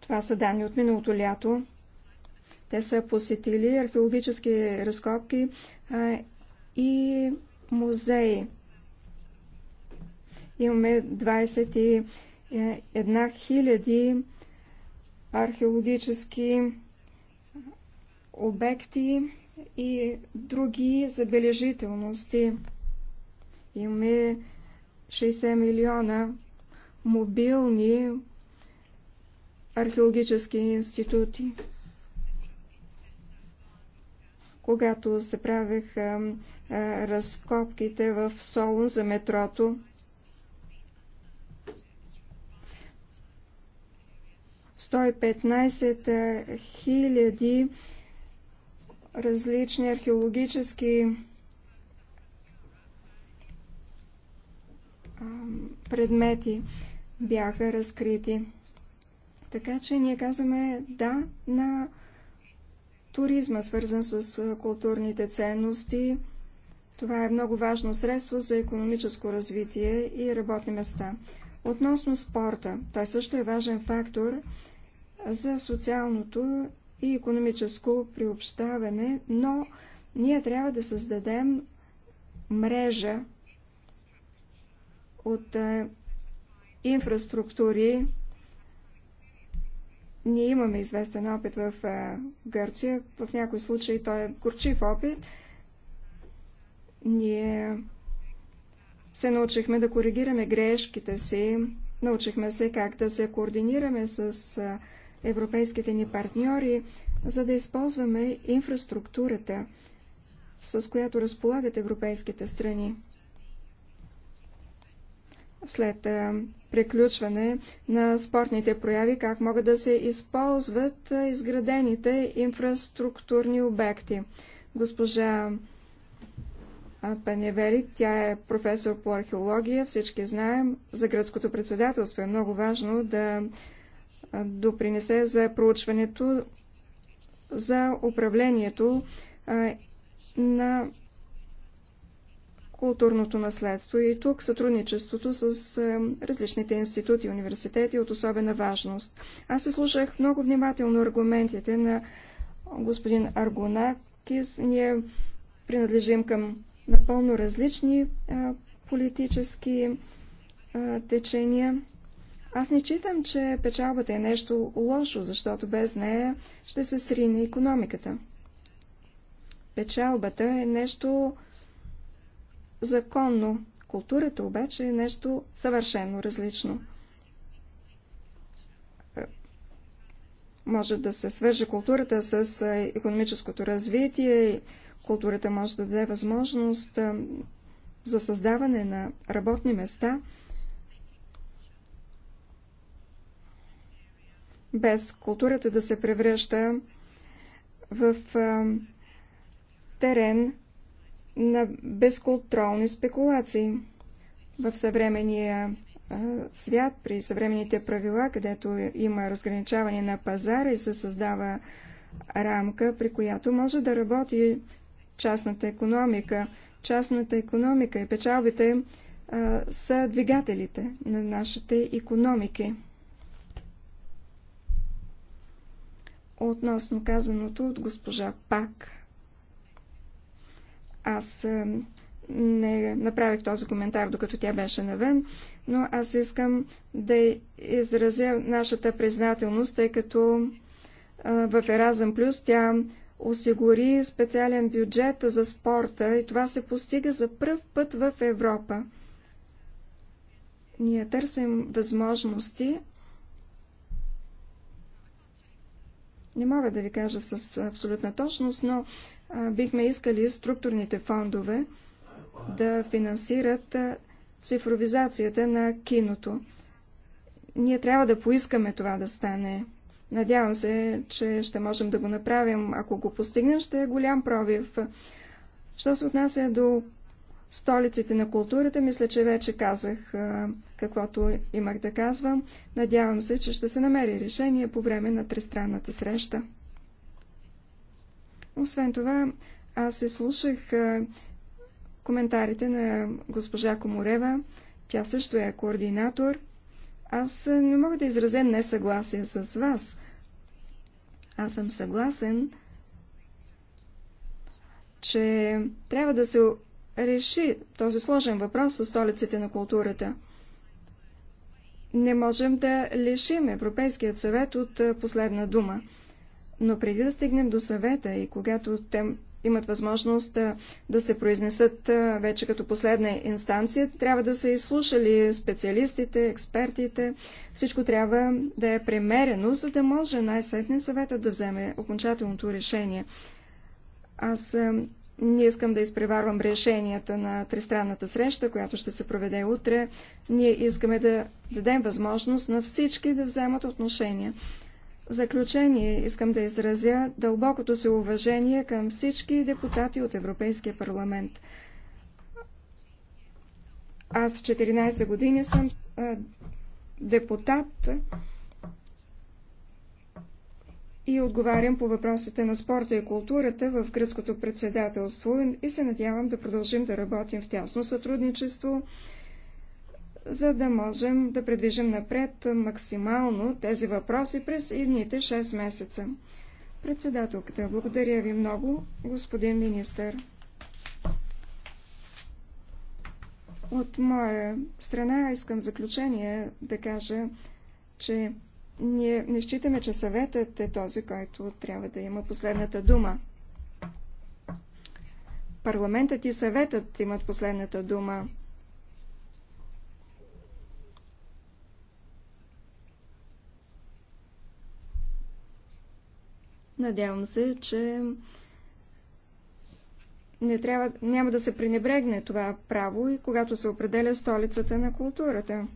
Това са данни от миналото лято. Те са посетили археологически разкопки а, и музеи. Имаме 21 000 археологически обекти, и други забележителности. Имаме 60 милиона мобилни археологически институти. Когато се правеха разкопките в Солун за метрото, Сто 115 хиляди 000 различни археологически предмети бяха разкрити. Така че ние казваме да на туризма, свързан с културните ценности. Това е много важно средство за економическо развитие и работни места. Относно спорта, той също е важен фактор за социалното и економическо приобщаване, но ние трябва да създадем мрежа от е, инфраструктури. Ние имаме известен опит в е, Гърция, в някои случаи той е горчив опит. Ние се научихме да коригираме грешките си, научихме се как да се координираме с е, европейските ни партньори, за да използваме инфраструктурата, с която разполагат европейските страни. След приключване на спортните прояви, как могат да се използват изградените инфраструктурни обекти. Госпожа Паневели, тя е професор по археология, всички знаем, за гръцкото председателство е много важно да допринесе за проучването за управлението на културното наследство. И тук сътрудничеството с различните институти и университети е от особена важност. Аз се слушах много внимателно аргументите на господин Аргонакис. Ние принадлежим към напълно различни политически течения. Аз не читам, че печалбата е нещо лошо, защото без нея ще се срине економиката. Печалбата е нещо законно. Културата обаче е нещо съвършено различно. Може да се свърже културата с економическото развитие, културата може да даде възможност за създаване на работни места – без културата да се превръща в терен на безконтролни спекулации. В съвременния свят, при съвременните правила, където има разграничаване на пазара и се създава рамка, при която може да работи частната економика. Частната економика и печалбите а, са двигателите на нашите економики. относно казаното от госпожа Пак. Аз не направих този коментар, докато тя беше навън, но аз искам да изразя нашата признателност, тъй като в Еразъм Плюс тя осигури специален бюджет за спорта и това се постига за пръв път в Европа. Ние търсим възможности Не мога да ви кажа с абсолютна точност, но бихме искали структурните фондове да финансират цифровизацията на киното. Ние трябва да поискаме това да стане. Надявам се, че ще можем да го направим. Ако го постигнем, ще е голям пробив. Що се отнася до столиците на културата, мисля, че вече казах каквото имах да казвам. Надявам се, че ще се намери решение по време на тристранната среща. Освен това, аз се слушах коментарите на госпожа Коморева. Тя също е координатор. Аз не мога да изразя несъгласие с вас. Аз съм съгласен, че трябва да се реши този сложен въпрос с столиците на културата. Не можем да лишим Европейският съвет от последна дума. Но преди да стигнем до съвета и когато те имат възможност да се произнесат вече като последна инстанция, трябва да са изслушали специалистите, експертите. Всичко трябва да е премерено, за да може най-сетне съвета да вземе окончателното решение. Аз не искам да изпреварвам решенията на тристранната среща, която ще се проведе утре. Ние искаме да дадем възможност на всички да вземат отношения. В заключение искам да изразя дълбокото си уважение към всички депутати от Европейския парламент. Аз 14 години съм депутат и отговарям по въпросите на спорта и културата в гръцкото председателство и се надявам да продължим да работим в тясно сътрудничество, за да можем да предвижим напред максимално тези въпроси през едните 6 месеца. Председателката, благодаря ви много, господин министър. От моя страна искам заключение да кажа, че ние не считаме, че съветът е този, който трябва да има последната дума. Парламентът и съветът имат последната дума. Надявам се, че не трябва, няма да се пренебрегне това право и когато се определя столицата на културата.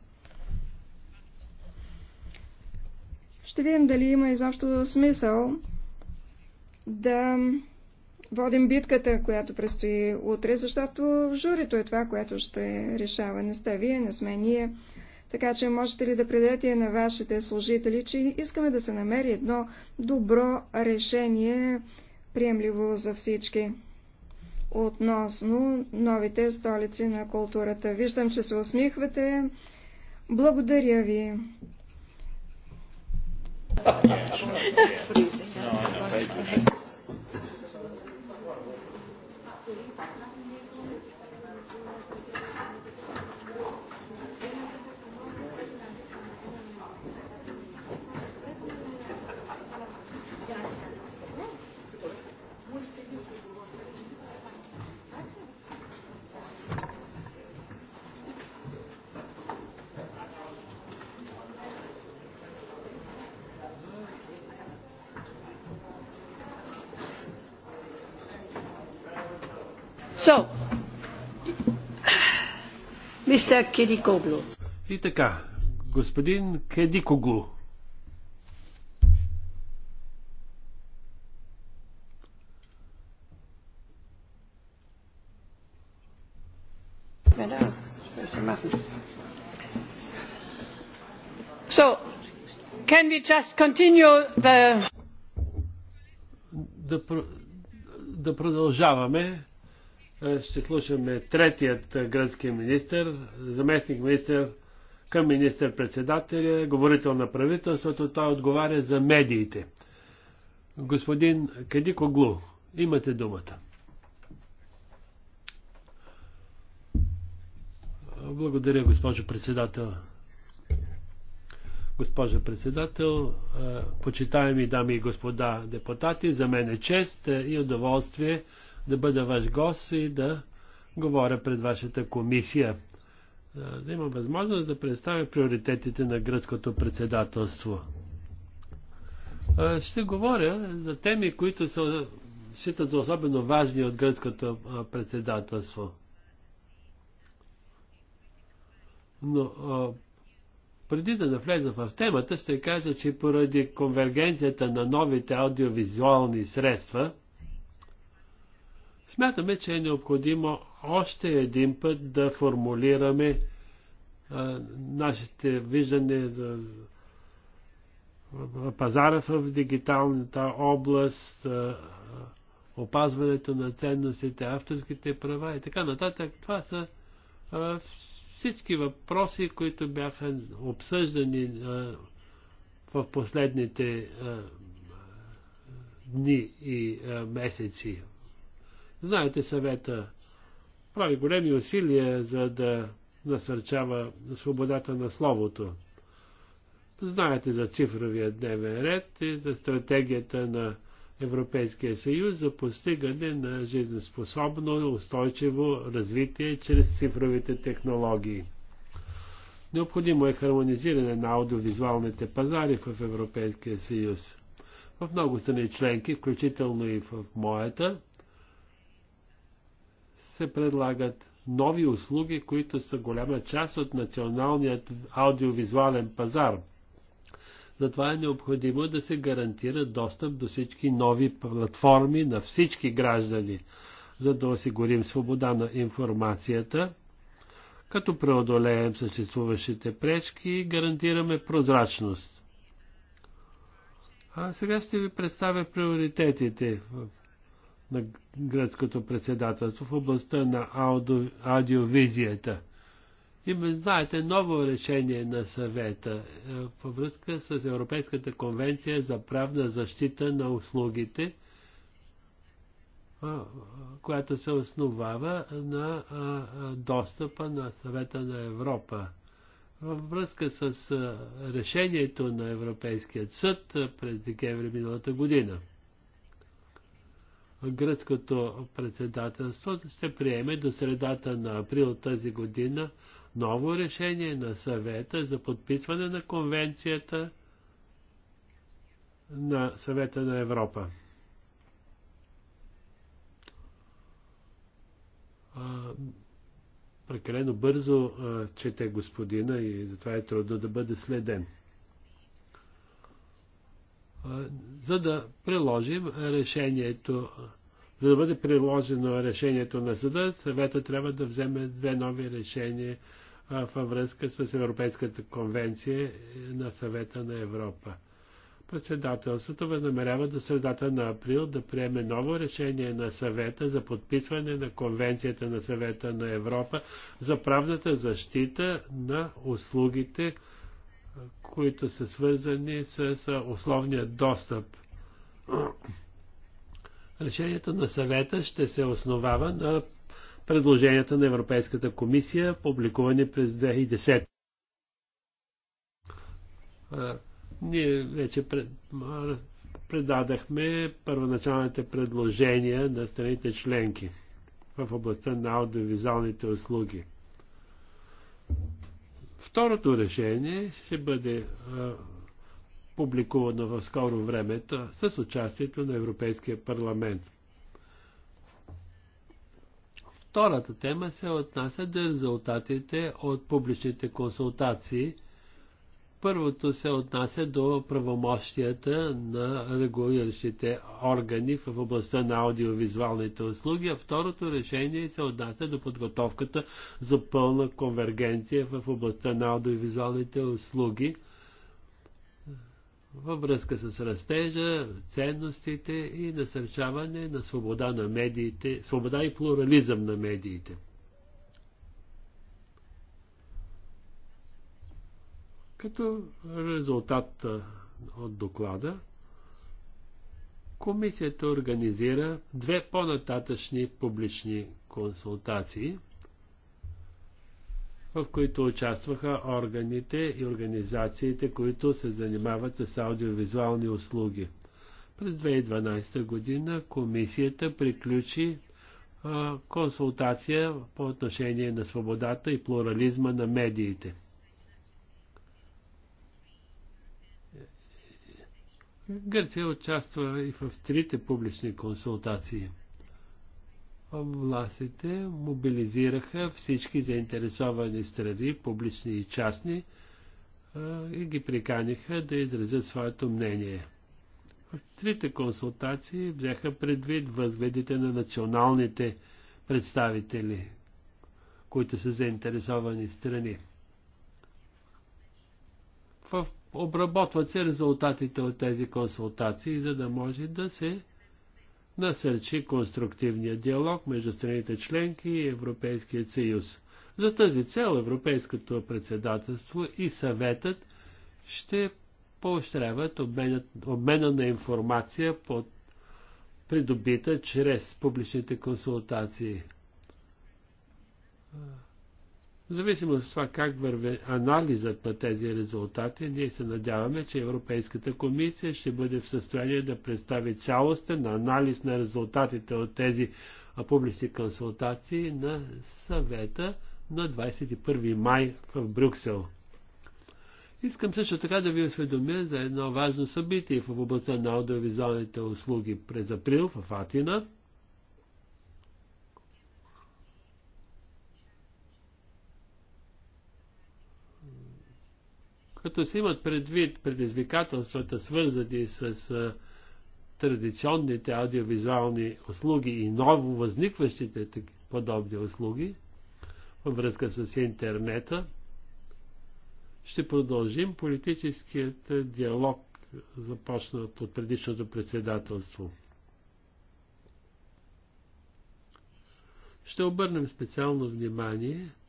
Ще видим дали има изобщо смисъл да водим битката, която предстои утре, защото журито е това, което ще решава. Не сте вие, не сме ние. Така че можете ли да предадете на вашите служители, че искаме да се намери едно добро решение, приемливо за всички, относно новите столици на културата. Виждам, че се усмихвате. Благодаря ви. That's freezing. No, I know. Мистер Кедикоглу. И така, господин Кедикоглу. So, can we just continue the... Да, да продължаваме е, ще слушаме третият е, гръцки министр, заместник министр към министър-председателя, говорител на правителството, той отговаря за медиите. Господин Кадико Глу, имате думата. Благодаря, госпожо председател. Госпожо председател, е, почитаеми дами и господа депутати, за мен е чест и удоволствие да бъда ваш гост и да говоря пред вашата комисия. Да имам възможност да представя приоритетите на гръцкото председателство. Ще говоря за теми, които се считат за особено важни от гръцкото председателство. Но преди да навлеза в темата, ще кажа, че поради конвергенцията на новите аудиовизуални средства – Смятаме, че е необходимо още един път да формулираме а, нашите виждане за пазара в дигиталната област, а, опазването на ценностите, авторските права и така нататък. Това са а, всички въпроси, които бяха обсъждани а, в последните а, дни и а, месеци Знаете съвета. Прави големи усилия, за да насърчава свободата на словото. Знаете за цифровия дневен ред и за стратегията на Европейския съюз за постигане на жизнеспособно, устойчиво развитие чрез цифровите технологии. Необходимо е хармонизиране на аудиовизуалните пазари в Европейския съюз. В много страни членки, включително и в моята, се предлагат нови услуги, които са голяма част от националният аудиовизуален пазар. Затова е необходимо да се гарантира достъп до всички нови платформи на всички граждани, за да осигурим свобода на информацията, като преодолеем съществуващите пречки и гарантираме прозрачност. А сега ще ви представя приоритетите в на гръцкото председателство в областта на аудио, аудиовизията. И знаете, ново решение на съвета е, във връзка с Европейската конвенция за правна защита на услугите, е, която се основава на е, достъпа на съвета на Европа. Във връзка с решението на Европейският съд през декември миналата година гръцкото председателство ще приеме до средата на април тази година ново решение на съвета за подписване на конвенцията на съвета на Европа. А, прекалено бързо а, чете господина и затова е трудно да бъде следен за да приложим решението, за да бъде приложено решението на съда, съвета трябва да вземе две нови решения във връзка с Европейската конвенция на съвета на Европа. Председателството възнамерява до средата на април да приеме ново решение на съвета за подписване на Конвенцията на съвета на Европа за правната защита на услугите, които са свързани с условния достъп. Решението на съвета ще се основава на предложенията на Европейската комисия, публикувани през 2010. Ние вече предадахме първоначалните предложения на страните членки в областта на аудиовизуалните услуги. Второто решение ще бъде а, публикувано в скоро време с участието на Европейския парламент. Втората тема се отнася до резултатите от публичните консултации – Първото се отнася до правомощията на регулиращите органи в областта на аудиовизуалните услуги, а второто решение се отнася до подготовката за пълна конвергенция в областта на аудиовизуалните услуги във връзка с растежа, ценностите и насърчаване на свобода на медиите, свобода и плурализъм на медиите. Като резултат от доклада, комисията организира две по-нататъчни публични консултации, в които участваха органите и организациите, които се занимават с аудиовизуални услуги. През 2012 година комисията приключи консултация по отношение на свободата и плурализма на медиите. Гърция участва и в трите публични консултации. Властите мобилизираха всички заинтересовани страни, публични и частни, и ги приканиха да изразят своето мнение. В трите консултации взеха предвид възгледите на националните представители, които са заинтересовани страни обработват се резултатите от тези консултации, за да може да се насърчи конструктивния диалог между страните членки и Европейския съюз. За тази цел Европейското председателство и съветът ще поощряват обмена, обмена на информация под придобита чрез публичните консултации. В зависимост от това как върви анализът на тези резултати, ние се надяваме, че Европейската комисия ще бъде в състояние да представи цялостен анализ на резултатите от тези публични консултации на съвета на 21 май в Брюксел. Искам също така да ви осведомя за едно важно събитие в областта на аудиовизуалните услуги през април в Атина – като се имат предвид предизвикателствата, свързани с традиционните аудиовизуални услуги и ново възникващите подобни услуги във връзка с интернета, ще продължим политическият диалог, започнат от предишното председателство. Ще обърнем специално внимание –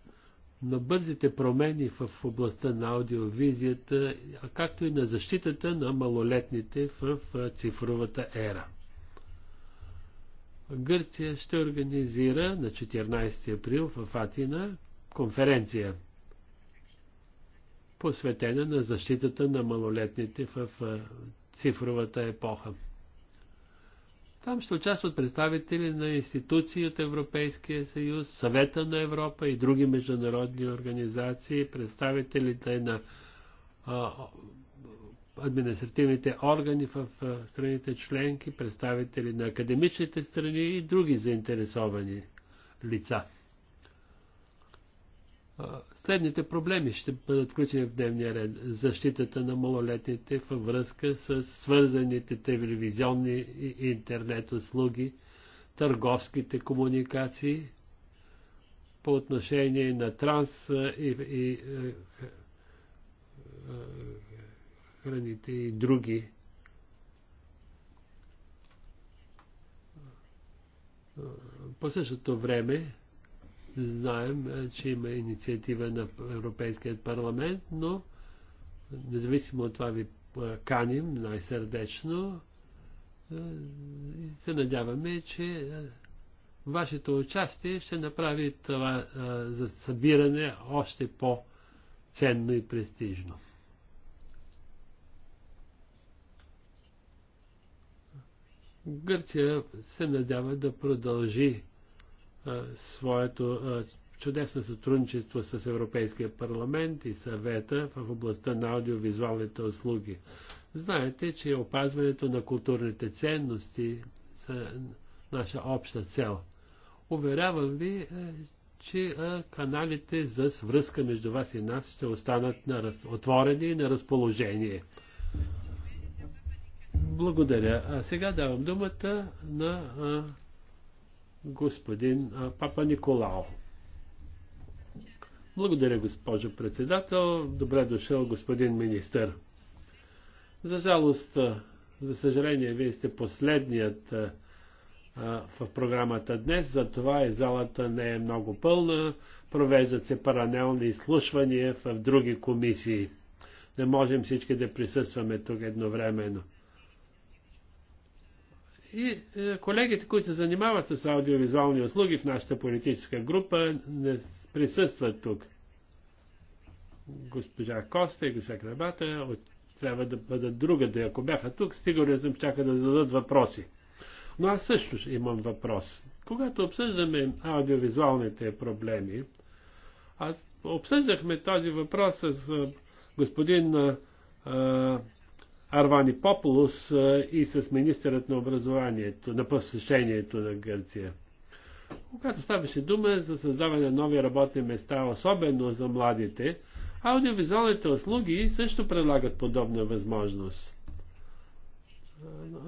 на бързите промени в областта на аудиовизията, както и на защитата на малолетните в цифровата ера. Гърция ще организира на 14 април в Атина конференция, посветена на защитата на малолетните в цифровата епоха. Там ще участват представители на институции от Европейския съюз, Съвета на Европа и други международни организации, представителите на а, административните органи в а, страните членки, представители на академичните страни и други заинтересовани лица. Следните проблеми ще бъдат включени в дневния ред. Защитата на малолетните във връзка с свързаните телевизионни и интернет услуги, търговските комуникации по отношение на транс и, и е, е, храните и други. По същото време Знаем, е, че има инициатива на Европейският парламент, но независимо от това ви е, каним най-сърдечно е, и се надяваме, че вашето участие ще направи това за събиране още по-ценно и престижно. Гърция се надява да продължи своето чудесно сътрудничество с Европейския парламент и съвета в областта на аудиовизуалните услуги. Знаете, че опазването на културните ценности са наша обща цел. Уверявам ви, че каналите за свръзка между вас и нас ще останат на раз... отворени и на разположение. Благодаря. А сега давам думата на господин Папа Николао. Благодаря, госпожо председател. Добре дошъл, господин министър. За жалост, за съжаление, вие сте последният а, в програмата днес, затова и залата не е много пълна. Провеждат се паралелни изслушвания в други комисии. Не можем всички да присъстваме тук едновременно. И е, колегите, които се занимават с аудиовизуални услуги в нашата политическа група, не присъстват тук. Госпожа Коста и госпожа Крабата трябва да бъдат другаде. Да ако бяха тук, сигурен съм, чака да зададат въпроси. Но аз също имам въпрос. Когато обсъждаме аудиовизуалните проблеми, аз обсъждахме този въпрос с е, господин а, е, Арвани Пополус и с министърът на образованието, на посещението на Гърция. Когато ставаше дума за създаване на нови работни места, особено за младите, аудиовизуалните услуги също предлагат подобна възможност.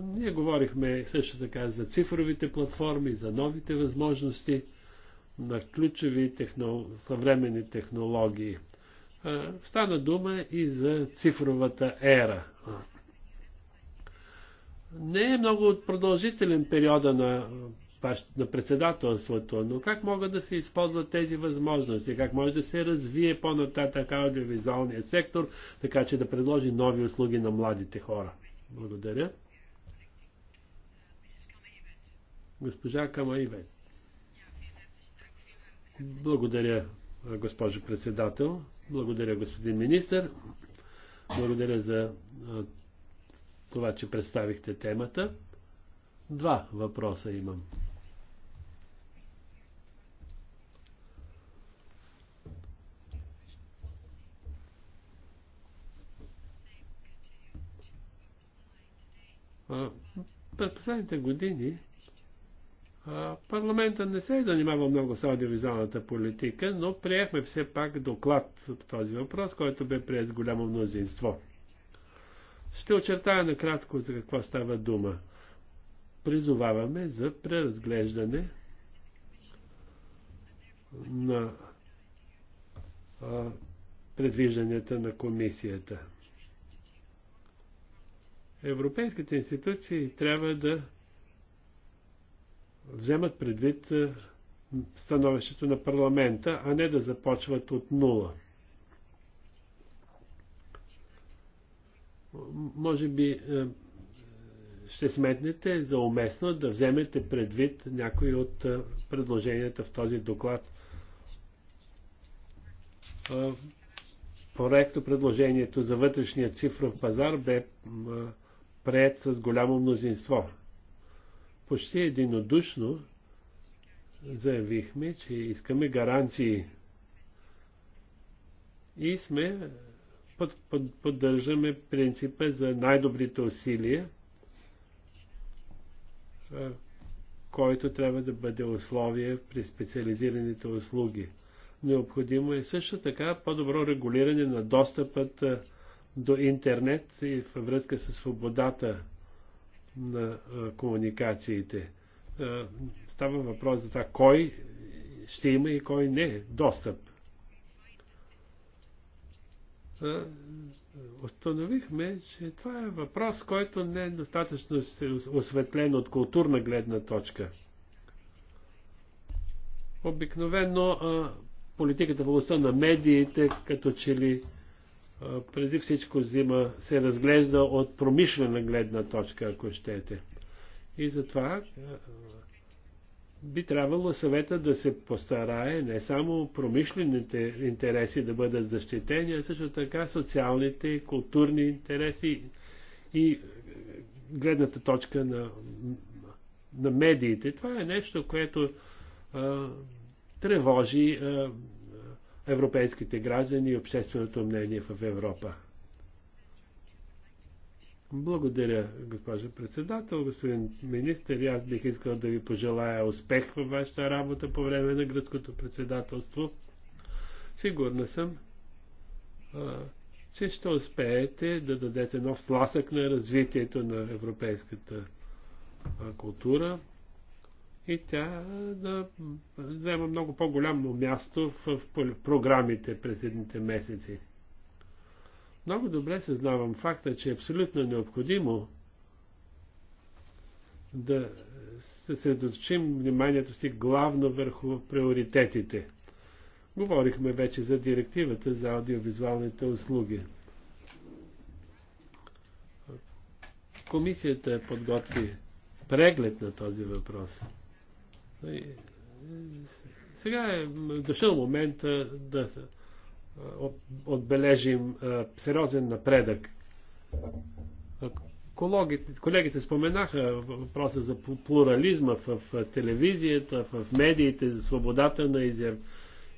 Ние говорихме също така за цифровите платформи, за новите възможности на ключови техно... съвременни технологии. Стана дума и за цифровата ера. Не е много продължителен периода на, на председателството, но как могат да се използват тези възможности, как може да се развие по-нататък аудиовизуалния сектор, така че да предложи нови услуги на младите хора. Благодаря. Госпожа Камаивет. Благодаря, госпожо председател. Благодаря, господин министр. Благодаря за това, че представихте темата. Два въпроса имам. през последните години парламента не се е занимавал много с аудиовизуалната политика, но приехме все пак доклад в този въпрос, който бе прият с голямо мнозинство. Ще очертая накратко за какво става дума. Призоваваме за преразглеждане на предвижданията на комисията. Европейските институции трябва да вземат предвид становището на парламента, а не да започват от нула. може би е, ще сметнете за уместно да вземете предвид някои от е, предложенията в този доклад. Е, проекто предложението за вътрешния цифров пазар бе прият с голямо мнозинство. Почти единодушно заявихме, че искаме гаранции и сме под, под, поддържаме принципа за най-добрите усилия, който трябва да бъде условие при специализираните услуги. Необходимо е също така по-добро регулиране на достъпът до интернет и във връзка с свободата на комуникациите. Става въпрос за това кой ще има и кой не достъп установихме, че това е въпрос, който не е достатъчно осветлен от културна гледна точка. Обикновено политиката в областта на медиите, като че ли преди всичко взима, се разглежда от промишлена гледна точка, ако щете. И затова би трябвало съвета да се постарае не само промишлените интереси да бъдат защитени, а също така социалните, културни интереси и гледната точка на, на медиите. Това е нещо, което а, тревожи а, европейските граждани и общественото мнение в Европа. Благодаря, госпожа председател, господин министр. Аз бих искал да ви пожелая успех във вашата работа по време на гръцкото председателство. Сигурна съм, че ще успеете да дадете нов тласък на развитието на европейската култура и тя да взема много по-голямо място в програмите през едните месеци. Много добре съзнавам факта, че е абсолютно необходимо да съсредоточим вниманието си главно върху приоритетите. Говорихме вече за директивата за аудиовизуалните услуги. Комисията подготви преглед на този въпрос. Сега е дошъл момента да отбележим сериозен напредък. Колегите, колегите споменаха въпроса за плурализма в телевизията, в медиите, за свободата на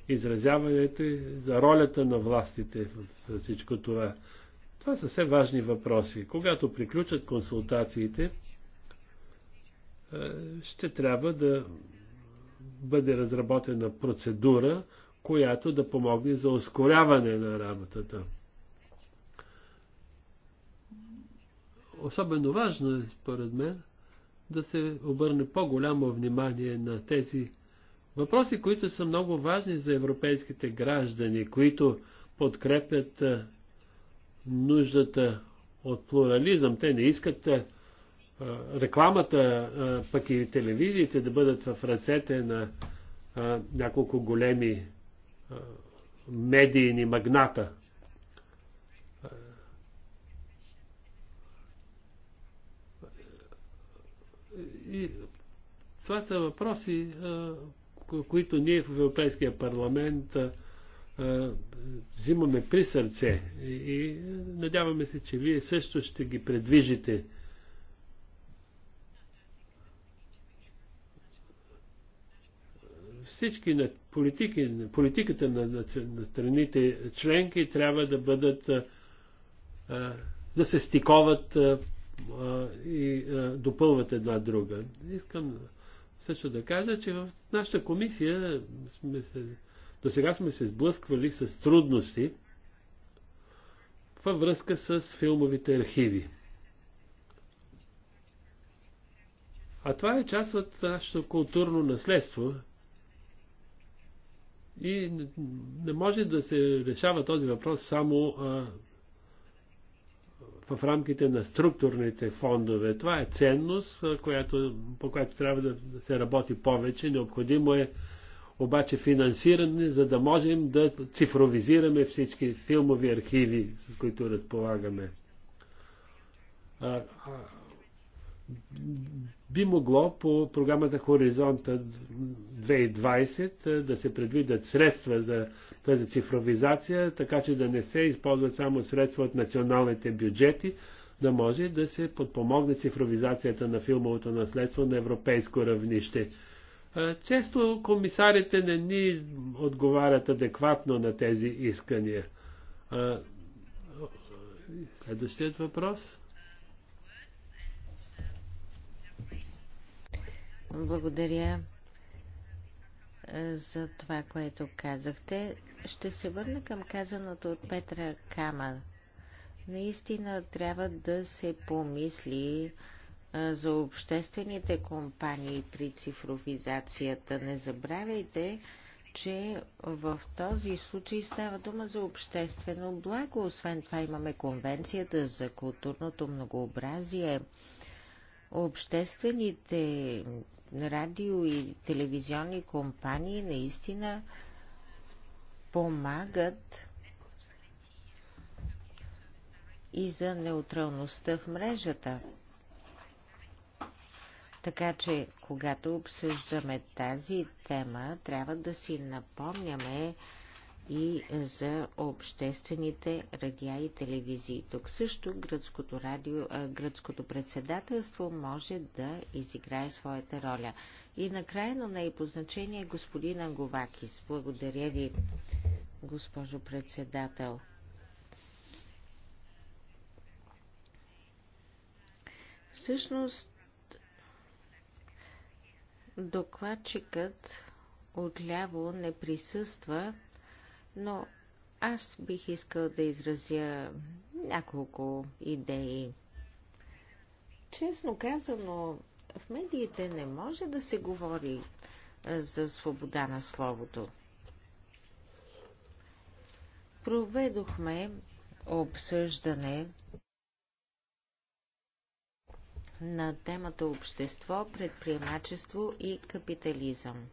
изразяването, за ролята на властите в всичко това. Това са все важни въпроси. Когато приключат консултациите, ще трябва да бъде разработена процедура, която да помогне за ускоряване на работата. Особено важно е, според мен, да се обърне по-голямо внимание на тези въпроси, които са много важни за европейските граждани, които подкрепят нуждата от плурализъм. Те не искат рекламата, пък и телевизиите да бъдат в ръцете на няколко големи медийни магната. И това са въпроси, които ние в Европейския парламент взимаме при сърце и надяваме се, че вие също ще ги предвижите всички на политики, политиката на, на, на страните членки трябва да бъдат да се стиковат и допълват една друга. Искам също да кажа, че в нашата комисия сме се, до сега сме се сблъсквали с трудности във връзка с филмовите архиви. А това е част от нашето културно наследство – и не може да се решава този въпрос само а, в рамките на структурните фондове. Това е ценност, която, по която трябва да се работи повече. Необходимо е обаче финансиране, за да можем да цифровизираме всички филмови архиви, с които разполагаме. А, би могло по програмата Хоризонта 2020 да се предвидят средства за тази цифровизация, така че да не се използват само средства от националните бюджети, да може да се подпомогне цифровизацията на филмовото наследство на европейско равнище. Често комисарите не ни отговарят адекватно на тези искания. Следващият въпрос. Благодаря е, за това, което казахте. Ще се върна към казаното от Петра Кама. Наистина трябва да се помисли е, за обществените компании при цифровизацията. Не забравяйте, че в този случай става дума за обществено благо. Освен това имаме конвенцията за културното многообразие. Обществените радио и телевизионни компании наистина помагат и за неутралността в мрежата. Така че, когато обсъждаме тази тема, трябва да си напомняме, и за обществените радиа и телевизии. Тук също гръцкото, радио, гръцкото председателство може да изиграе своята роля. И накрая, но не и по значение, господин Анговакис. Благодаря ви, госпожо председател. Всъщност, докладчикът отляво не присъства, но аз бих искал да изразя няколко идеи. Честно казано, в медиите не може да се говори за свобода на словото. Проведохме обсъждане на темата общество, предприемачество и капитализъм.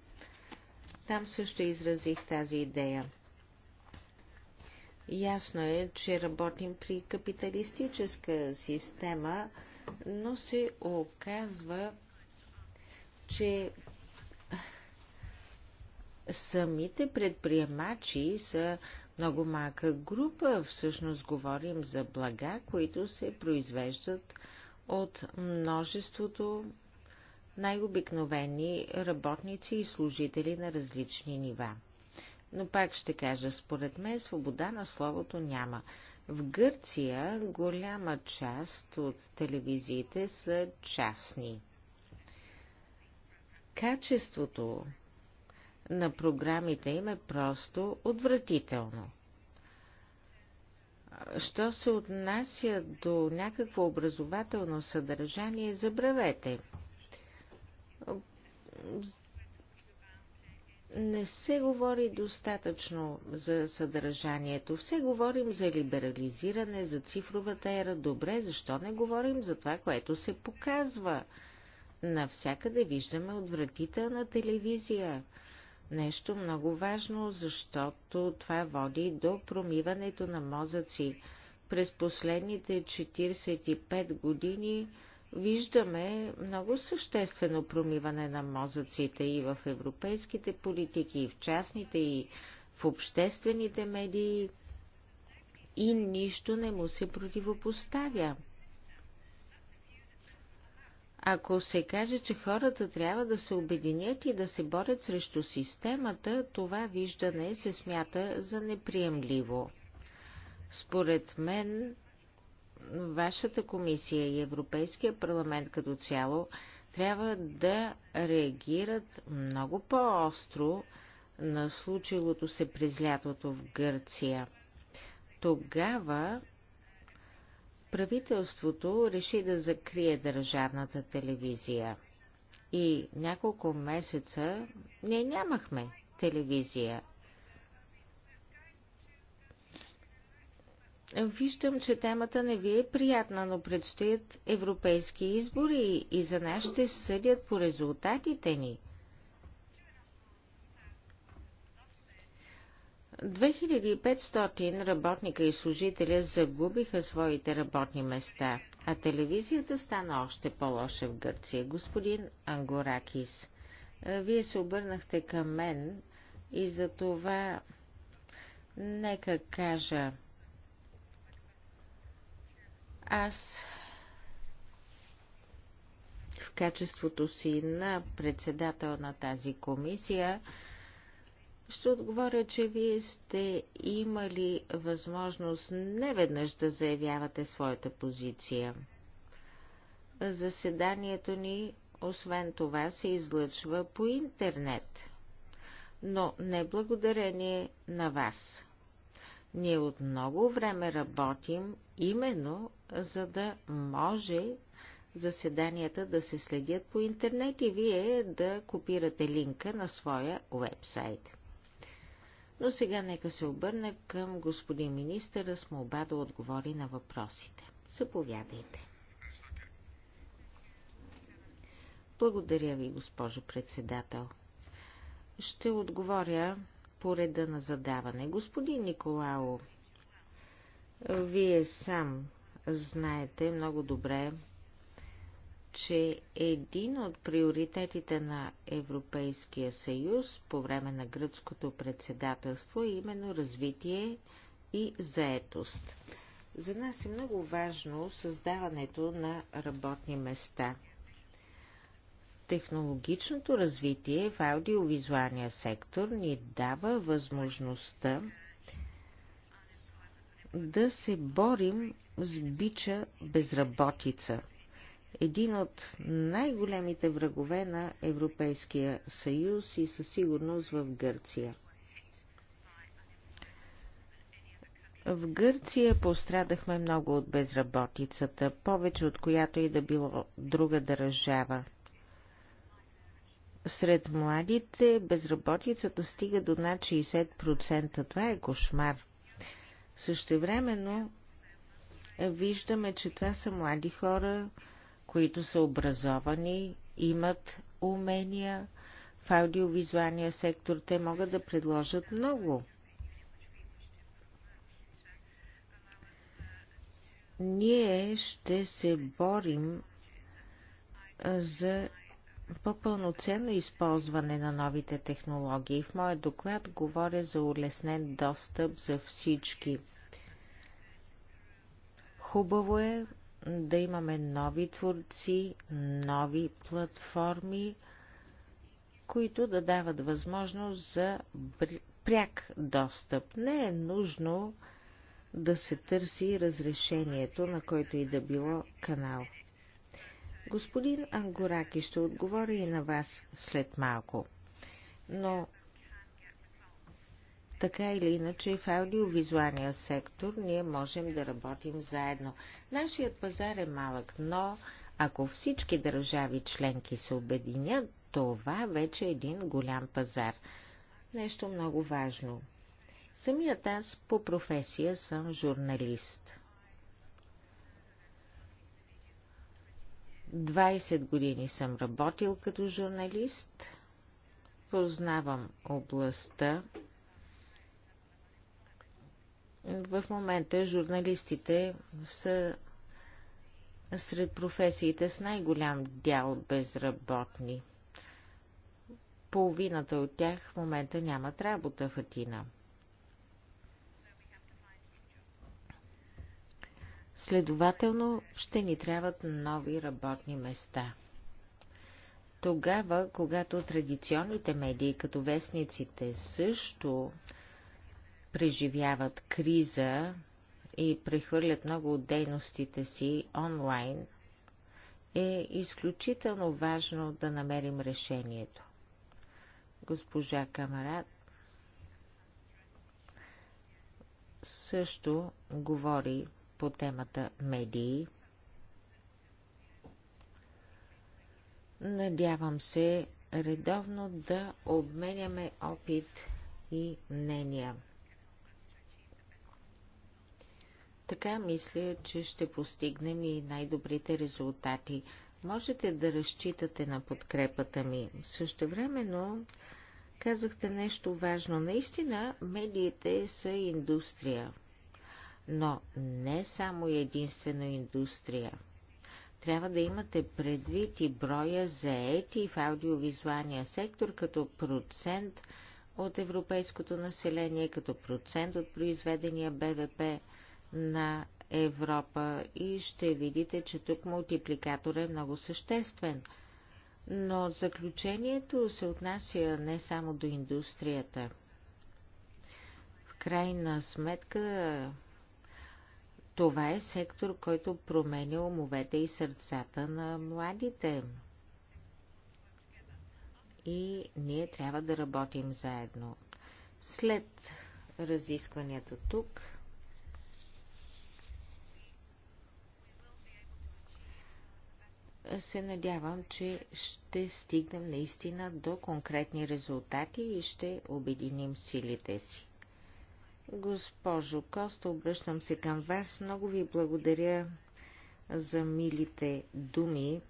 Там също изразих тази идея. Ясно е, че работим при капиталистическа система, но се оказва, че самите предприемачи са много малка група. Всъщност говорим за блага, които се произвеждат от множеството най-обикновени работници и служители на различни нива. Но пак ще кажа, според мен свобода на словото няма. В Гърция голяма част от телевизиите са частни. Качеството на програмите им е просто отвратително. Що се отнася до някакво образователно съдържание, забравете не се говори достатъчно за съдържанието. Все говорим за либерализиране, за цифровата ера. Добре, защо не говорим за това, което се показва? Навсякъде виждаме отвратителна телевизия. Нещо много важно, защото това води до промиването на мозъци. През последните 45 години виждаме много съществено промиване на мозъците и в европейските политики, и в частните, и в обществените медии, и нищо не му се противопоставя. Ако се каже, че хората трябва да се обединят и да се борят срещу системата, това виждане се смята за неприемливо. Според мен, вашата комисия и Европейския парламент като цяло трябва да реагират много по-остро на случилото се през лятото в Гърция. Тогава правителството реши да закрие държавната телевизия. И няколко месеца ние нямахме телевизия. Виждам, че темата не ви е приятна, но предстоят европейски избори и за нас ще съдят по резултатите ни. 2500 работника и служителя загубиха своите работни места, а телевизията стана още по-лоша в Гърция. Господин Ангоракис, вие се обърнахте към мен и за това нека кажа, аз в качеството си на председател на тази комисия ще отговоря, че вие сте имали възможност неведнъж да заявявате своята позиция. Заседанието ни, освен това, се излъчва по интернет, но не благодарение на вас. Ние от много време работим именно за да може заседанията да се следят по интернет и вие да копирате линка на своя вебсайт. Но сега нека се обърна към господин министъра с молба да отговори на въпросите. Заповядайте. Благодаря ви, госпожо председател. Ще отговоря по реда на задаване. Господин Николао, вие сам знаете много добре, че един от приоритетите на Европейския съюз по време на гръцкото председателство е именно развитие и заетост. За нас е много важно създаването на работни места – Технологичното развитие в аудиовизуалния сектор ни дава възможността да се борим с бича безработица. Един от най-големите врагове на Европейския съюз и със сигурност в Гърция. В Гърция пострадахме много от безработицата, повече от която и да било друга държава. Да сред младите безработица достига до над 60%. Това е кошмар. Същевременно виждаме, че това са млади хора, които са образовани, имат умения. В аудиовизуалния сектор те могат да предложат много. Ние ще се борим за по-пълноценно използване на новите технологии. В моят доклад говоря за улеснен достъп за всички. Хубаво е да имаме нови творци, нови платформи, които да дават възможност за пряк достъп. Не е нужно да се търси разрешението на който и да било канал. Господин Ангораки, ще отговоря и на вас след малко. Но така или иначе в аудиовизуалния сектор ние можем да работим заедно. Нашият пазар е малък, но ако всички държави членки се обединят, това вече е един голям пазар. Нещо много важно. Самият аз по професия съм журналист. 20 години съм работил като журналист, познавам областта. В момента журналистите са сред професиите с най-голям дял безработни. Половината от тях в момента нямат работа в Атина. Следователно ще ни трябват нови работни места. Тогава, когато традиционните медии, като вестниците, също преживяват криза и прехвърлят много от дейностите си онлайн, е изключително важно да намерим решението. Госпожа Камарат също говори по темата медии. Надявам се редовно да обменяме опит и мнения. Така мисля, че ще постигнем и най-добрите резултати. Можете да разчитате на подкрепата ми. Същевременно казахте нещо важно. Наистина, медиите са индустрия но не само и единствено индустрия. Трябва да имате предвид и броя заети в аудиовизуалния сектор като процент от европейското население, като процент от произведения БВП на Европа и ще видите, че тук мултипликатор е много съществен. Но заключението се отнася не само до индустрията. В крайна сметка това е сектор, който променя умовете и сърцата на младите. И ние трябва да работим заедно. След разискванията тук, се надявам, че ще стигнем наистина до конкретни резултати и ще обединим силите си. Госпожо Коста, обръщам се към вас. Много ви благодаря за милите думи.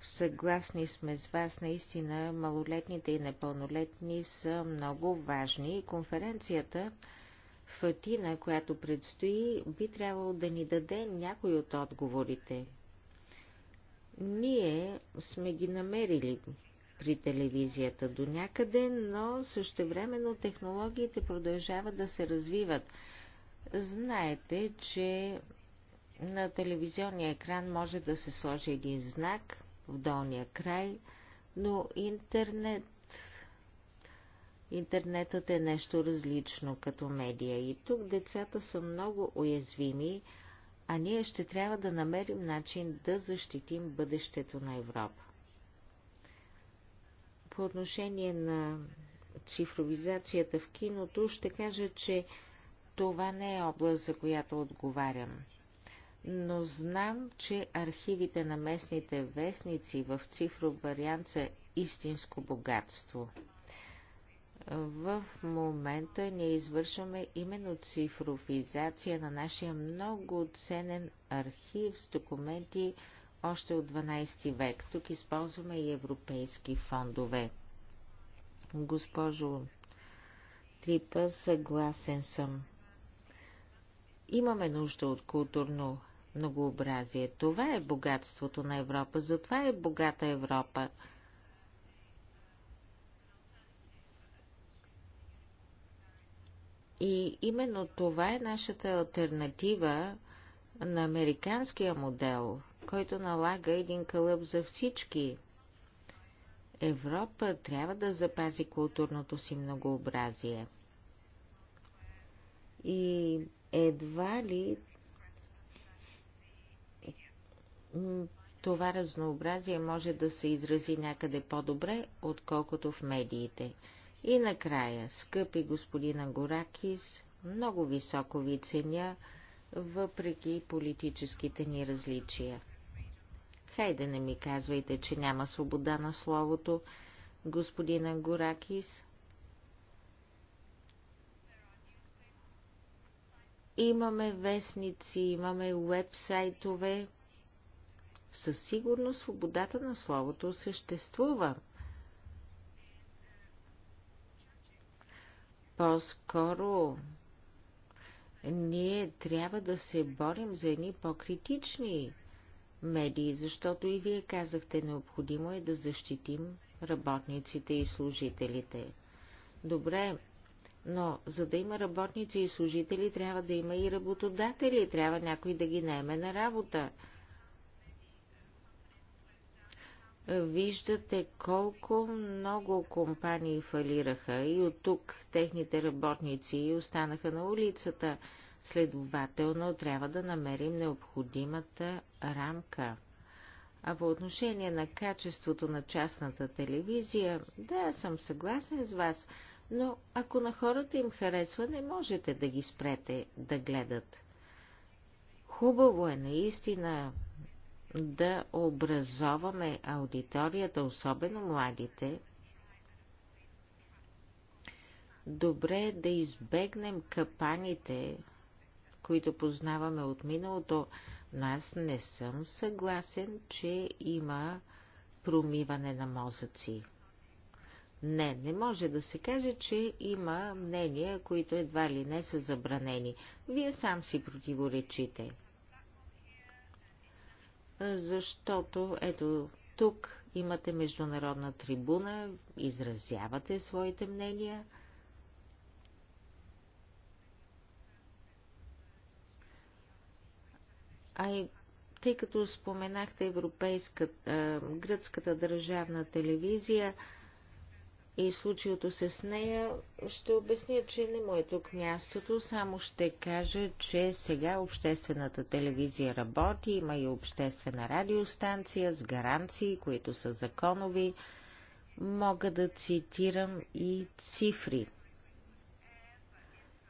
Съгласни сме с вас, наистина малолетните и непълнолетни са много важни. Конференцията в Атина, която предстои, би трябвало да ни даде някой от отговорите. Ние сме ги намерили при телевизията до някъде, но същевременно технологиите продължават да се развиват. Знаете, че на телевизионния екран може да се сложи един знак в долния край, но интернет Интернетът е нещо различно като медия и тук децата са много уязвими, а ние ще трябва да намерим начин да защитим бъдещето на Европа. По отношение на цифровизацията в киното, ще кажа, че това не е област, за която отговарям. Но знам, че архивите на местните вестници в цифров вариант са истинско богатство. В момента ние извършваме именно цифровизация на нашия много ценен архив с документи, още от 12 век. Тук използваме и европейски фондове. Госпожо Трипа, съгласен съм. Имаме нужда от културно многообразие. Това е богатството на Европа, затова е богата Европа. И именно това е нашата альтернатива на американския модел – който налага един кълъп за всички. Европа трябва да запази културното си многообразие. И едва ли това разнообразие може да се изрази някъде по-добре, отколкото в медиите. И накрая, скъпи господина Горакис, много високо ви ценя, въпреки политическите ни различия. Хайде не ми казвайте, че няма свобода на словото, господина Горакис. Имаме вестници, имаме уебсайтове. Със сигурност свободата на словото съществува. По-скоро ние трябва да се борим за едни по-критични медии, защото и вие казахте, необходимо е да защитим работниците и служителите. Добре, но за да има работници и служители, трябва да има и работодатели, трябва някой да ги найме на работа. Виждате колко много компании фалираха и от тук техните работници останаха на улицата. Следователно трябва да намерим необходимата рамка. А по отношение на качеството на частната телевизия, да, съм съгласен с вас, но ако на хората им харесва, не можете да ги спрете да гледат. Хубаво е наистина да образоваме аудиторията, особено младите. Добре е да избегнем капаните, които познаваме от миналото, но аз не съм съгласен, че има промиване на мозъци. Не, не може да се каже, че има мнения, които едва ли не са забранени. Вие сам си противоречите. Защото, ето, тук имате международна трибуна, изразявате своите мнения – А и тъй като споменахте европейската, гръцката държавна телевизия и случилото се с нея, ще обясня, че не му е тук мястото, само ще кажа, че сега обществената телевизия работи, има и обществена радиостанция с гаранции, които са законови. Мога да цитирам и цифри –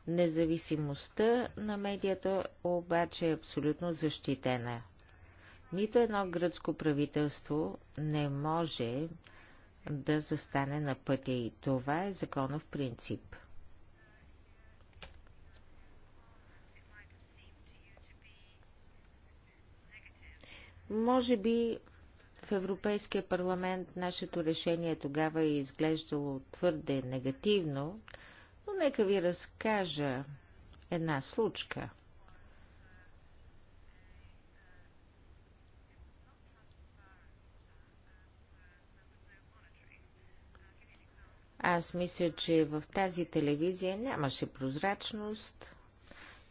Независимостта на медията обаче е абсолютно защитена. Нито едно гръцко правителство не може да застане на пътя и това е законов принцип. Може би в Европейския парламент нашето решение тогава е изглеждало твърде негативно, но нека ви разкажа една случка. Аз мисля, че в тази телевизия нямаше прозрачност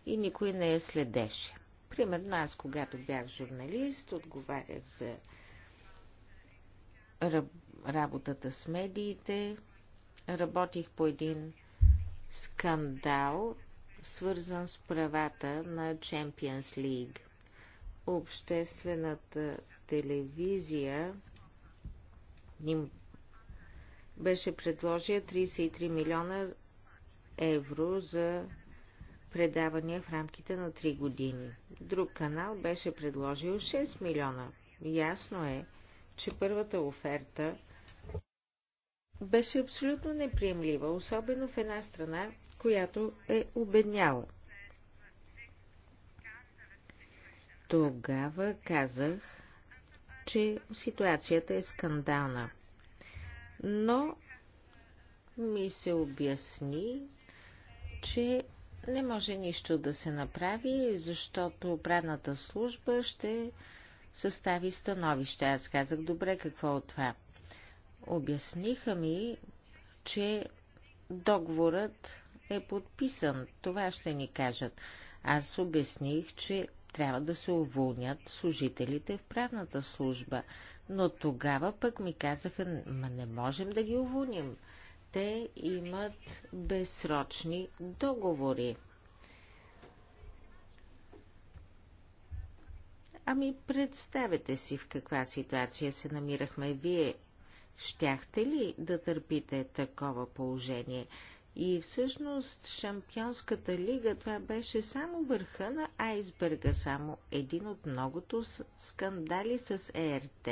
и никой не я следеше. Примерно аз, когато бях журналист, отговарях за работата с медиите, работих по един скандал, свързан с правата на Champions League. Обществената телевизия им беше предложила 33 милиона евро за предавания в рамките на 3 години. Друг канал беше предложил 6 милиона. Ясно е, че първата оферта беше абсолютно неприемлива, особено в една страна, която е обедняла. Тогава казах, че ситуацията е скандална. Но ми се обясни, че не може нищо да се направи, защото правната служба ще състави становище. Аз казах, добре, какво от това? Обясниха ми, че договорът е подписан. Това ще ни кажат. Аз обясних, че трябва да се уволнят служителите в правната служба, но тогава пък ми казаха, ма не можем да ги уволним. Те имат безсрочни договори. Ами представете си в каква ситуация се намирахме вие Щяхте ли да търпите такова положение? И всъщност Шампионската лига това беше само върха на айсберга, само един от многото скандали с ЕРТ.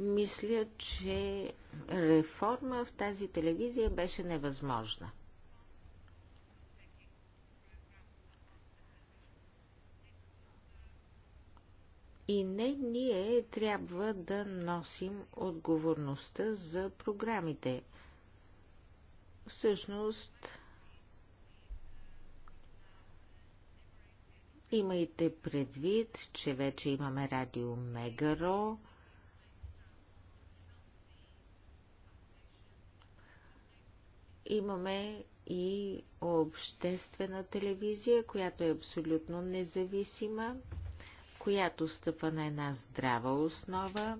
Мисля, че реформа в тази телевизия беше невъзможна. И не ние трябва да носим отговорността за програмите. Всъщност, имайте предвид, че вече имаме радио Мегаро, имаме и обществена телевизия, която е абсолютно независима която стъпва на една здрава основа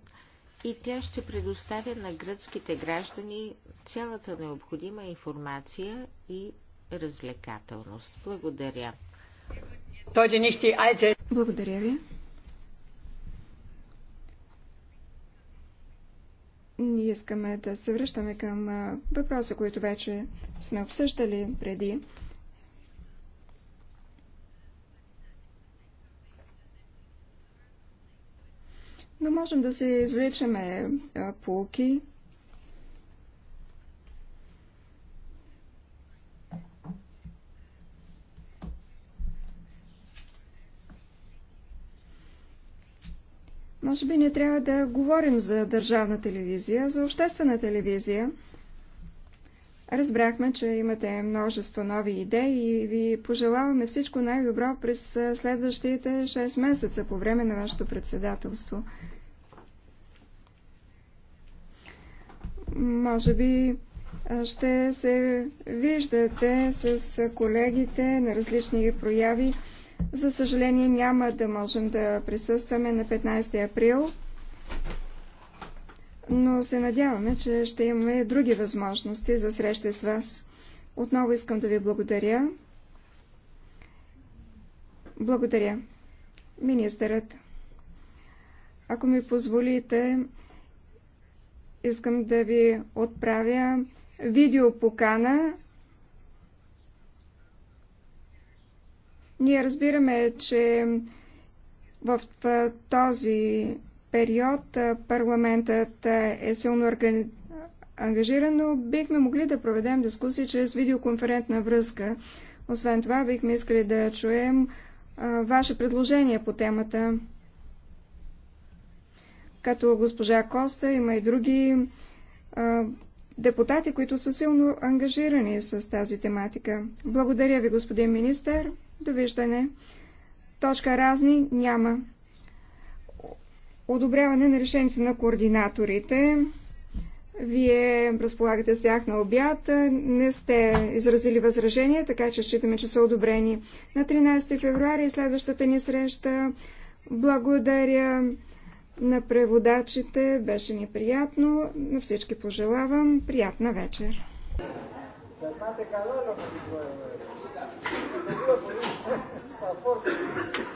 и тя ще предоставя на гръцките граждани цялата необходима информация и развлекателност. Благодаря. Благодаря ви. Ние искаме да се връщаме към въпроса, които вече сме обсъждали преди. Но можем да се извлечеме полки. Може би не трябва да говорим за държавна телевизия, за обществена телевизия – Разбрахме, че имате множество нови идеи и ви пожелаваме всичко най-добро през следващите 6 месеца по време на вашето председателство. Може би ще се виждате с колегите на различни прояви. За съжаление няма да можем да присъстваме на 15 април но се надяваме, че ще имаме други възможности за среща с вас. Отново искам да ви благодаря. Благодаря. Министърът, ако ми позволите, искам да ви отправя видеопокана. Ние разбираме, че в този период парламентът е силно ангажиран, но бихме могли да проведем дискусии чрез видеоконферентна връзка. Освен това, бихме искали да чуем а, ваше предложение по темата. Като госпожа Коста има и други а, депутати, които са силно ангажирани с тази тематика. Благодаря ви, господин министър. Довиждане. Точка разни няма одобряване на решението на координаторите. Вие разполагате с тях на обяд, не сте изразили възражение, така че считаме, че са одобрени. На 13 февруари е следващата ни среща. Благодаря на преводачите, беше ни приятно. На всички пожелавам приятна вечер. да, да е